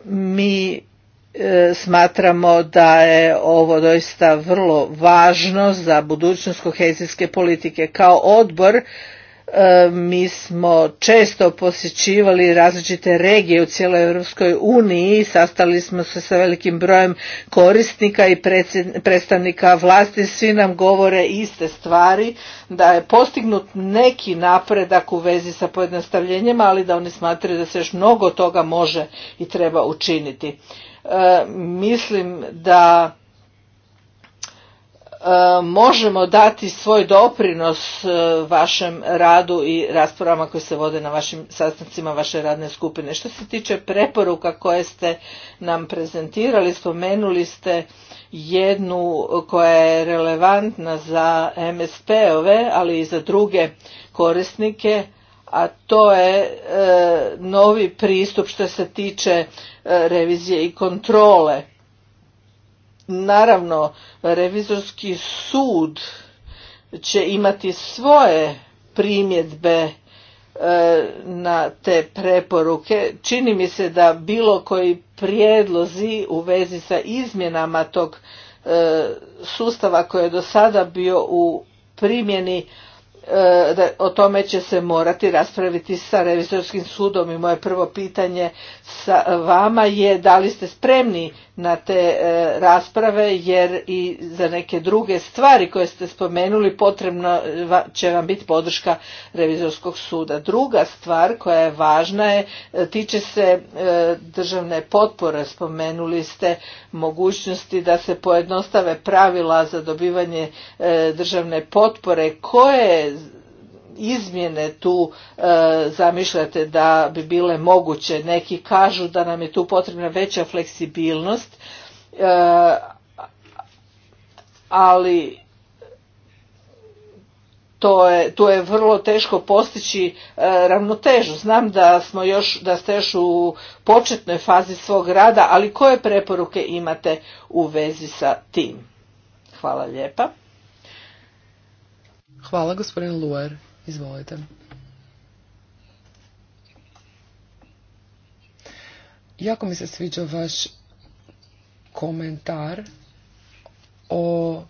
mi E, smatramo da je ovo doista vrlo važno za budućnost kohezijske politike. Kao odbor e, mi smo često posjećivali različite regije u cijeloj Europskoj uniji, sastali smo se sa velikim brojem korisnika i predstavnika vlasti, svi nam govore iste stvari, da je postignut neki napredak u vezi sa pojednostavljenjem, ali da oni smatraju da se još mnogo toga može i treba učiniti. E, mislim da e, možemo dati svoj doprinos e, vašem radu i raspravama koje se vode na vašim sastancima vaše radne skupine. Što se tiče preporuka koje ste nam prezentirali, spomenuli ste jednu koja je relevantna za MSP-ove, ali i za druge korisnike a to je e, novi pristup što se tiče e, revizije i kontrole. Naravno, revizorski sud će imati svoje primjedbe e, na te preporuke. Čini mi se da bilo koji prijedlozi u vezi sa izmjenama tog sustava koji je do sada bio u primjeni E, o tome će se morati raspraviti sa revizorskim sudom i moje prvo pitanje sa vama je da li ste spremni na te e, rasprave jer i za neke druge stvari koje ste spomenuli potrebno će vam biti podrška revizorskog suda. Druga stvar koja je važna je e, tiče se državne potpore. Spomenuli ste mogućnosti da se pojednostave pravila za dobivanje državne potpore koje izmjene tu e, zamišljate da bi bile moguće? Neki kažu da nam je tu potrebna veća fleksibilnost, e, ali to je, tu je vrlo teško postići e, ravnotežu. Znam da, smo još, da ste još u početnoj fazi svog rada, ali koje preporuke imate u vezi sa tim? Hvala lijepa. Hvala gospodin Luer. Izvolite. Jako mi se sviđa vaš komentar o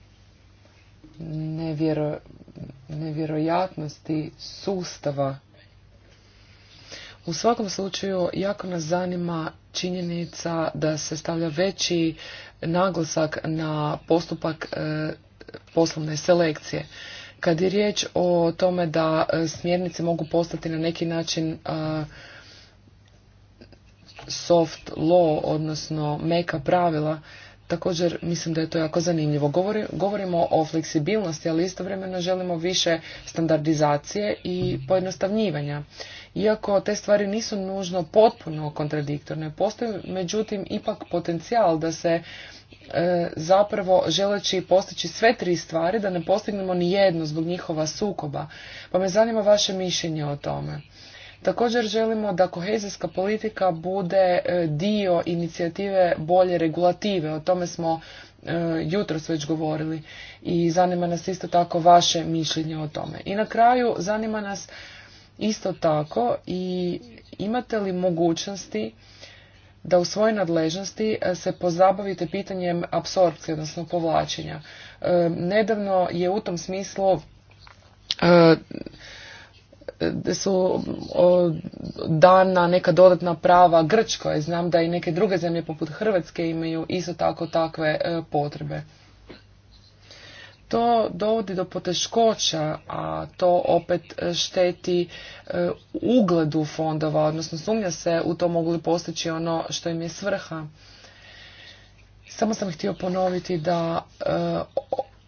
nevjerojatnosti sustava. U svakom slučaju jako nas zanima činjenica da se stavlja veći naglasak na postupak e, poslovne selekcije. Kad je riječ o tome da e, smjernice mogu postati na neki način e, soft law, odnosno meka pravila, također mislim da je to jako zanimljivo. govorimo o fleksibilnosti, ali istovremeno želimo više standardizacije i pojednostavnjivanja. Iako te stvari nisu nužno potpuno kontradiktorne, postoji međutim ipak potencijal da se E, zapravo želeći postići sve tri stvari da ne postignemo ni jednu zbog njihova sukoba. Pa me zanima vaše mišljenje o tome. Također želimo da kohezijska politika bude e, dio inicijative bolje regulative. O tome smo e, jutros već govorili i zanima nas isto tako vaše mišljenje o tome. I na kraju zanima nas isto tako i imate li mogućnosti da u svojoj nadležnosti e, se pozabavite pitanjem apsorpcije, odnosno povlačenja. E, nedavno je u tom smislu e, su dana neka dodatna prava Grčkoj. Znam da i neke druge zemlje poput Hrvatske imaju isto tako takve potrebe to dovodi do poteškoća, a to opet e, šteti e, ugledu fondova, odnosno sumnja se u to mogu li postići ono što im je svrha. Samo sam htio ponoviti da e,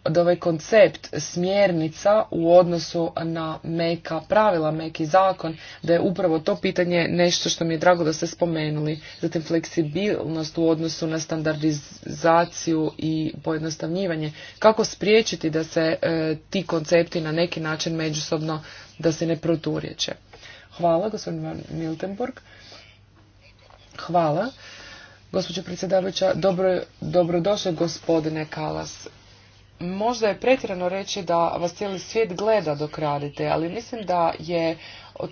da ovaj koncept smjernica u odnosu na meka pravila, meki zakon, da je upravo to pitanje nešto što mi je drago da ste spomenuli. Zatim fleksibilnost u odnosu na standardizaciju i pojednostavnjivanje. Kako spriječiti da se e, ti koncepti na neki način međusobno da se ne proturječe. Hvala, gospodin Van Miltenburg. Hvala. Gospođo predsjedavajuća, dobro, dobrodošli gospodine Kalas možda je pretjerano reći da vas cijeli svijet gleda dok radite, ali mislim da je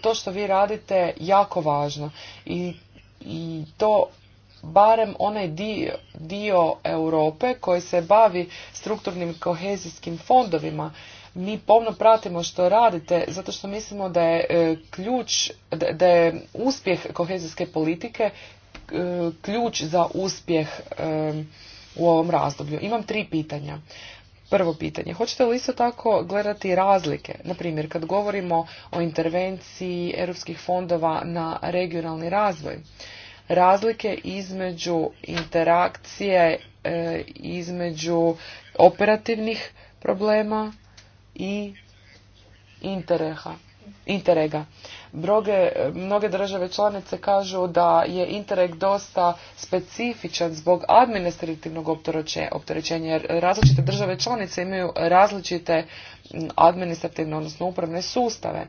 to što vi radite jako važno i, i to barem onaj dio, dio Europe koji se bavi strukturnim kohezijskim fondovima. Mi pomno pratimo što radite zato što mislimo da je e, ključ, da, je uspjeh kohezijske politike e, ključ za uspjeh e, u ovom razdoblju. Imam tri pitanja. Prvo pitanje, hoćete li isto tako gledati razlike? Naprimjer, kad govorimo o intervenciji europskih fondova na regionalni razvoj, razlike između interakcije, e, između operativnih problema i interega mnoge države članice kažu da je Interreg dosta specifičan zbog administrativnog opterećenja, jer različite države članice imaju različite administrativne, odnosno upravne sustave.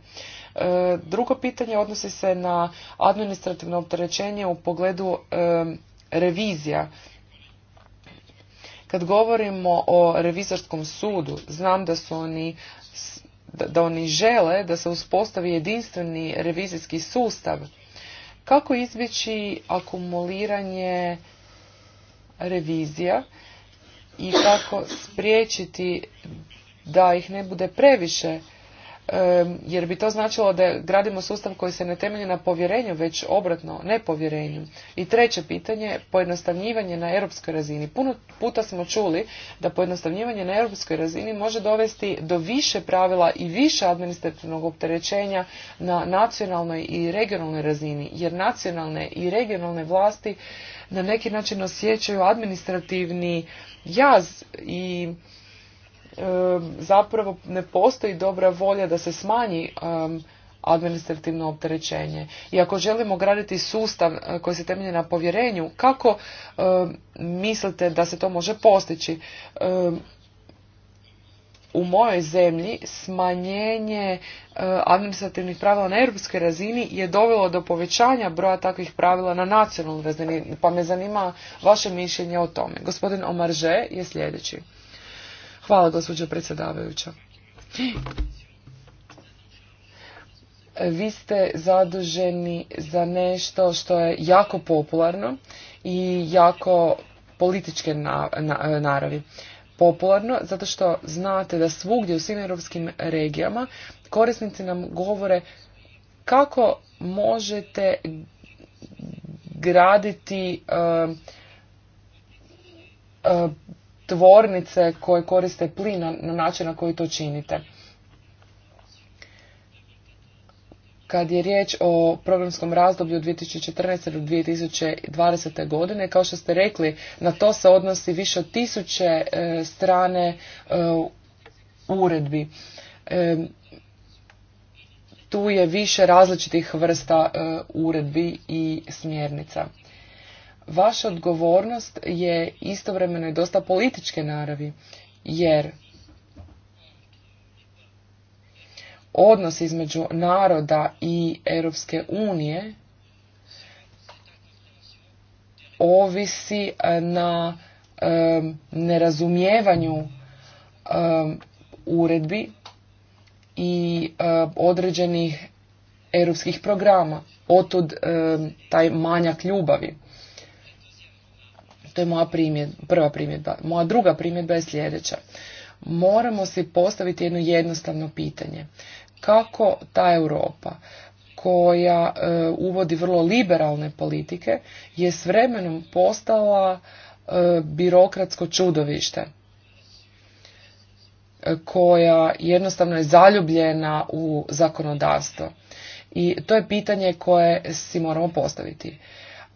E, drugo pitanje odnosi se na administrativno opterećenje u pogledu e, revizija. Kad govorimo o revizorskom sudu, znam da su oni da, oni žele da se uspostavi jedinstveni revizijski sustav kako izbjeći akumuliranje revizija i kako spriječiti da ih ne bude previše jer bi to značilo da gradimo sustav koji se ne temelji na povjerenju, već obratno nepovjerenju. I treće pitanje, pojednostavnjivanje na europskoj razini. Puno puta smo čuli da pojednostavljivanje na europskoj razini može dovesti do više pravila i više administrativnog opterećenja na nacionalnoj i regionalnoj razini, jer nacionalne i regionalne vlasti na neki način osjećaju administrativni jaz i zapravo ne postoji dobra volja da se smanji administrativno opterećenje. I ako želimo graditi sustav e, koji se temelji na povjerenju, kako mislite da se to može postići? u mojoj zemlji smanjenje e, administrativnih pravila na europskoj razini je dovelo do povećanja broja takvih pravila na nacionalnoj razini, pa me zanima vaše mišljenje o tome. Gospodin Omarže je sljedeći. Hvala, gospođo predsjedavajuća. Vi ste zaduženi za nešto što je jako popularno i jako političke naravi. Popularno zato što znate da svugdje u svim europskim regijama korisnici nam govore kako možete graditi eh, eh, tvornice koje koriste plin na način na koji to činite. Kad je riječ o programskom razdoblju 2014. do 2020. godine, kao što ste rekli, na to se odnosi više od tisuće e, strane e, uredbi. E, tu je više različitih vrsta uredbi i smjernica. Vaša odgovornost je istovremeno i dosta političke naravi, jer odnos između naroda i Europske unije ovisi e, na e, nerazumijevanju e, uredbi i određenih europskih programa. Otud taj manjak ljubavi. To je moja prva primjedba. Moja druga primjedba je sljedeća. Moramo si postaviti jedno jednostavno pitanje. Kako ta Europa koja e, uvodi vrlo liberalne politike je s vremenom postala e, birokratsko čudovište e, koja jednostavno je zaljubljena u zakonodavstvo. I to je pitanje koje si moramo postaviti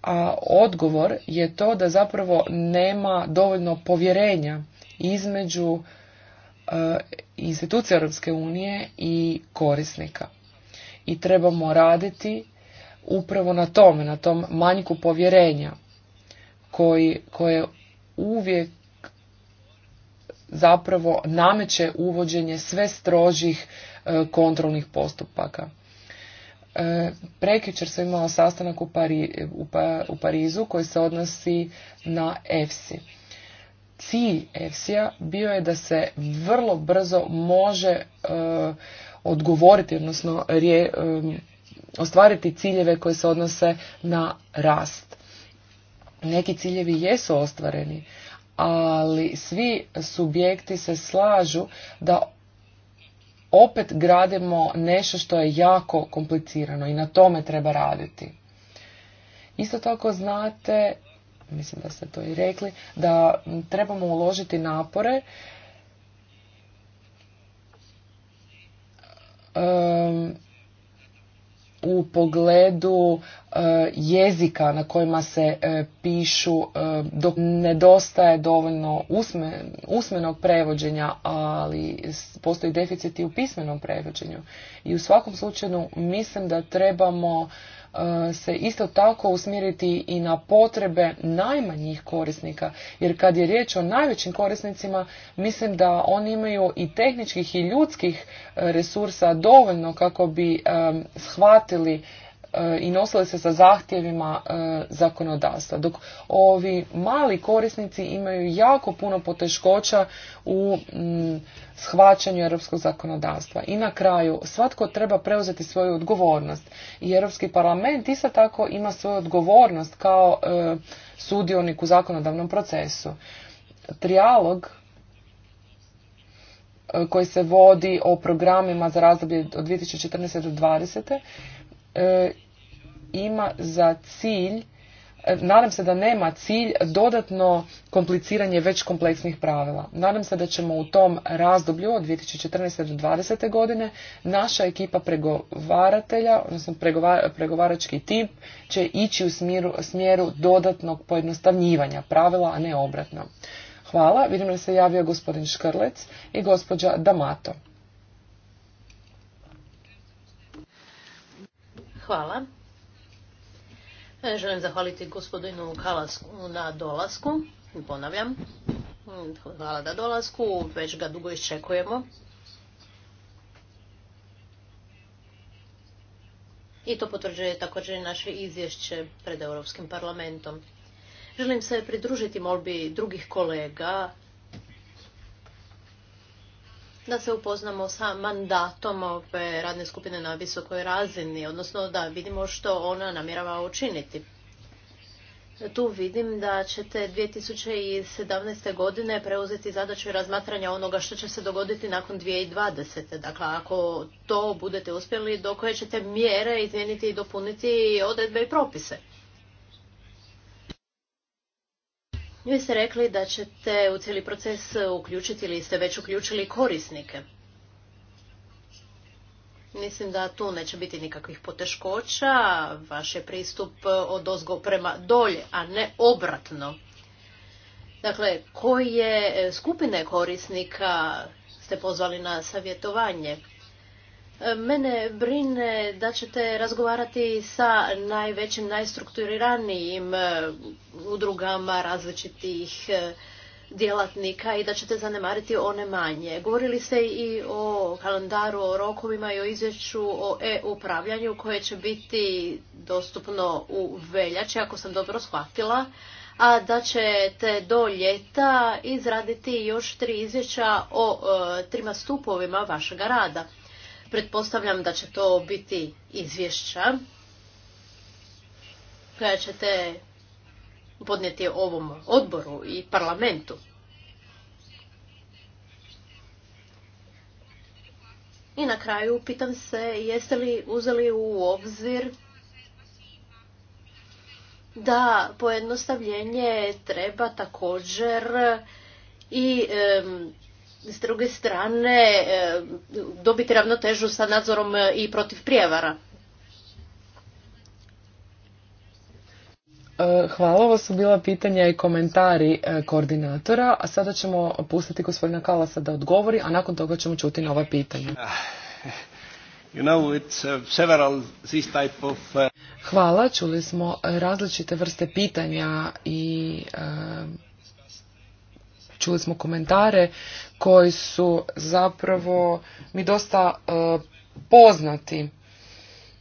a odgovor je to da zapravo nema dovoljno povjerenja između e, institucije Europske unije i korisnika. I trebamo raditi upravo na tome, na tom manjku povjerenja koji, koje uvijek zapravo nameće uvođenje sve strožih e, kontrolnih postupaka. E, prekjučer sam imala sastanak pa, u, Parizu koji se odnosi na EFSI. Cilj EFSI-a bio je da se vrlo brzo može e, odgovoriti, odnosno e, ostvariti ciljeve koje se odnose na rast. Neki ciljevi jesu ostvareni, ali svi subjekti se slažu da opet gradimo nešto što je jako komplicirano i na tome treba raditi. Isto tako znate, mislim da ste to i rekli, da trebamo uložiti napore um, u pogledu e, jezika na kojima se e, pišu e, dok nedostaje dovoljno usmenog prevođenja, ali postoji deficit i u pismenom prevođenju. I u svakom slučaju mislim da trebamo E, se isto tako usmjeriti i na potrebe najmanjih korisnika, jer kad je riječ o najvećim korisnicima, mislim da oni imaju i tehničkih i ljudskih e, resursa dovoljno kako bi e, shvatili E, i nosile se sa zahtjevima e, zakonodavstva. Dok ovi mali korisnici imaju jako puno poteškoća u shvaćanju europskog zakonodavstva. I na kraju, svatko treba preuzeti svoju odgovornost. I Europski parlament isto tako ima svoju odgovornost kao e, sudionik u zakonodavnom procesu. Trialog koji se vodi o programima za razdoblje od 2014. do 2020 E, ima za cilj e, nadam se da nema cilj dodatno kompliciranje već kompleksnih pravila. Nadam se da ćemo u tom razdoblju od 2014. do 2020. godine naša ekipa pregovaratelja, odnosno pregovarački tip će ići u smjeru, smjeru dodatnog pojednostavnjivanja pravila, a ne obratno. Hvala. Vidim da se javio gospodin Škrlec i gospođa Damato. Hvala. E, želim zahvaliti gospodinu Kalasku na dolasku. Ponavljam, hvala na dolasku, već ga dugo iščekujemo. I to potvrđuje također i naše izvješće pred Europskim parlamentom. Želim se pridružiti molbi drugih kolega da se upoznamo sa mandatom ove radne skupine na visokoj razini, odnosno da vidimo što ona namjerava učiniti. Tu vidim da ćete 2017. godine preuzeti zadaću razmatranja onoga što će se dogoditi nakon 2020. Dakle, ako to budete uspjeli, do koje ćete mjere izmijeniti i dopuniti odredbe i propise. Vi ste rekli da ćete u cijeli proces uključiti ili ste već uključili korisnike. Mislim da tu neće biti nikakvih poteškoća. Vaš je pristup od ozgo prema dolje, a ne obratno. Dakle, koje skupine korisnika ste pozvali na savjetovanje? E, mene brine da ćete razgovarati sa najvećim, najstrukturiranijim e, udrugama različitih e, djelatnika i da ćete zanemariti one manje. Govorili ste i o kalendaru, o rokovima i o izvješću o e-upravljanju koje će biti dostupno u veljači, ako sam dobro shvatila, a da ćete do ljeta izraditi još tri izvješća o trima stupovima vašega rada. Pretpostavljam da će to biti izvješća koja ćete podnijeti ovom odboru i parlamentu. I na kraju pitam se jeste li uzeli u obzir da pojednostavljenje treba također i s druge strane e, dobiti ravnotežu sa nadzorom e, i protiv prijevara. E, hvala, ovo su bila pitanja i komentari koordinatora, a sada ćemo pustiti gospodina Kalasa da odgovori, a nakon toga ćemo čuti nova pitanja. Ah, you know, it's uh, several this type uh, Hvala, čuli smo različite vrste pitanja i čuli smo komentare koji su zapravo mi dosta e, poznati.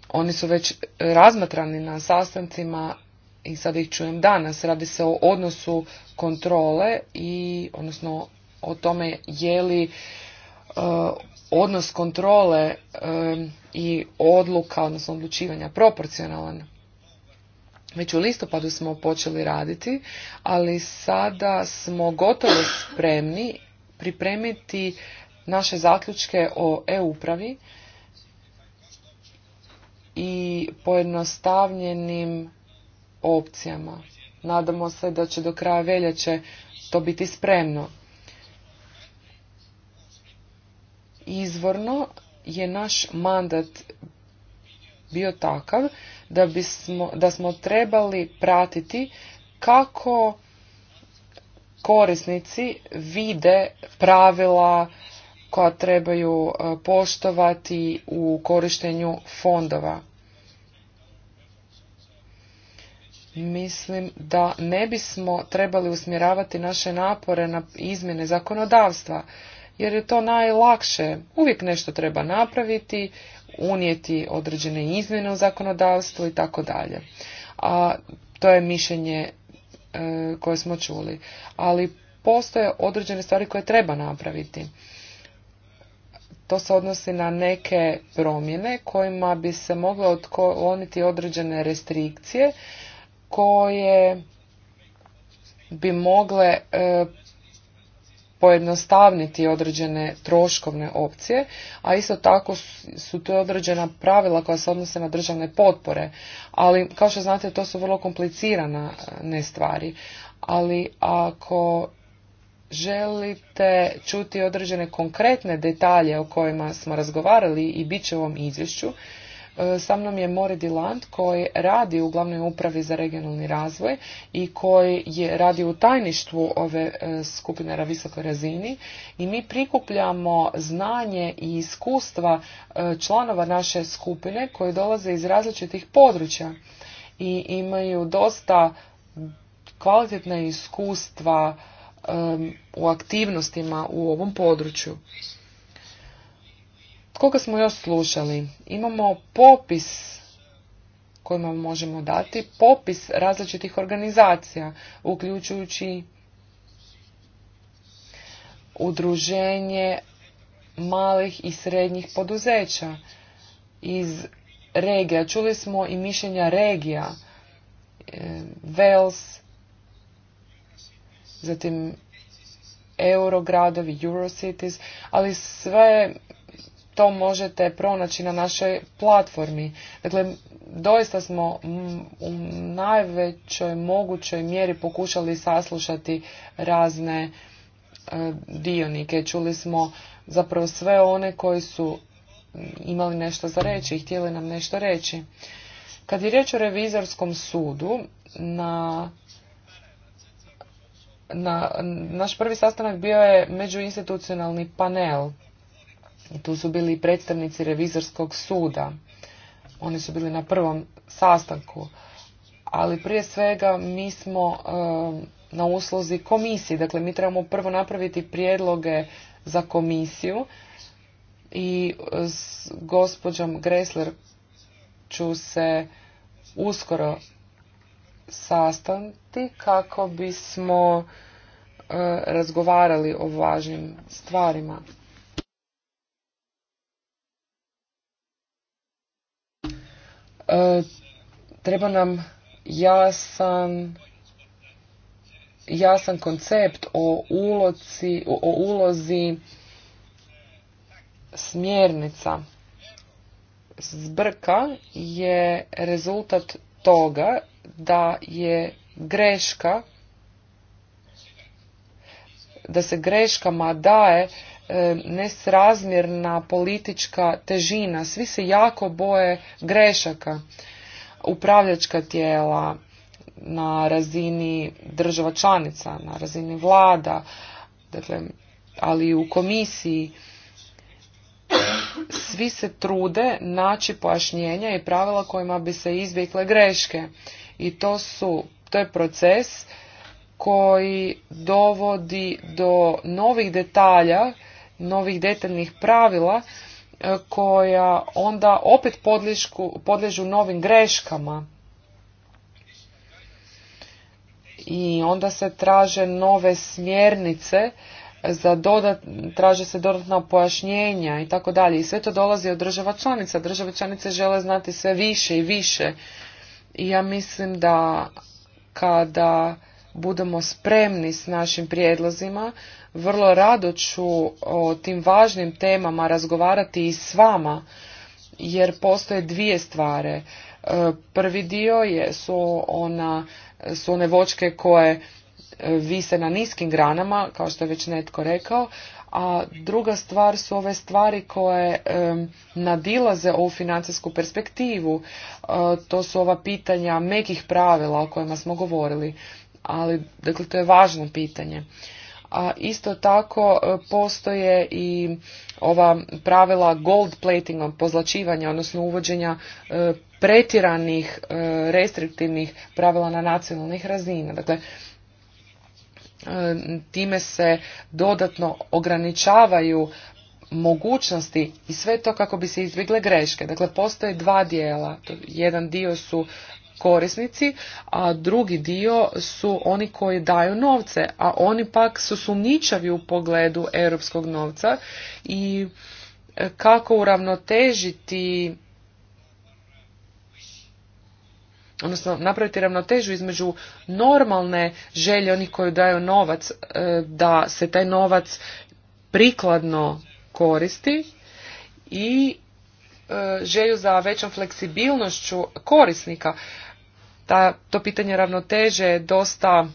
Oni su već razmatrani na sastancima i sad ih čujem danas. Radi se o odnosu kontrole i odnosno o tome je li e, odnos kontrole e, i odluka, odnosno odlučivanja proporcionalan. Već u listopadu smo počeli raditi, ali sada smo gotovo spremni pripremiti naše zaključke o e-upravi i pojednostavljenim opcijama. Nadamo se da će do kraja veljače to biti spremno. Izvorno je naš mandat bio takav da, da smo trebali pratiti kako korisnici vide pravila koja trebaju e, poštovati u korištenju fondova. Mislim da ne bismo trebali usmjeravati naše napore na izmjene zakonodavstva, jer je to najlakše. Uvijek nešto treba napraviti, unijeti određene izmjene u zakonodavstvu i tako dalje. A to je mišljenje E, koje smo čuli. Ali postoje određene stvari koje treba napraviti. To se odnosi na neke promjene kojima bi se mogle otkloniti određene restrikcije koje bi mogle e, pojednostavniti određene troškovne opcije, a isto tako su to određena pravila koja se odnose na državne potpore. Ali, kao što znate, to su vrlo komplicirane e, stvari. Ali ako želite čuti određene konkretne detalje o kojima smo razgovarali i bit će u ovom izvješću, E, sa mnom je more Diland koji radi u glavnoj upravi za regionalni razvoj i koji je radi u tajništvu ove e, skupine na visokoj razini i mi prikupljamo znanje i iskustva e, članova naše skupine koji dolaze iz različitih područja i imaju dosta kvalitetna iskustva u aktivnostima u ovom području. Koga smo još slušali? Imamo popis kojima možemo dati, popis različitih organizacija, uključujući udruženje malih i srednjih poduzeća iz regija. Čuli smo i mišljenja regija, e, Wales, zatim Eurogradovi, Eurocities, ali sve to možete pronaći na našoj platformi. Dakle, doista smo u najvećoj mogućoj mjeri pokušali saslušati razne e, dionike. Čuli smo zapravo sve one koji su imali nešto za reći i htjeli nam nešto reći. Kad je riječ o revizorskom sudu, na na, naš prvi sastanak bio je međuinstitucionalni panel tu su bili i predstavnici revizorskog suda. Oni su bili na prvom sastanku. Ali prije svega mi smo um, na usluzi komisiji. Dakle, mi trebamo prvo napraviti prijedloge za komisiju i uh, s gospođom Gressler ću se uskoro sastanti kako bismo uh, razgovarali o važnim stvarima. E, treba nam jasan jasan koncept o ulozi, o ulozi smjernica. Zbrka je rezultat toga da je greška da se greškama daje E, nesrazmjerna politička težina. Svi se jako boje grešaka. Upravljačka tijela na razini država članica, na razini vlada, dakle, ali i u komisiji. Svi se trude naći pojašnjenja i pravila kojima bi se izbjegle greške. I to su, to je proces koji dovodi do novih detalja novih detaljnih pravila e, koja onda opet podliježu novim greškama i onda se traže nove smjernice za dodat, traže se dodatna pojašnjenja i tako dalje. I sve to dolazi od država članica. Države članice žele znati sve više i više. I ja mislim da kada budemo spremni s našim prijedlozima, vrlo rado ću o tim važnim temama razgovarati i s vama, jer postoje dvije stvare. E, prvi dio je, su, ona, su one vočke koje e, vise na niskim granama, kao što je već netko rekao, a druga stvar su ove stvari koje e, nadilaze ovu financijsku perspektivu. to su ova pitanja mekih pravila o kojima smo govorili. Ali, dakle, to je važno pitanje a isto tako e, postoje i ova pravila gold platinga, pozlačivanja, odnosno uvođenja e, pretiranih, e, restriktivnih pravila na nacionalnih razina. Dakle, time se dodatno ograničavaju mogućnosti i sve to kako bi se izbjegle greške. Dakle, postoje dva dijela. Jedan dio su korisnici, a drugi dio su oni koji daju novce, a oni pak su sumničavi u pogledu europskog novca i e, kako uravnotežiti odnosno napraviti ravnotežu između normalne želje onih koji daju novac e, da se taj novac prikladno koristi i e, želju za većom fleksibilnošću korisnika ta, to pitanje ravnoteže je dosta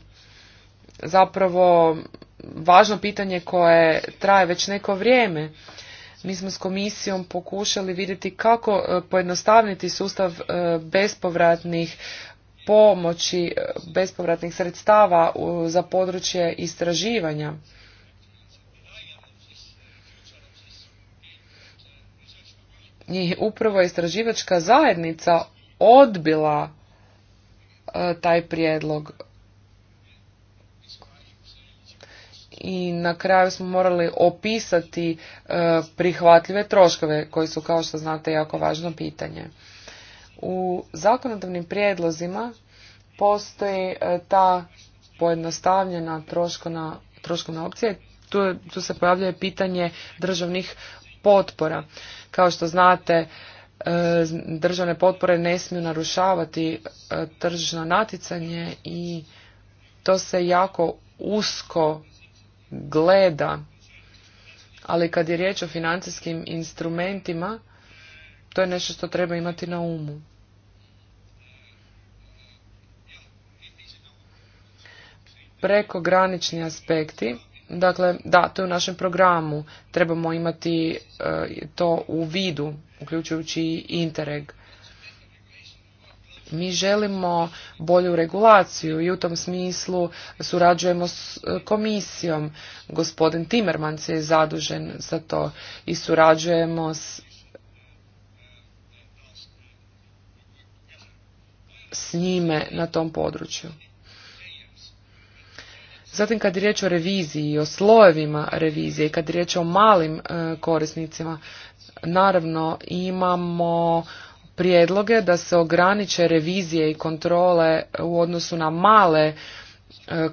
zapravo važno pitanje koje traje već neko vrijeme. Mi smo s komisijom pokušali vidjeti kako e, pojednostavniti sustav e, bespovratnih pomoći, e, bespovratnih sredstava za područje istraživanja. I upravo istraživačka zajednica odbila E, taj prijedlog. I na kraju smo morali opisati e, prihvatljive troškove koji su kao što znate jako važno pitanje. U zakonodavnim prijedlozima postoji e, ta pojednostavljena troškovna, na opcija. Tu, tu se pojavljuje pitanje državnih potpora. Kao što znate, državne potpore ne smiju narušavati e, tržišno natjecanje i to se jako usko gleda. Ali kad je riječ o financijskim instrumentima, to je nešto što treba imati na umu. Prekogranični aspekti Dakle, da, to je u našem programu. Trebamo imati e, to u vidu, uključujući i Interreg. Mi želimo bolju regulaciju i u tom smislu surađujemo s e, komisijom. Gospodin Timmermans je zadužen za to i surađujemo s s njime na tom području. Zatim kad je riječ o reviziji, o slojevima revizije kad je riječ o malim e, korisnicima, naravno imamo prijedloge da se ograniče revizije i kontrole u odnosu na male e,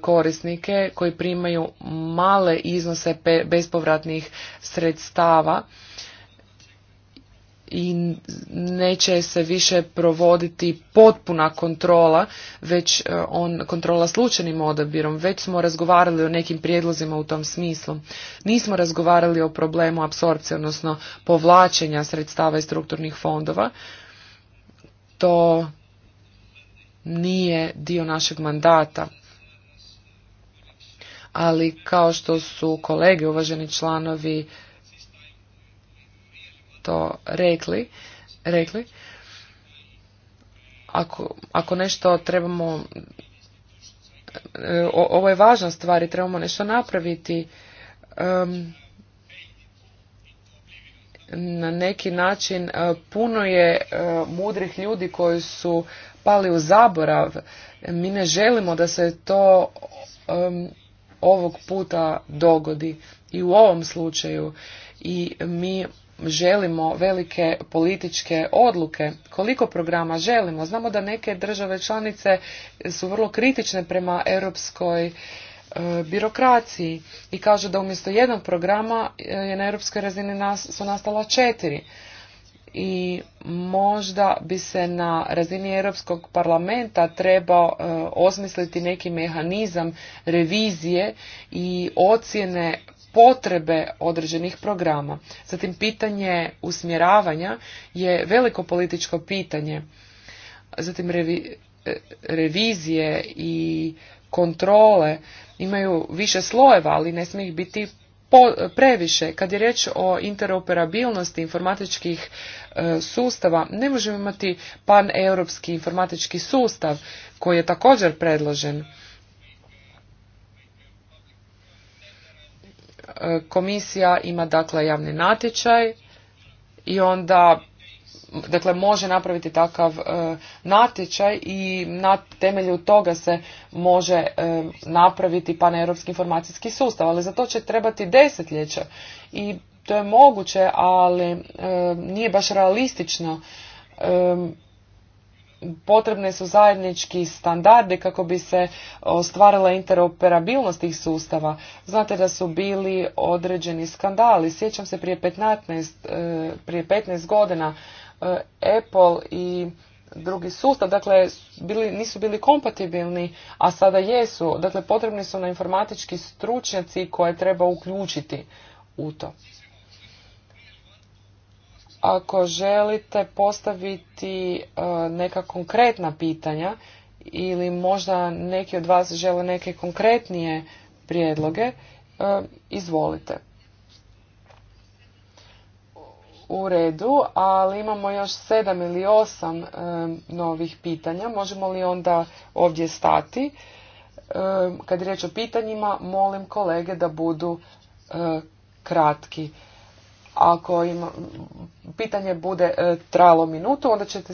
korisnike koji primaju male iznose bespovratnih sredstava i neće se više provoditi potpuna kontrola, već e, on kontrola slučajnim odabirom. Već smo razgovarali o nekim prijedlozima u tom smislu. Nismo razgovarali o problemu apsorpcije, odnosno povlačenja sredstava iz strukturnih fondova. To nije dio našeg mandata. Ali kao što su kolege, uvaženi članovi to rekli, rekli ako, ako nešto trebamo, e, ovo je važna stvar i trebamo nešto napraviti, na neki način e, puno je e, mudrih ljudi koji su pali u zaborav. Mi ne želimo da se to ovog puta dogodi i u ovom slučaju i mi želimo velike političke odluke, koliko programa želimo. Znamo da neke države članice su vrlo kritične prema europskoj e, birokraciji i kažu da umjesto jednog programa e, je na europskoj razini su nastala četiri. I možda bi se na razini Europskog parlamenta trebao e, osmisliti neki mehanizam revizije i ocjene potrebe određenih programa. Zatim pitanje usmjeravanja je veliko političko pitanje. Zatim e, revizije i kontrole imaju više slojeva, ali ne smije ih biti previše. Kad je riječ o interoperabilnosti informatičkih e, sustava, ne možemo imati pan-europski informatički sustav koji je također predložen Komisija ima dakle javni natječaj i onda dakle može napraviti takav e, natječaj i na temelju toga se može e, napraviti paneuropski informacijski sustav, ali za to će trebati desetljeća i to je moguće, ali e, nije baš realistično potrebne su zajednički standardi kako bi se ostvarila interoperabilnost tih sustava. Znate da su bili određeni skandali. Sjećam se prije 15, e, prije 15 godina e, Apple i drugi sustav, dakle bili, nisu bili kompatibilni, a sada jesu. Dakle, potrebni su na informatički stručnjaci koje treba uključiti u to ako želite postaviti e, neka konkretna pitanja ili možda neki od vas žele neke konkretnije prijedloge, e, izvolite. U redu, ali imamo još sedam ili osam e, novih pitanja. Možemo li onda ovdje stati? Kad je riječ o pitanjima, molim kolege da budu kratki. Ako im pitanje bude e, trajalo minutu, onda ćete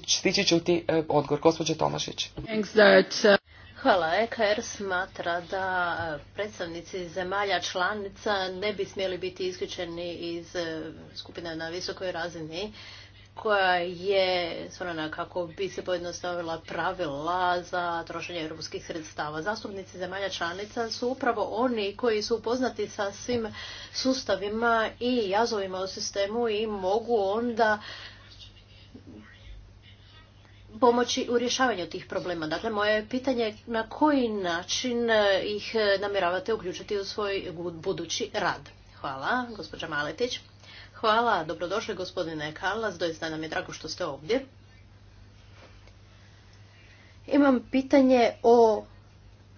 stići čuti e, odgovor. Gospođa Tomašić. Hvala. EKR er smatra da e, predstavnici zemalja članica ne bi smjeli biti isključeni iz skupine na visokoj razini koja je stvorena kako bi se pojednostavila pravila za trošenje europskih sredstava. Zastupnici zemalja članica su upravo oni koji su upoznati sa svim sustavima i jazovima u sistemu i mogu onda pomoći u rješavanju tih problema. Dakle, moje pitanje je na koji način ih namjeravate uključiti u svoj budući rad. Hvala, gospođa Maletić. Hvala, dobrodošli gospodine Karlas, doista nam je drago što ste ovdje. Imam pitanje o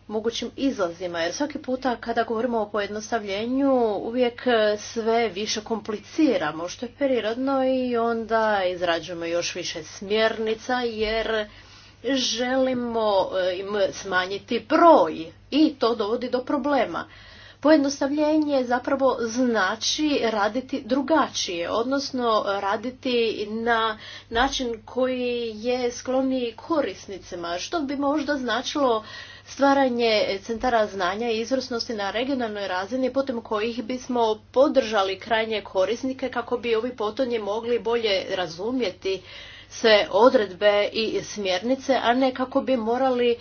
mogućim izlazima, jer svaki puta kada govorimo o pojednostavljenju uvijek sve više kompliciramo, što je prirodno i onda izrađujemo još više smjernica jer želimo e, im smanjiti broj i to dovodi do problema. Pojednostavljenje zapravo znači raditi drugačije, odnosno raditi na način koji je skloniji korisnicima, što bi možda značilo stvaranje centara znanja i izvrsnosti na regionalnoj razini putem kojih bismo podržali krajnje korisnike kako bi ovi potonje mogli bolje razumjeti sve odredbe i smjernice, a ne kako bi morali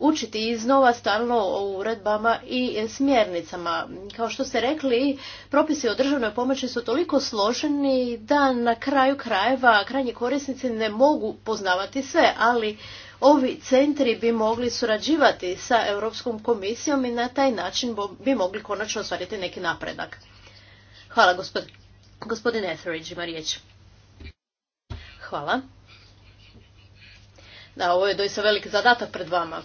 učiti iznova stalno o uredbama i smjernicama. Kao što ste rekli, propisi o državnoj pomoći su toliko složeni da na kraju krajeva krajnji korisnici ne mogu poznavati sve, ali ovi centri bi mogli surađivati sa Europskom komisijom i na taj način bi mogli konačno ostvariti neki napredak. Hvala gospodine Gospodin Etheridge ima Hvala. Da, ovo je doista velik zadatak pred vama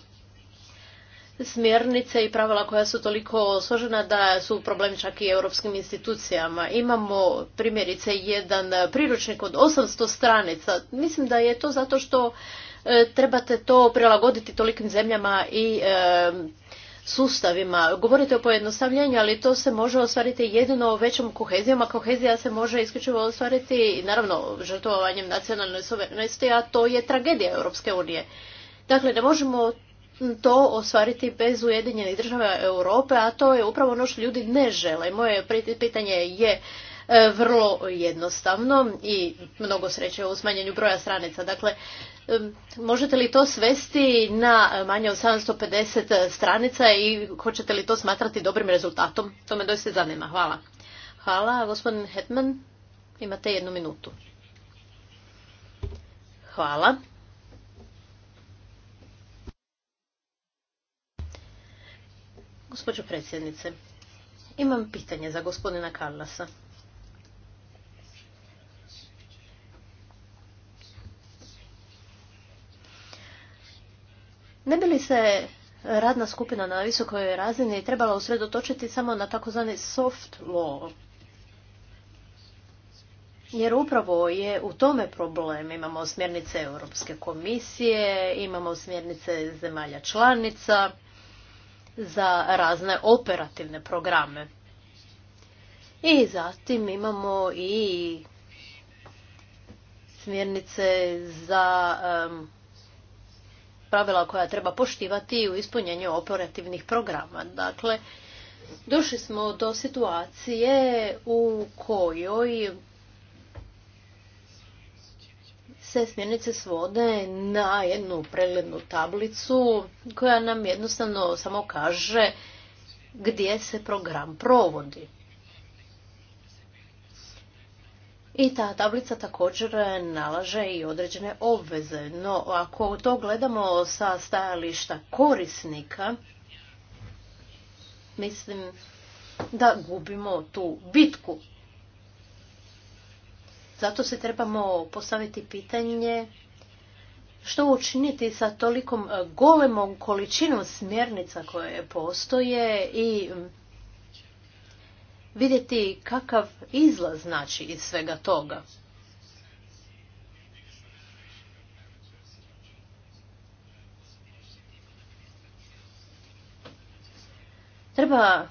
smjernice i pravila koja su toliko složena da su problem čak i europskim institucijama. Imamo primjerice jedan priručnik od 800 stranica. Mislim da je to zato što e, trebate to prilagoditi tolikim zemljama i e, sustavima. Govorite o pojednostavljenju, ali to se može ostvariti jedino većom kohezijom, a kohezija se može isključivo ostvariti, naravno, žrtvovanjem nacionalne suverenosti, a to je tragedija Europske unije. Dakle, ne možemo to ostvariti bez Ujedinjenih država Europe, a to je upravo ono što ljudi ne žele. Moje pitanje je e, vrlo jednostavno i mnogo sreće u smanjenju broja stranica. Dakle, e, možete li to svesti na manje od 750 stranica i hoćete li to smatrati dobrim rezultatom? To me doista zanima. Hvala. Hvala, gospodin Hetman. Imate jednu minutu. Hvala. Gospođo predsjednice, imam pitanje za gospodina Karlasa. Ne bi li se radna skupina na visokoj razini trebala usredotočiti samo na takozvani soft law? Jer upravo je u tome problem. Imamo smjernice Europske komisije, imamo smjernice zemalja članica, za razne operativne programe. I zatim imamo i smjernice za pravila koja treba poštivati u ispunjenju operativnih programa. Dakle, došli smo do situacije u kojoj se smjernice svode na jednu preglednu tablicu koja nam jednostavno samo kaže gdje se program provodi. I ta tablica također nalaže i određene obveze, no ako to gledamo sa stajališta korisnika, mislim da gubimo tu bitku. Zato se trebamo postaviti pitanje što učiniti sa tolikom e, golemom količinom smjernica koje postoje i mm, vidjeti kakav izlaz znači iz svega toga. Treba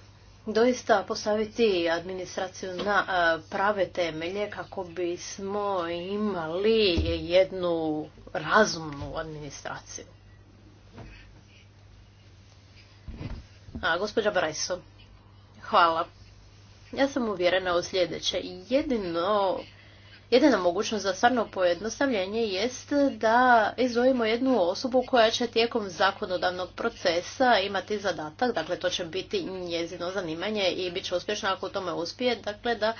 doista postaviti administraciju na e, prave temelje kako bismo imali jednu razumnu administraciju. A, gospođa Brajso, hvala. Ja sam uvjerena u sljedeće. Jedino Jedina mogućnost za stvarno pojednostavljenje jest da izvojimo jednu osobu koja će tijekom zakonodavnog procesa imati zadatak, dakle to će biti njezino zanimanje i bit će uspješna ako u tome uspije, dakle da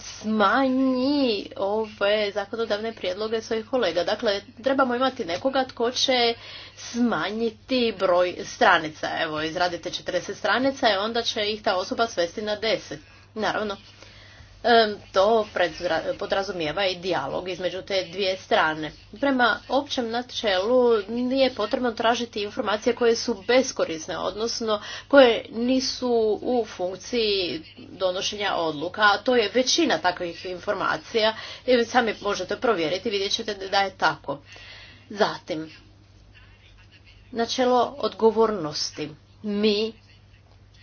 smanji ove zakonodavne prijedloge svojih kolega. Dakle, trebamo imati nekoga tko će smanjiti broj stranica. Evo, izradite 40 stranica i onda će ih ta osoba svesti na 10. Naravno, to podrazumijeva i dijalog između te dvije strane. Prema općem načelu nije potrebno tražiti informacije koje su beskorisne, odnosno koje nisu u funkciji donošenja odluka, a to je većina takvih informacija i sami možete provjeriti, vidjet ćete da je tako. Zatim, načelo odgovornosti. Mi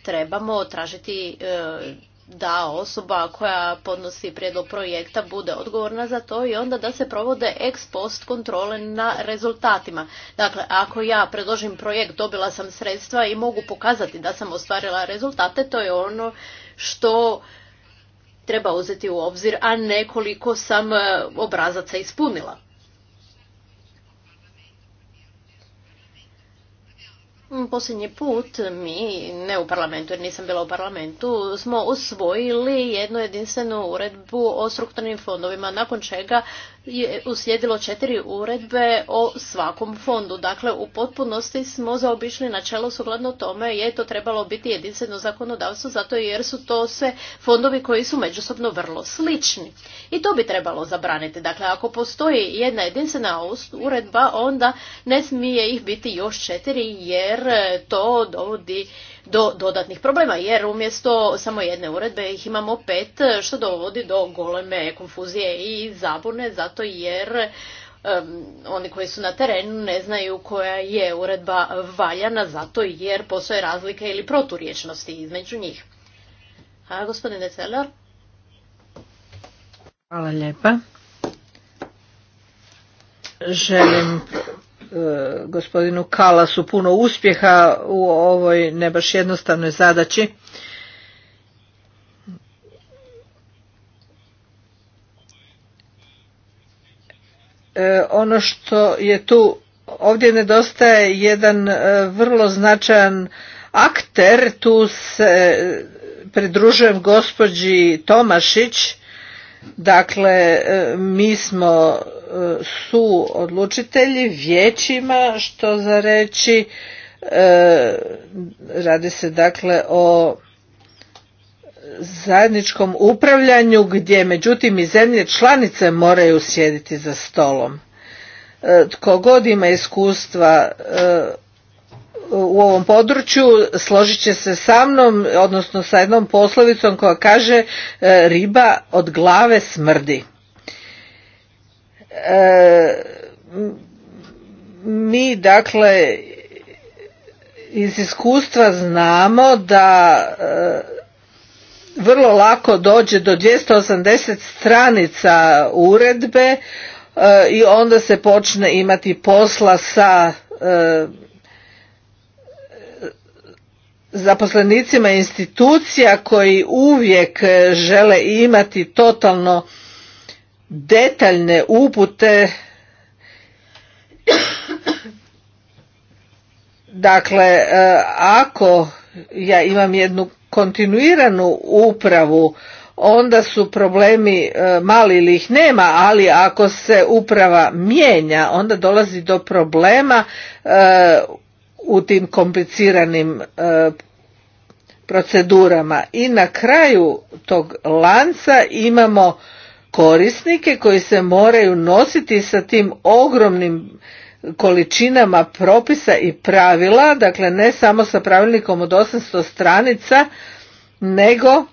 trebamo tražiti e, da osoba koja podnosi prijedlog projekta bude odgovorna za to i onda da se provode ex post kontrole na rezultatima. Dakle, ako ja predložim projekt, dobila sam sredstva i mogu pokazati da sam ostvarila rezultate, to je ono što treba uzeti u obzir, a nekoliko sam e, obrazaca ispunila. Mm, posljednji put mi, ne u parlamentu jer nisam bila u parlamentu, smo usvojili jednu jedinstvenu uredbu o strukturnim fondovima, nakon čega je uslijedilo četiri uredbe o svakom fondu. Dakle, u potpunosti smo zaobišli načelo sukladno tome je to trebalo biti jedinstveno zakonodavstvo zato jer su to sve fondovi koji su međusobno vrlo slični. I to bi trebalo zabraniti. Dakle, ako postoji jedna jedinstvena uredba, onda ne smije ih biti još četiri jer to dovodi do dodatnih problema, jer umjesto samo jedne uredbe ih imamo pet, što dovodi do goleme konfuzije i zabune, zato jer oni koji su na terenu ne znaju koja je uredba valjana, zato jer postoje razlike ili proturječnosti između njih. A gospodine Hvala lijepa. Želim E, gospodinu Kalasu puno uspjeha u ovoj ne baš jednostavnoj zadaći. E, ono što je tu ovdje nedostaje jedan e, vrlo značajan akter, tu se pridružujem gospođi Tomašić Dakle, e, mi smo e, su odlučitelji vijećima, što za reći, e, radi se dakle o zajedničkom upravljanju gdje međutim i zemlje članice moraju sjediti za stolom. Tko god ima iskustva u ovom području složit će se sa mnom, odnosno sa jednom poslovicom koja kaže e, riba od glave smrdi. E, mi dakle iz iskustva znamo da e, vrlo lako dođe do 280 stranica uredbe i onda se počne imati posla sa zaposlenicima institucija koji uvijek e, žele imati totalno detaljne upute dakle e, ako ja imam jednu kontinuiranu upravu onda su problemi e, mali ili ih nema ali ako se uprava mijenja onda dolazi do problema u tim kompliciranim e, procedurama i na kraju tog lanca imamo korisnike koji se moraju nositi sa tim ogromnim količinama propisa i pravila, dakle ne samo sa pravilnikom od 800 stranica, nego e,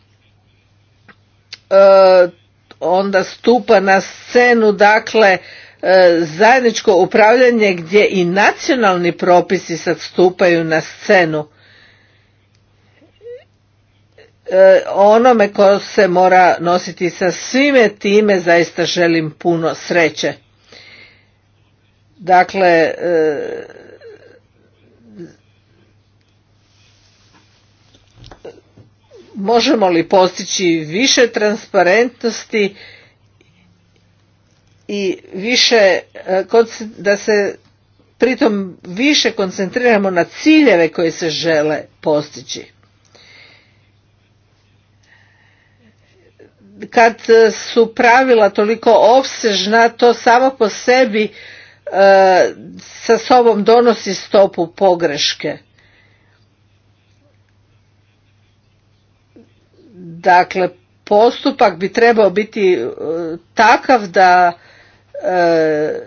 onda stupa na scenu dakle E, zajedničko upravljanje gdje i nacionalni propisi sad stupaju na scenu e, onome ko se mora nositi sa svime time zaista želim puno sreće. Dakle, e, možemo li postići više transparentnosti i više e, da se pritom više koncentriramo na ciljeve koje se žele postići. Kad e, su pravila toliko opsežna, to samo po sebi e, sa sobom donosi stopu pogreške. Dakle, postupak bi trebao biti takav da E,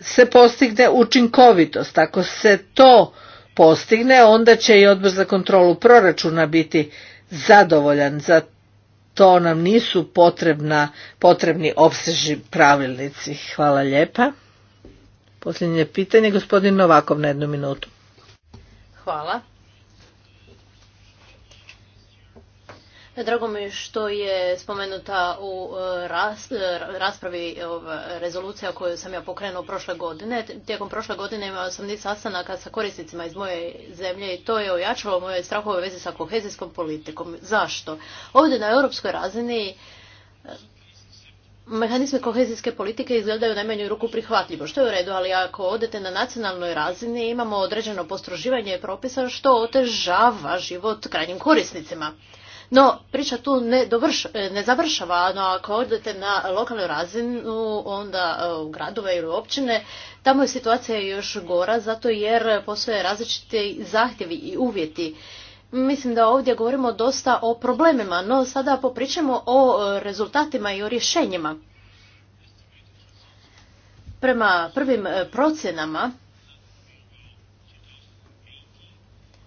se postigne učinkovitost. Ako se to postigne, onda će i odbor za kontrolu proračuna biti zadovoljan. Za to nam nisu potrebna, potrebni obseži pravilnici. Hvala lijepa. Posljednje pitanje, gospodin Novakov na jednu minutu. Hvala. Drago mi je što je spomenuta u e, e, raspravi e, rezolucija koju sam ja pokrenuo prošle godine. Tijekom prošle godine imao sam niz sastanaka sa korisnicima iz moje zemlje i to je ojačalo moje strahove veze sa kohezijskom politikom. Zašto? Ovdje na europskoj razini mehanizme kohezijske politike izgledaju najmanju ruku prihvatljivo, što je u redu, ali ako odete na nacionalnoj razini imamo određeno postroživanje propisa što otežava život krajnjim korisnicima. No, priča tu ne, dovrš, ne završava, no ako odete na lokalnu razinu, onda e, u gradove ili općine, tamo je situacija još gora, zato jer postoje različiti zahtjevi i uvjeti. Mislim da ovdje govorimo dosta o problemima, no sada popričamo o e, rezultatima i o rješenjima. Prema prvim e, procjenama,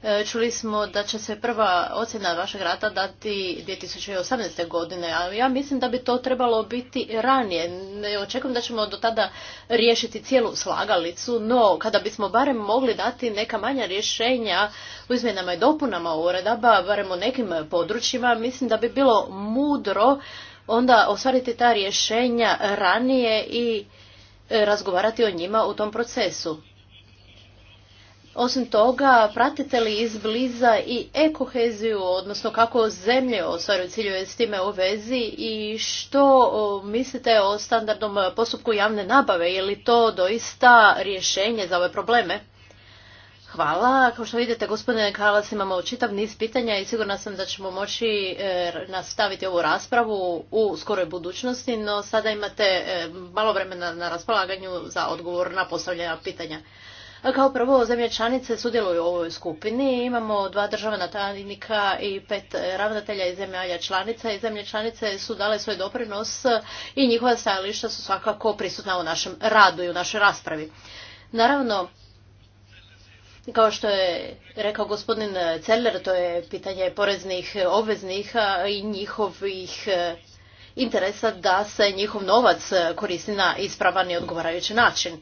E, čuli smo da će se prva ocjena vašeg rata dati 2018. godine, a ja mislim da bi to trebalo biti ranije. Ne očekujem da ćemo do tada riješiti cijelu slagalicu, no kada bismo barem mogli dati neka manja rješenja u izmjenama i dopunama uredaba, barem u nekim područjima, mislim da bi bilo mudro onda ostvariti ta rješenja ranije i e, razgovarati o njima u tom procesu. Osim toga, pratite li izbliza i ekoheziju, odnosno kako zemlje ostvaruju ciljeve s time u vezi i što mislite o standardnom postupku javne nabave? Je li to doista rješenje za ove probleme? Hvala. Kao što vidite, gospodine Kalas, imamo čitav niz pitanja i sigurna sam da ćemo moći e, nastaviti ovu raspravu u skoroj budućnosti, no sada imate e, malo vremena na raspolaganju za odgovor na postavljena pitanja. Kao prvo, zemlje članice sudjeluju u ovoj skupini. Imamo dva državna tajnika i pet ravnatelja iz zemalja članica i zemlje članice su dale svoj doprinos i njihova stajališta su svakako prisutna u našem radu i u našoj raspravi. Naravno, kao što je rekao gospodin Celler, to je pitanje poreznih obveznika i njihovih e, interesa da se njihov novac koristi na ispravan i odgovarajući način.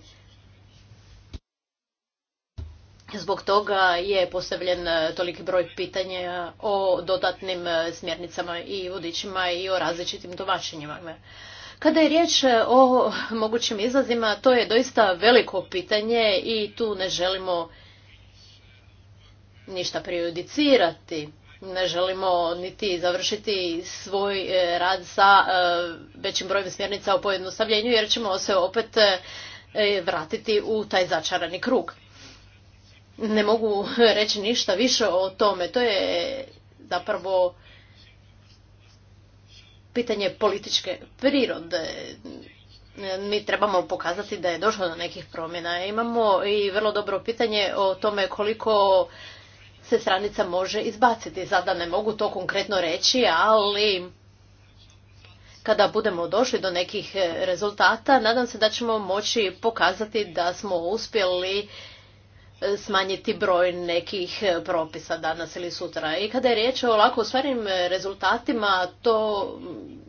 Zbog toga je postavljen e, toliki broj pitanja o dodatnim e, smjernicama i vodičima i o različitim dovašenjima. Kada je riječ e, o mogućim izazima, to je doista veliko pitanje i tu ne želimo ništa prejudicirati. Ne želimo niti završiti svoj rad sa većim brojem smjernica o pojednostavljenju jer ćemo se opet vratiti u taj začarani krug ne mogu reći ništa više o tome. To je zapravo pitanje političke prirode. Mi trebamo pokazati da je došlo do nekih promjena. Imamo i vrlo dobro pitanje o tome koliko se stranica može izbaciti. Sada ne mogu to konkretno reći, ali kada budemo došli do nekih rezultata, nadam se da ćemo moći pokazati da smo uspjeli smanjiti broj nekih e, propisa danas ili sutra. I kada je riječ o lako ostvarim rezultatima, to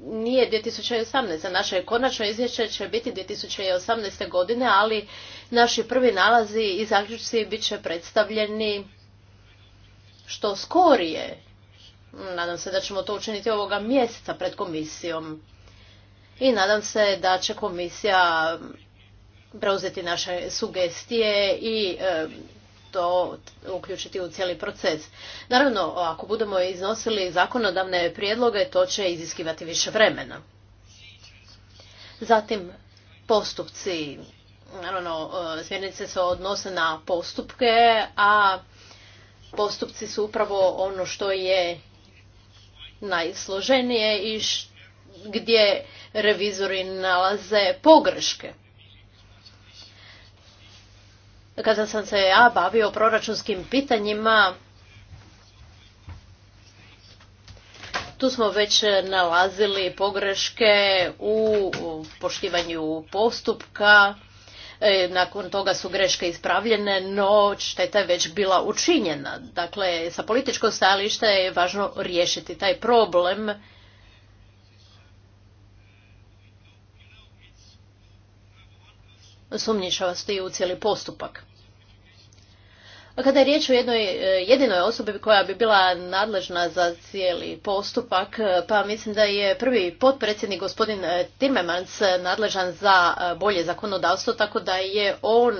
nije 2018. Naše konačno izvješće će biti 2018. godine, ali naši prvi nalazi i zaključci bit će predstavljeni što skorije. Nadam se da ćemo to učiniti ovoga mjeseca pred komisijom. I nadam se da će komisija preuzeti naše sugestije i e, to uključiti u cijeli proces. Naravno, ako budemo iznosili zakonodavne prijedloge, to će iziskivati više vremena. Zatim, postupci. Naravno, e, smjernice se odnose na postupke, a postupci su upravo ono što je najsloženije i gdje revizori nalaze pogreške kada sam se ja bavio proračunskim pitanjima, tu smo već nalazili pogreške u poštivanju postupka, e, nakon toga su greške ispravljene, no šteta je već bila učinjena. Dakle, sa političkog stajališta je važno riješiti taj problem i u cijeli postupak. A kada je riječ o jednoj e, jedinoj osobi koja bi bila nadležna za cijeli postupak, e, pa mislim da je prvi potpredsjednik gospodin e, Timemans nadležan za bolje zakonodavstvo, tako da je on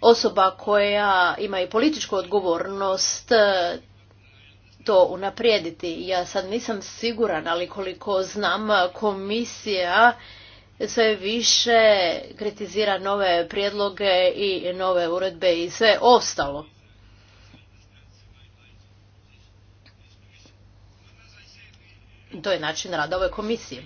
osoba koja ima i političku odgovornost to unaprijediti. Ja sad nisam siguran, ali koliko znam, komisija sve više kritizira nove prijedloge i nove uredbe i sve ostalo. To je način rada ove komisije.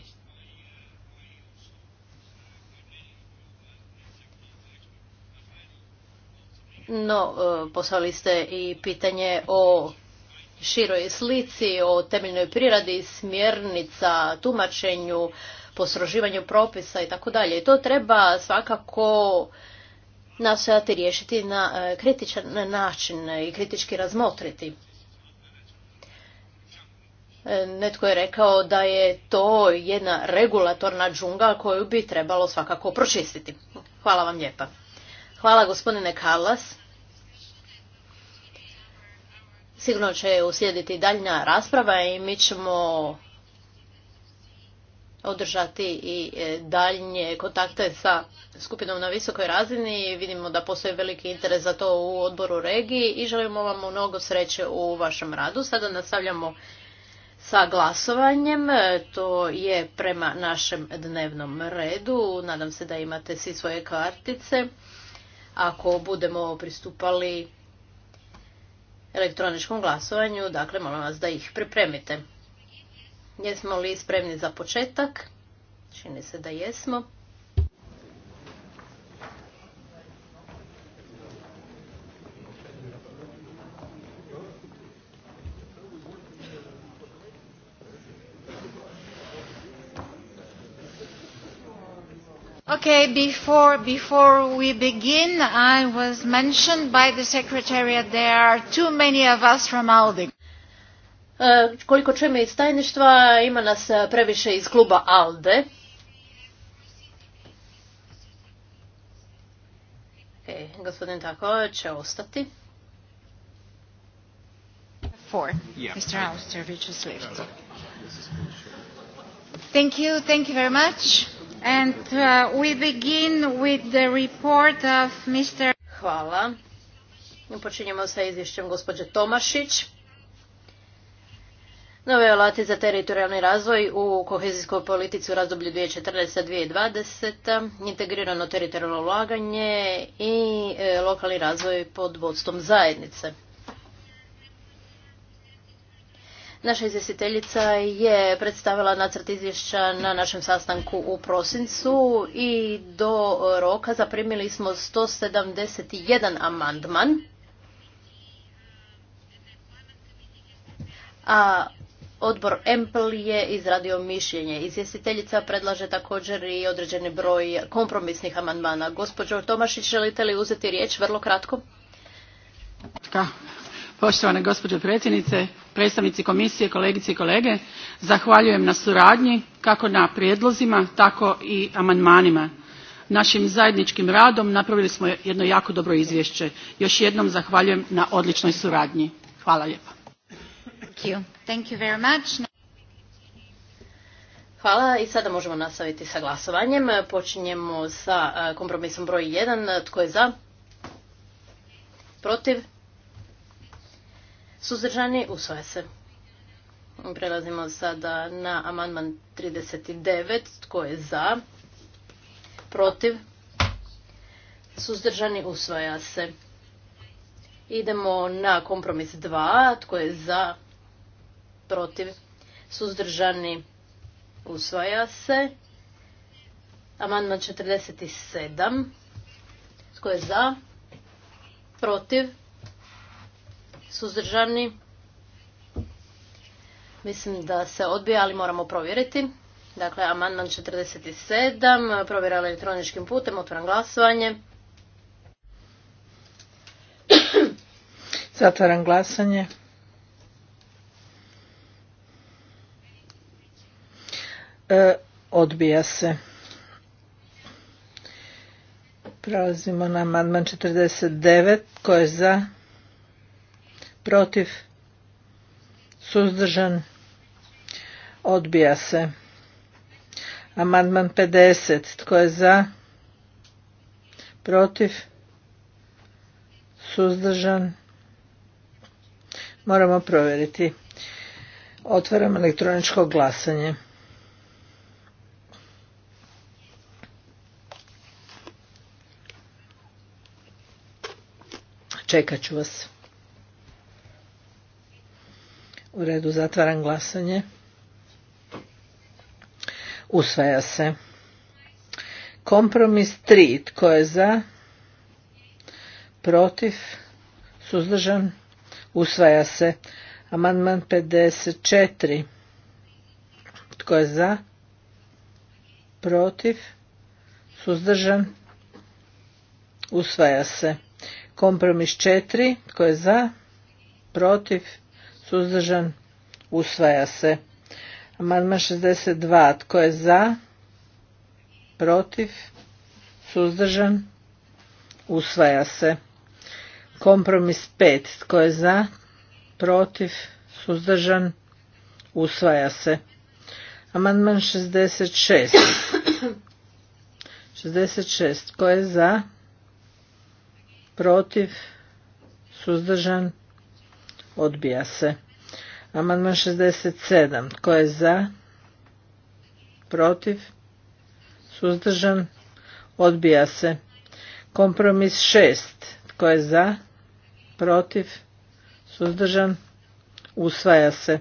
No, e, poslali ste i pitanje o široj slici o temeljnoj priradi smjernica, tumačenju, posroživanju propisa i tako dalje. I to treba svakako nastojati riješiti na e, kritičan način i kritički razmotriti. E, netko je rekao da je to jedna regulatorna džunga koju bi trebalo svakako pročistiti. Hvala vam lijepa. Hvala gospodine Karlas. Sigurno će uslijediti daljnja rasprava i mi ćemo održati i e, daljnje kontakte sa skupinom na visokoj razini. Vidimo da postoji veliki interes za to u odboru regiji i želimo vam mnogo sreće u vašem radu. Sada nastavljamo sa glasovanjem. E, to je prema našem dnevnom redu. Nadam se da imate svi svoje kartice. Ako budemo pristupali elektroničkom glasovanju, dakle molim vas da ih pripremite. Jesmo li spremni za početak? Čini se da jesmo. Okay, before, before we begin, I was mentioned by the secretariat there are too many of us from ALDE. koliko čujem iz tajništva, ima nas e, previše iz kluba ALDE. Okay, e, gospodin Tako će ostati. Four. Yeah. Mr. Austervich is left. Thank you, thank you very much. And uh, we begin with the report of Mr. Hvala. Počinjemo sa izvješćem gospođe Tomašić. Nove alati za teritorijalni razvoj u kohezijskoj politici u razdoblju 2014-2020, integrirano teritorijalno ulaganje i e, lokalni razvoj pod vodstvom zajednice. Naša izvjestiteljica je predstavila nacrt izvješća na našem sastanku u prosincu i do roka zaprimili smo 171 amandman. A Odbor EMPL je izradio mišljenje. Izvjestiteljica predlaže također i određeni broj kompromisnih amandmana. Gospođo Tomašić, želite li uzeti riječ vrlo kratko? poštovana gospođo predsjednice predstavnici komisije kolegice i kolege zahvaljujem na suradnji kako na prijedlozima tako i amandmanima našim zajedničkim radom napravili smo jedno jako dobro izvješće još jednom zahvaljujem na odličnoj suradnji hvala lijepa Hvala i sada možemo nastaviti sa glasovanjem. Počinjemo sa eh, kompromisom broj 1. Tko je za? Protiv? Suzdržani usvaja se. Prelazimo sada na amandman 39. Tko je za? Protiv? Suzdržani usvaja se. Idemo na kompromis 2. Tko je za? Protiv? Suzdržani usvaja se. Amandman 47. Tko je za? Protiv? suzdržani. Mislim da se odbija, ali moramo provjeriti. Dakle, amandman 47, provjera elektroničkim putem, otvoram glasovanje. Zatvaram glasanje. E, odbija se. Prelazimo na amandman 49, ko je za? protiv, suzdržan, odbija se. Amandman 50. Tko je za? Protiv? Suzdržan? Moramo provjeriti. Otvaram elektroničko glasanje. Čekat ću vas. U redu zatvaram glasanje. Usvaja se. Kompromis 3. Tko je za? Protiv? Suzdržan? Usvaja se. Amandman 54. Tko je za? Protiv? Suzdržan? Usvaja se. Kompromis 4. Tko je za? Protiv? suzdržan, usvaja se. Amandman 62. Tko je za? Protiv? Suzdržan? Usvaja se. Kompromis 5. Tko je za? Protiv? Suzdržan? Usvaja se. Amandman 66. 66. Tko je za? Protiv? Suzdržan? Odbija se. Amandman 67. Tko je za? Protiv? Suzdržan? Odbija se. Kompromis 6. Tko je za? Protiv? Suzdržan? Usvaja se.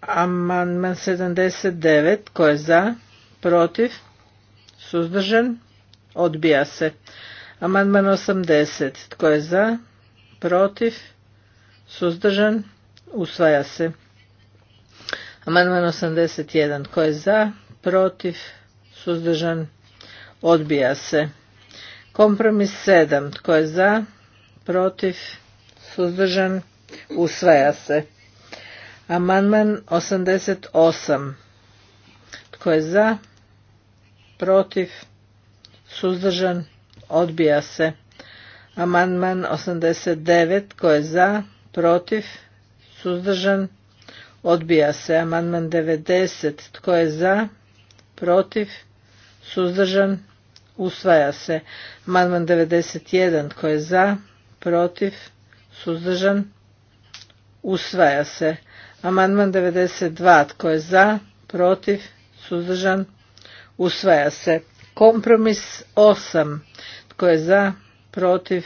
Amandman 79. Tko je za? Protiv? Suzdržan? Odbija se. Amandman 80. Tko je za? protiv, suzdržan, usvaja se. Amandman 81. Tko je za, protiv, suzdržan, odbija se. Kompromis 7. Tko je za, protiv, suzdržan, usvaja se. Amandman 88. Tko je za, protiv, suzdržan, odbija se. Amandman 89 tko je za, protiv, suzdržan, odbija se. Amandman 90 tko je za, protiv, suzdržan, usvaja se. Amandman 91 tko je za, protiv, suzdržan, usvaja se. Amandman 92 tko je za, protiv, suzdržan, usvaja se. Kompromis 8 tko je za, protiv,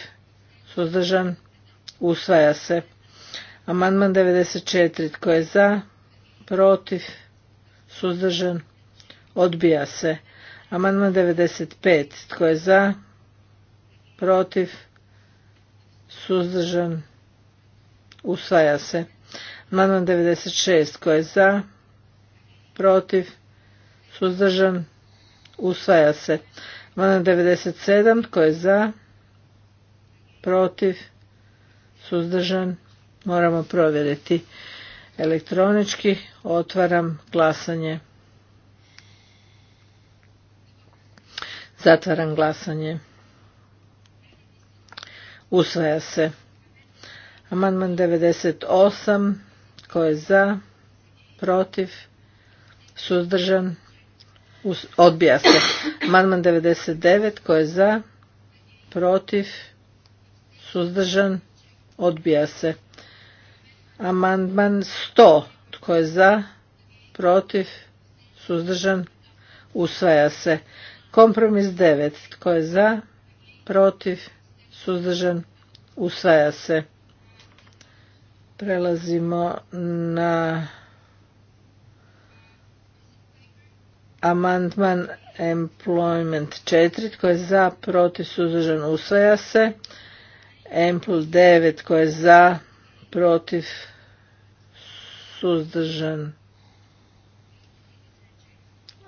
suzdržan, usvaja se. Amandman 94. Tko je za, protiv, suzdržan, odbija se. Amandman 95. Tko je za, protiv, suzdržan, usvaja se. Amandman 96. Tko je za, protiv, suzdržan, usvaja se. Amandman 97. Tko je za, protiv, suzdržan, moramo provjeriti. Elektronički otvaram glasanje. Zatvaram glasanje. Usvaja se. Amandman 98. Ko je za? Protiv? Suzdržan? Odbija se. Amandman 99. Ko je za? Protiv? suzdržan, odbija se. Amandman 100, tko je za, protiv, suzdržan, usvaja se. Kompromis 9, tko je za, protiv, suzdržan, usvaja se. Prelazimo na amandman Employment 4, tko je za, protiv, suzdržan, usvaja se. M plus 9 tko je za, protiv, suzdržan,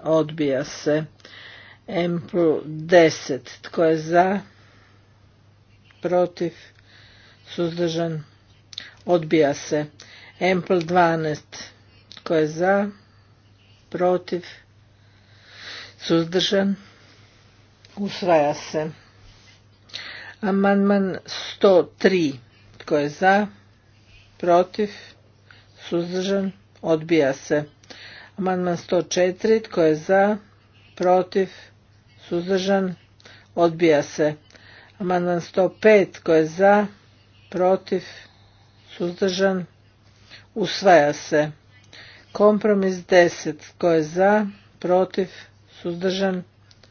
odbija se. M plus 10 tko je za, protiv, suzdržan, odbija se. M plus 12 tko je za, protiv, suzdržan, usvaja se. Amandman 103. Tko je za? Protiv? Suzdržan? Odbija se. Amandman 104. Tko je za? Protiv? Suzdržan? Odbija se. Amandman 105. Tko je za? Protiv? Suzdržan? Usvaja se. Kompromis 10. Tko je za? Protiv? Suzdržan?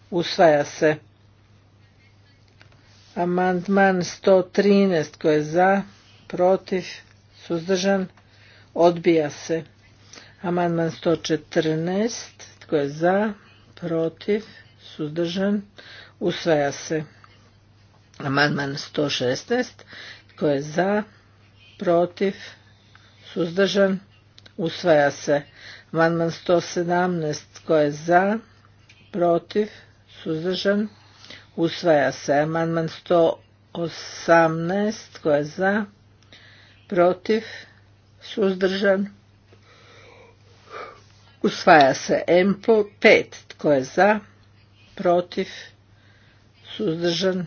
Usvaja se. Amandman 113 tko je za, protiv, suzdržan, odbija se. Amandman 114 tko je za, protiv, suzdržan, usvaja se. Amandman 116 tko je za, protiv, suzdržan, usvaja se. Amandman 117 tko je za, protiv, suzdržan, Usvaja se amandman 118 tko je za, protiv, suzdržan. Usvaja se MPO 5 tko je za, protiv, suzdržan.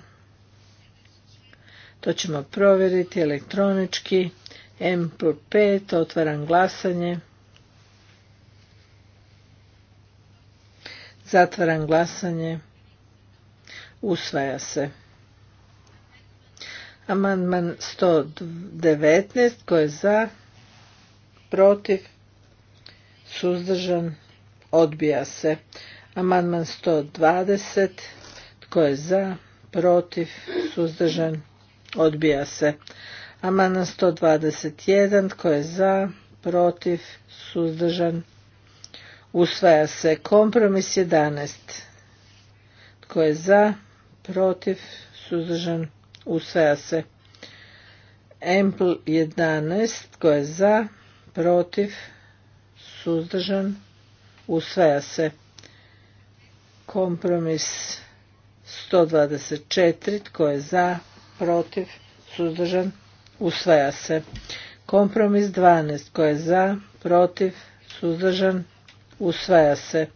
To ćemo provjeriti elektronički. MP, 5, otvaram glasanje. Zatvaram glasanje. Usvaja se. Amandman 119. Tko je za? Protiv? Suzdržan? Odbija se. Amandman 120. Tko je za? Protiv? Suzdržan? Odbija se. Amandman 121. Tko je za? Protiv? Suzdržan? Usvaja se. Kompromis 11. Tko je za? protiv, suzdržan, usvaja se. Ample 11, tko je za, protiv, suzdržan, usvaja se. Kompromis 124, tko je za, protiv, suzdržan, usvaja se. Kompromis 12, tko je za, protiv, suzdržan, usvaja se.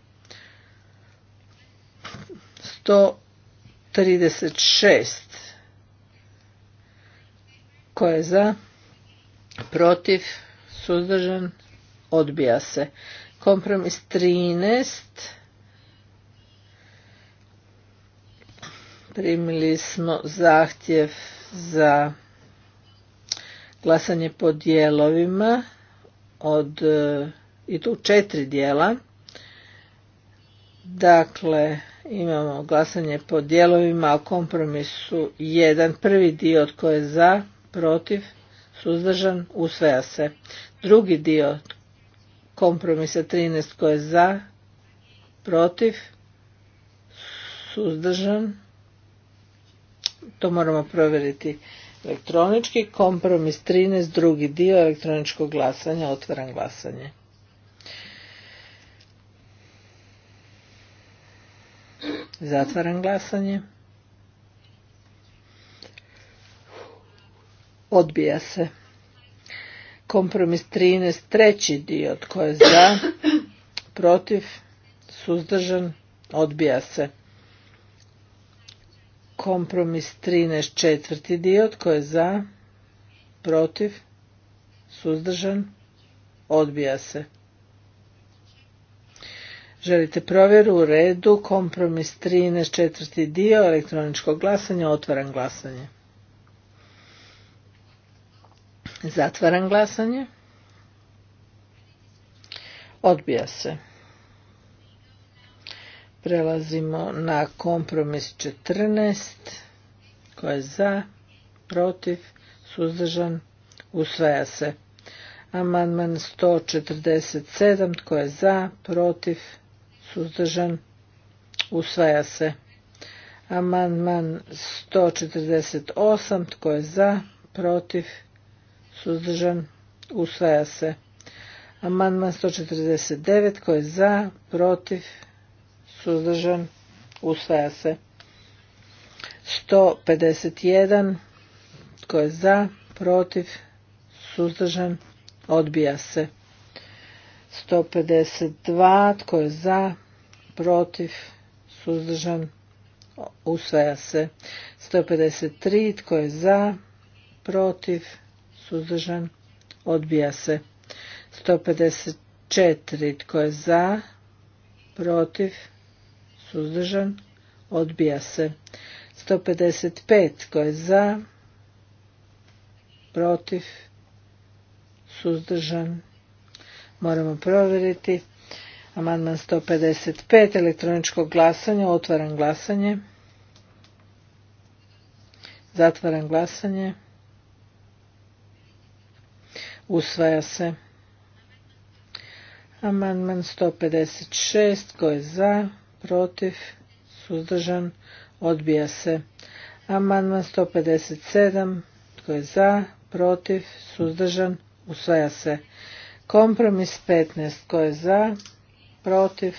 100 36. Ko je za? Protiv? Suzdržan? Odbija se. Kompromis 13. Primili smo zahtjev za glasanje po dijelovima od e, i tu četiri dijela. Dakle, Imamo glasanje po dijelovima o kompromisu 1. Prvi dio tko je za, protiv, suzdržan, usvaja se. Drugi dio kompromisa 13 tko je za, protiv, suzdržan. To moramo provjeriti elektronički. Kompromis 13, drugi dio elektroničkog glasanja, otvaram glasanje. Zatvaram glasanje. Odbija se. Kompromis 13, treći dio, tko je za, protiv, suzdržan, odbija se. Kompromis 13, četvrti dio, tko je za, protiv, suzdržan, odbija se. Želite provjeru u redu, kompromis 13, četvrti dio, elektroničkog glasanja, otvaram glasanje. Zatvaram glasanje. Odbija se. Prelazimo na kompromis 14. Koje je za, protiv, suzdržan, usvaja se. Amandman 147. Tko je za, protiv, suzdržan, usvaja se. Amandman 148, tko je za, protiv, suzdržan, usvaja se. Amandman 149, tko je za, protiv, suzdržan, usvaja se. 151, tko je za, protiv, suzdržan, odbija se. 152. Tko je za? Protiv? Suzdržan? Usvaja se. 153. Tko je za? Protiv? Suzdržan? Odbija se. 154. Tko je za? Protiv? Suzdržan? Odbija se. 155. Tko je za? Protiv? Suzdržan? moramo provjeriti. Amandman 155, elektroničko glasanje, otvaram glasanje. Zatvaram glasanje. Usvaja se. Amandman 156, ko je za, protiv, suzdržan, odbija se. Amandman 157, tko je za, protiv, suzdržan, usvaja se. Kompromis 15. Tko je za? Protiv?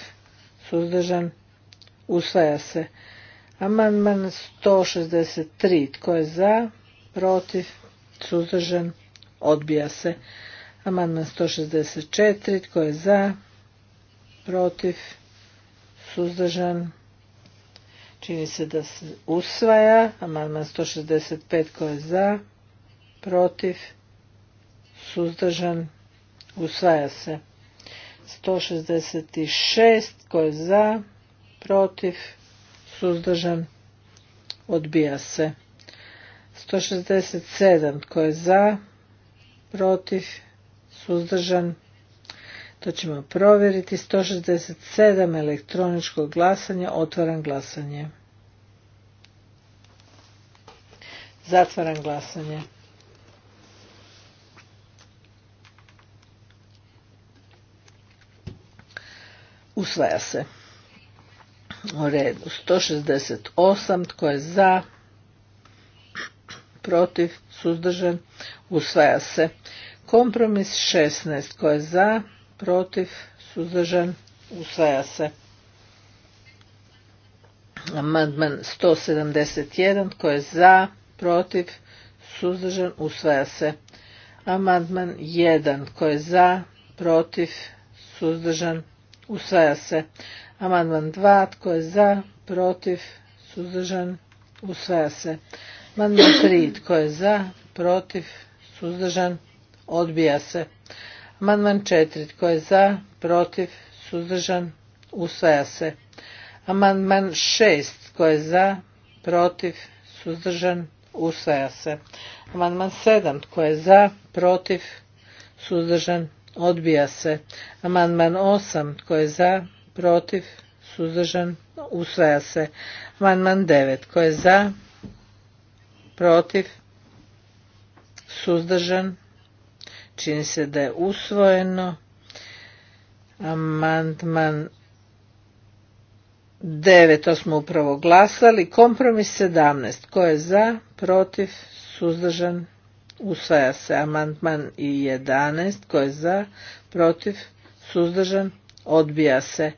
Suzdržan? Usvaja se. Amandman 163. Tko je za? Protiv? Suzdržan? Odbija se. Amandman 164. Tko je za? Protiv? Suzdržan? Čini se da se usvaja. Amandman 165. Tko je za? Protiv? Suzdržan? Usvaja se. 166. Tko je za? Protiv? Suzdržan? Odbija se. 167. Tko je za? Protiv? Suzdržan? To ćemo provjeriti. 167. elektroničkog glasanja, Otvaram glasanje. Zatvaram glasanje. usvaja se. U redu. 168. Tko je za? Protiv? Suzdržan? Usvaja se. Kompromis 16. Tko je za? Protiv? Suzdržan? Usvaja se. Amandman 171. Tko je za? Protiv? Suzdržan? Usvaja se. Amandman 1. Tko je za? Protiv? Suzdržan? usvaja se. Amandman 2, tko je za, protiv, suzdržan, usvaja se. Amandman 3, tko je za, protiv, suzdržan, odbija se. Amandman 4, tko je za, protiv, suzdržan, usvaja se. Amandman 6, tko je za, protiv, suzdržan, usvaja se. Amandman 7, tko je za, protiv, suzdržan, Odbija se. Amandman 8. Tko je za? Protiv? Suzdržan? Usvaja se. Amandman 9. Tko je za? Protiv? Suzdržan? Čini se da je usvojeno. Amandman 9. To smo upravo glasali. Kompromis 17. Tko je za? Protiv? Suzdržan? Usvaja se amandman i 11. Tko je za? Protiv? Suzdržan? Odbija se.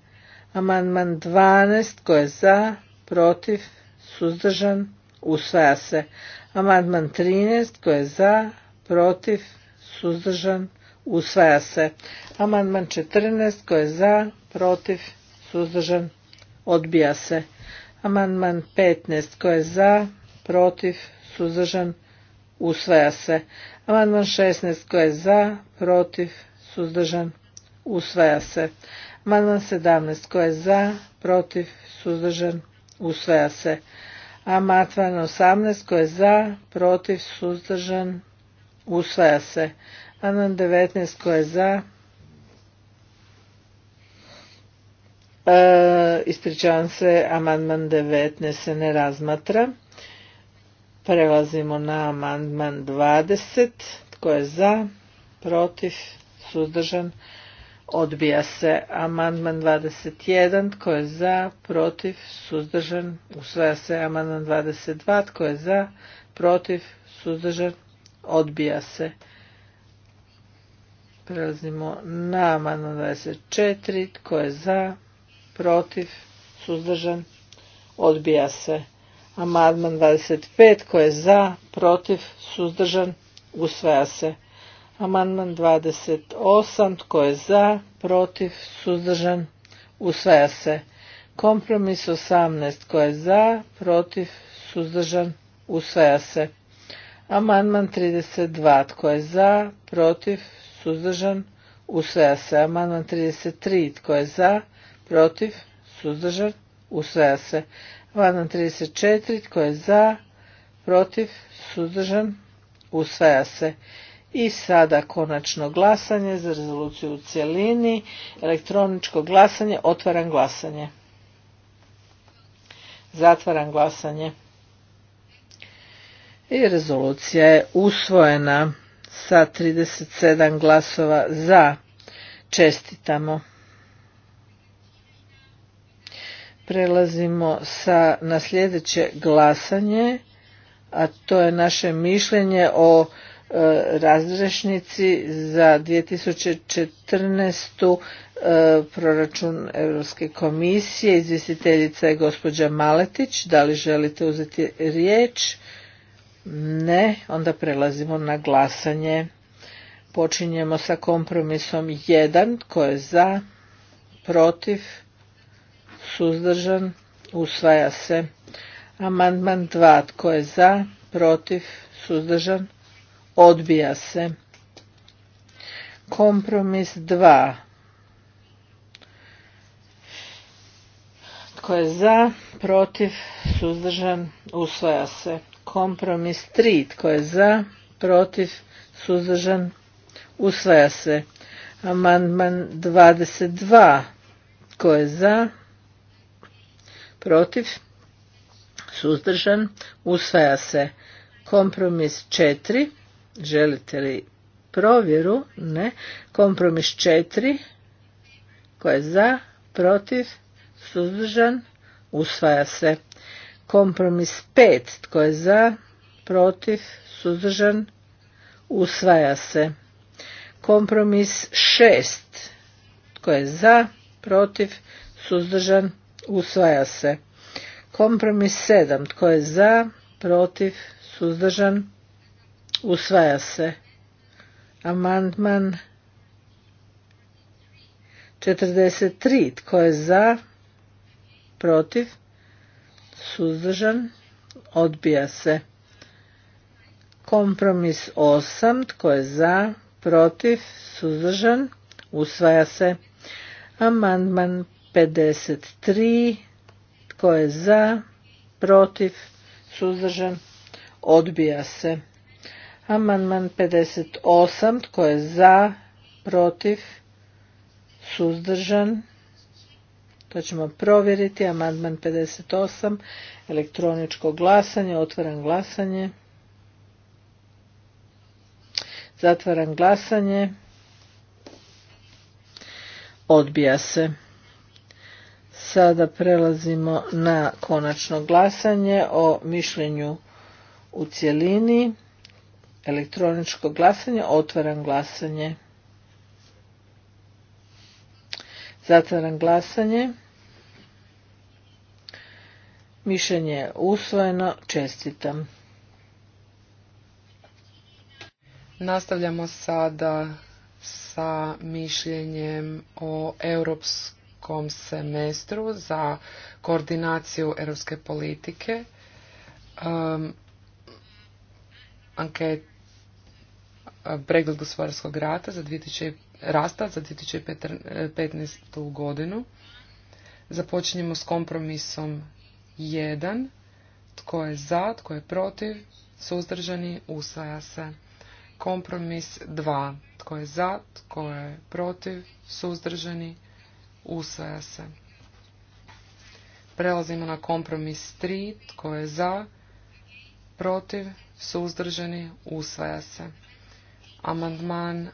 Amandman 12. Tko je za? Protiv? Suzdržan? Usvaja se. Amandman 13. Tko je za? Protiv? Suzdržan? Usvaja se. Amandman 14. Tko je za? Protiv? Suzdržan? Odbija se. Amandman 15. Tko je za? Protiv? Suzdržan? usvaja se. Amandman 16 tko je za, protiv, suzdržan, usvaja se. Amandman 17 tko je za, protiv, suzdržan, usvaja se. Amandman 18 tko je za, protiv, suzdržan, usvaja se. Amandman 19 tko je za, e, ispričavam se, amandman 19 se ne razmatra. Prelazimo na amandman 20. Tko je za? Protiv? Suzdržan? Odbija se amandman 21. Tko je za? Protiv? Suzdržan? Usvaja se amandman 22. Tko je za? Protiv? Suzdržan? Odbija se. Prelazimo na amandman 24. Tko je za? Protiv? Suzdržan? Odbija se. Amandman 25 ko je za, protiv, suzdržan, usvaja se. Amandman 28 tko je za, protiv, suzdržan, usvaja se. Kompromis 18 tko je za, protiv, suzdržan, usvaja se. Amandman 32 tko je za, protiv, suzdržan, usvaja se. Amandman 33 tko je za, protiv, suzdržan, usvaja se. Amandman 34. Tko je za? Protiv? Suzdržan? Usvaja se. I sada konačno glasanje za rezoluciju u cjelini. Elektroničko glasanje. Otvaram glasanje. Zatvaram glasanje. I rezolucija je usvojena sa 37 glasova za. Čestitamo. Prelazimo sa, na sljedeće glasanje, a to je naše mišljenje o e, razrešnici za 2014. E, proračun Europske komisije. Izvjestiteljica je gospođa Maletić. Da li želite uzeti riječ? Ne. Onda prelazimo na glasanje. Počinjemo sa kompromisom 1. Ko je za? Protiv? suzdržan, usvaja se. Amandman 2 tko je za, protiv, suzdržan, odbija se. Kompromis 2 Tko je za, protiv, suzdržan, usvaja se. Kompromis 3. Tko je za, protiv, suzdržan, usvaja se. Amandman 22. Tko je za, protiv, suzdržan, usvaja se kompromis 4, želite li provjeru, ne, kompromis 4, koje je za, protiv, suzdržan, usvaja se. Kompromis 5, tko je za, protiv, suzdržan, usvaja se. Kompromis 6, tko je za, protiv, suzdržan, usvaja se. Kompromis 7. Tko je za, protiv, suzdržan, usvaja se. Amandman 43. Tko je za, protiv, suzdržan, odbija se. Kompromis 8. Tko je za, protiv, suzdržan, usvaja se. Amandman 53. Tko je za? Protiv? Suzdržan? Odbija se. Amandman 58. Tko je za? Protiv? Suzdržan? To ćemo provjeriti. Amandman 58. Elektroničko glasanje. Otvaram glasanje. Zatvaram glasanje. Odbija se. Sada prelazimo na konačno glasanje o mišljenju u cjelini. Elektroničko glasanje, otvaram glasanje. Zatvaram glasanje. Mišljenje je usvojeno. Čestitam. Nastavljamo sada sa mišljenjem o europskom europskom semestru za koordinaciju europske politike. anket pregled gospodarskog rata za rasta za 2015. godinu. Započinjemo s kompromisom 1. Tko je za, tko je protiv, suzdržani, usvaja se. Kompromis 2. Tko je za, tko je protiv, suzdržani, usvaja se. Prelazimo na kompromis 3, tko je za, protiv, suzdržani, usvaja se. Amandman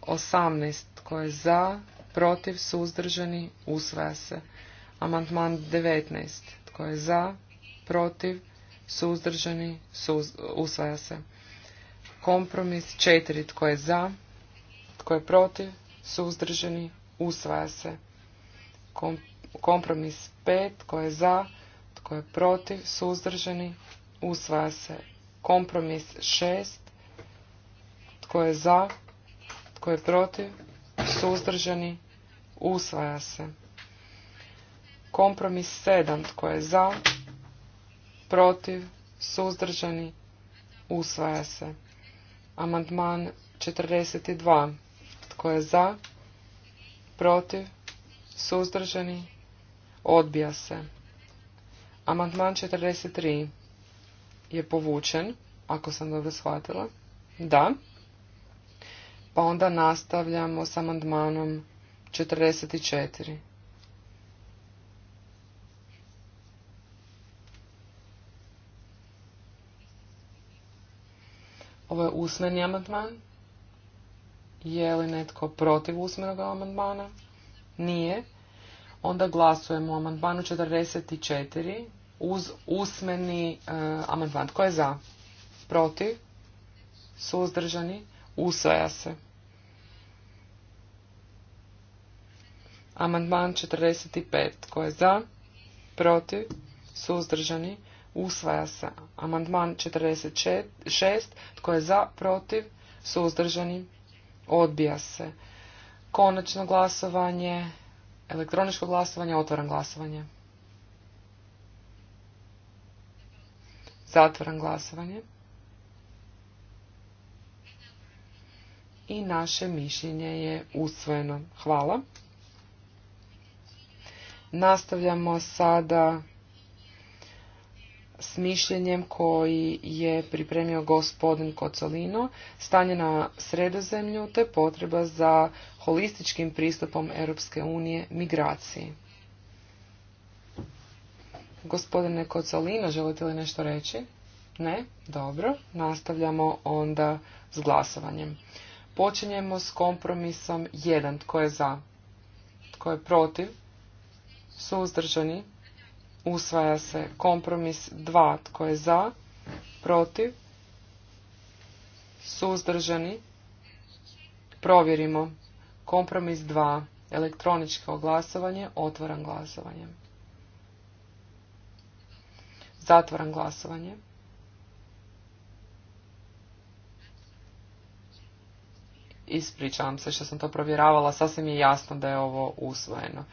18, tko je za, protiv, suzdržani, usvaja se. Amandman 19, tko je za, protiv, suzdržani, usvaja se. Kompromis 4, tko je za, tko je protiv, suzdržani, usvaja se. Kompromis 5. Tko je za? Tko je protiv? Suzdržani? Usvaja se. Kompromis 6. Tko je za? Tko je protiv? Suzdržani? Usvaja se. Kompromis 7. Tko je za? Protiv? Suzdržani? Usvaja se. Amandman 42. Tko je za? Protiv? suzdržani, odbija se. Amandman 43 je povučen, ako sam dobro shvatila. Da. Pa onda nastavljamo s amandmanom 44. Ovo je usmeni amandman. Je li netko protiv usmenog amandmana? Nije. Onda glasujemo o amandmanu 44 uz usmeni e, amandman. Tko je za? Protiv? Suzdržani? Usvaja se. Amandman 45. Tko je za? Protiv? Suzdržani? Usvaja se. Amandman 46. Tko je za? Protiv? Suzdržani? Odbija se. Konačno glasovanje, elektroničko glasovanje, otvoran glasovanje. Zatvoran glasovanje. I naše mišljenje je usvojeno. Hvala. Nastavljamo sada s mišljenjem koji je pripremio gospodin Kocolino, stanje na sredozemlju te potreba za holističkim pristupom Europske unije migraciji. Gospodine Kocolino, želite li nešto reći? Ne? Dobro. Nastavljamo onda s glasovanjem. Počinjemo s kompromisom 1. Tko je za? Tko je protiv? Suzdržani? usvaja se kompromis 2 tko je za, protiv, suzdržani, provjerimo kompromis 2 elektroničko glasovanje, otvoran glasovanje. Zatvoran glasovanje. Ispričavam se što sam to provjeravala, sasvim je jasno da je ovo usvojeno.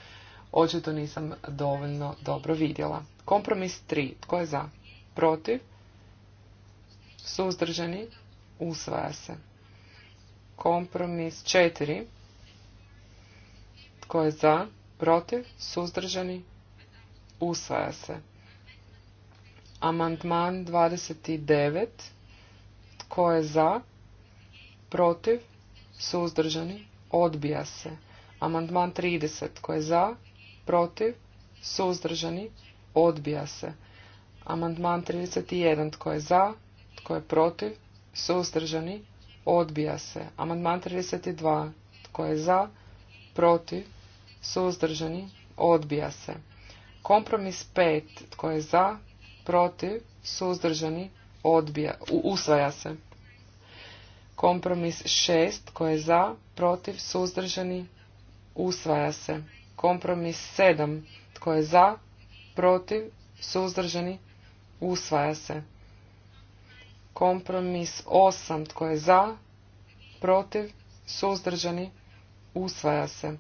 Očito nisam dovoljno dobro vidjela. Kompromis 3. Tko je za? Protiv? Suzdržani? Usvaja se. Kompromis 4. Tko je za? Protiv? Suzdržani? Usvaja se. Amandman 29. Tko je za? Protiv? Suzdržani? Odbija se. Amandman 30. Tko je za? protiv, suzdržani, odbija se. Amandman 31. Tko je za? Tko je protiv? Suzdržani? Odbija se. Amandman 32. Tko je za? Protiv? Suzdržani? Odbija se. Kompromis 5. Tko je za? Protiv? Suzdržani? Odbija. Usvaja se. Kompromis 6. Tko je za? Protiv? Suzdržani? Usvaja se. Kompromis 7. Tko je za, protiv, suzdržani, usvaja se. Kompromis 8. Tko je za, protiv, suzdržani, usvaja se.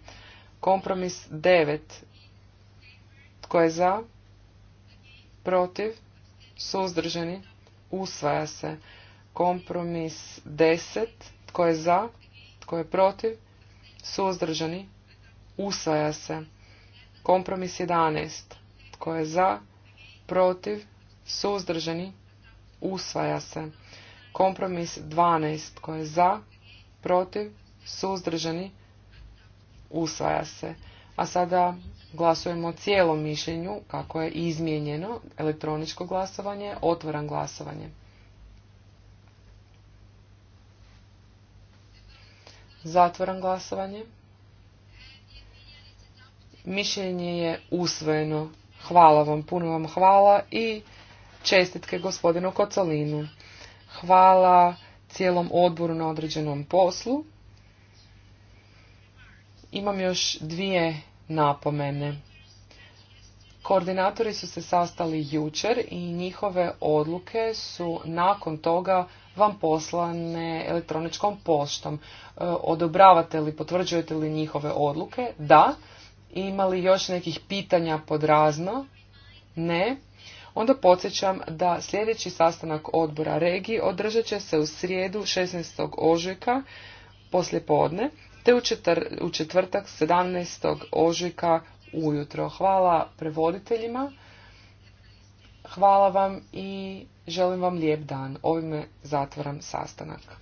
Kompromis 9. Tko je za, protiv, suzdržani, usvaja se. Kompromis 10. Tko je za, tko je protiv, suzdržani, usvaja se. Kompromis 11. Tko je za, protiv, suzdržani, usvaja se. Kompromis 12. Tko je za, protiv, suzdržani, usvaja se. A sada glasujemo o cijelom mišljenju kako je izmijenjeno elektroničko glasovanje, otvoran glasovanje. Zatvoran glasovanje. Mišljenje je usvojeno. Hvala vam, puno vam hvala i čestitke gospodinu Kocalinu. Hvala cijelom odboru na određenom poslu. Imam još dvije napomene. Koordinatori su se sastali jučer i njihove odluke su nakon toga vam poslane elektroničkom poštom. E, odobravate li, potvrđujete li njihove odluke? Da imali još nekih pitanja pod razno? Ne. Onda podsjećam da sljedeći sastanak odbora regiji održat će se u srijedu 16. ožujka poslje podne, te u četvrtak 17. ožujka ujutro. Hvala prevoditeljima, hvala vam i želim vam lijep dan. Ovime zatvaram sastanak.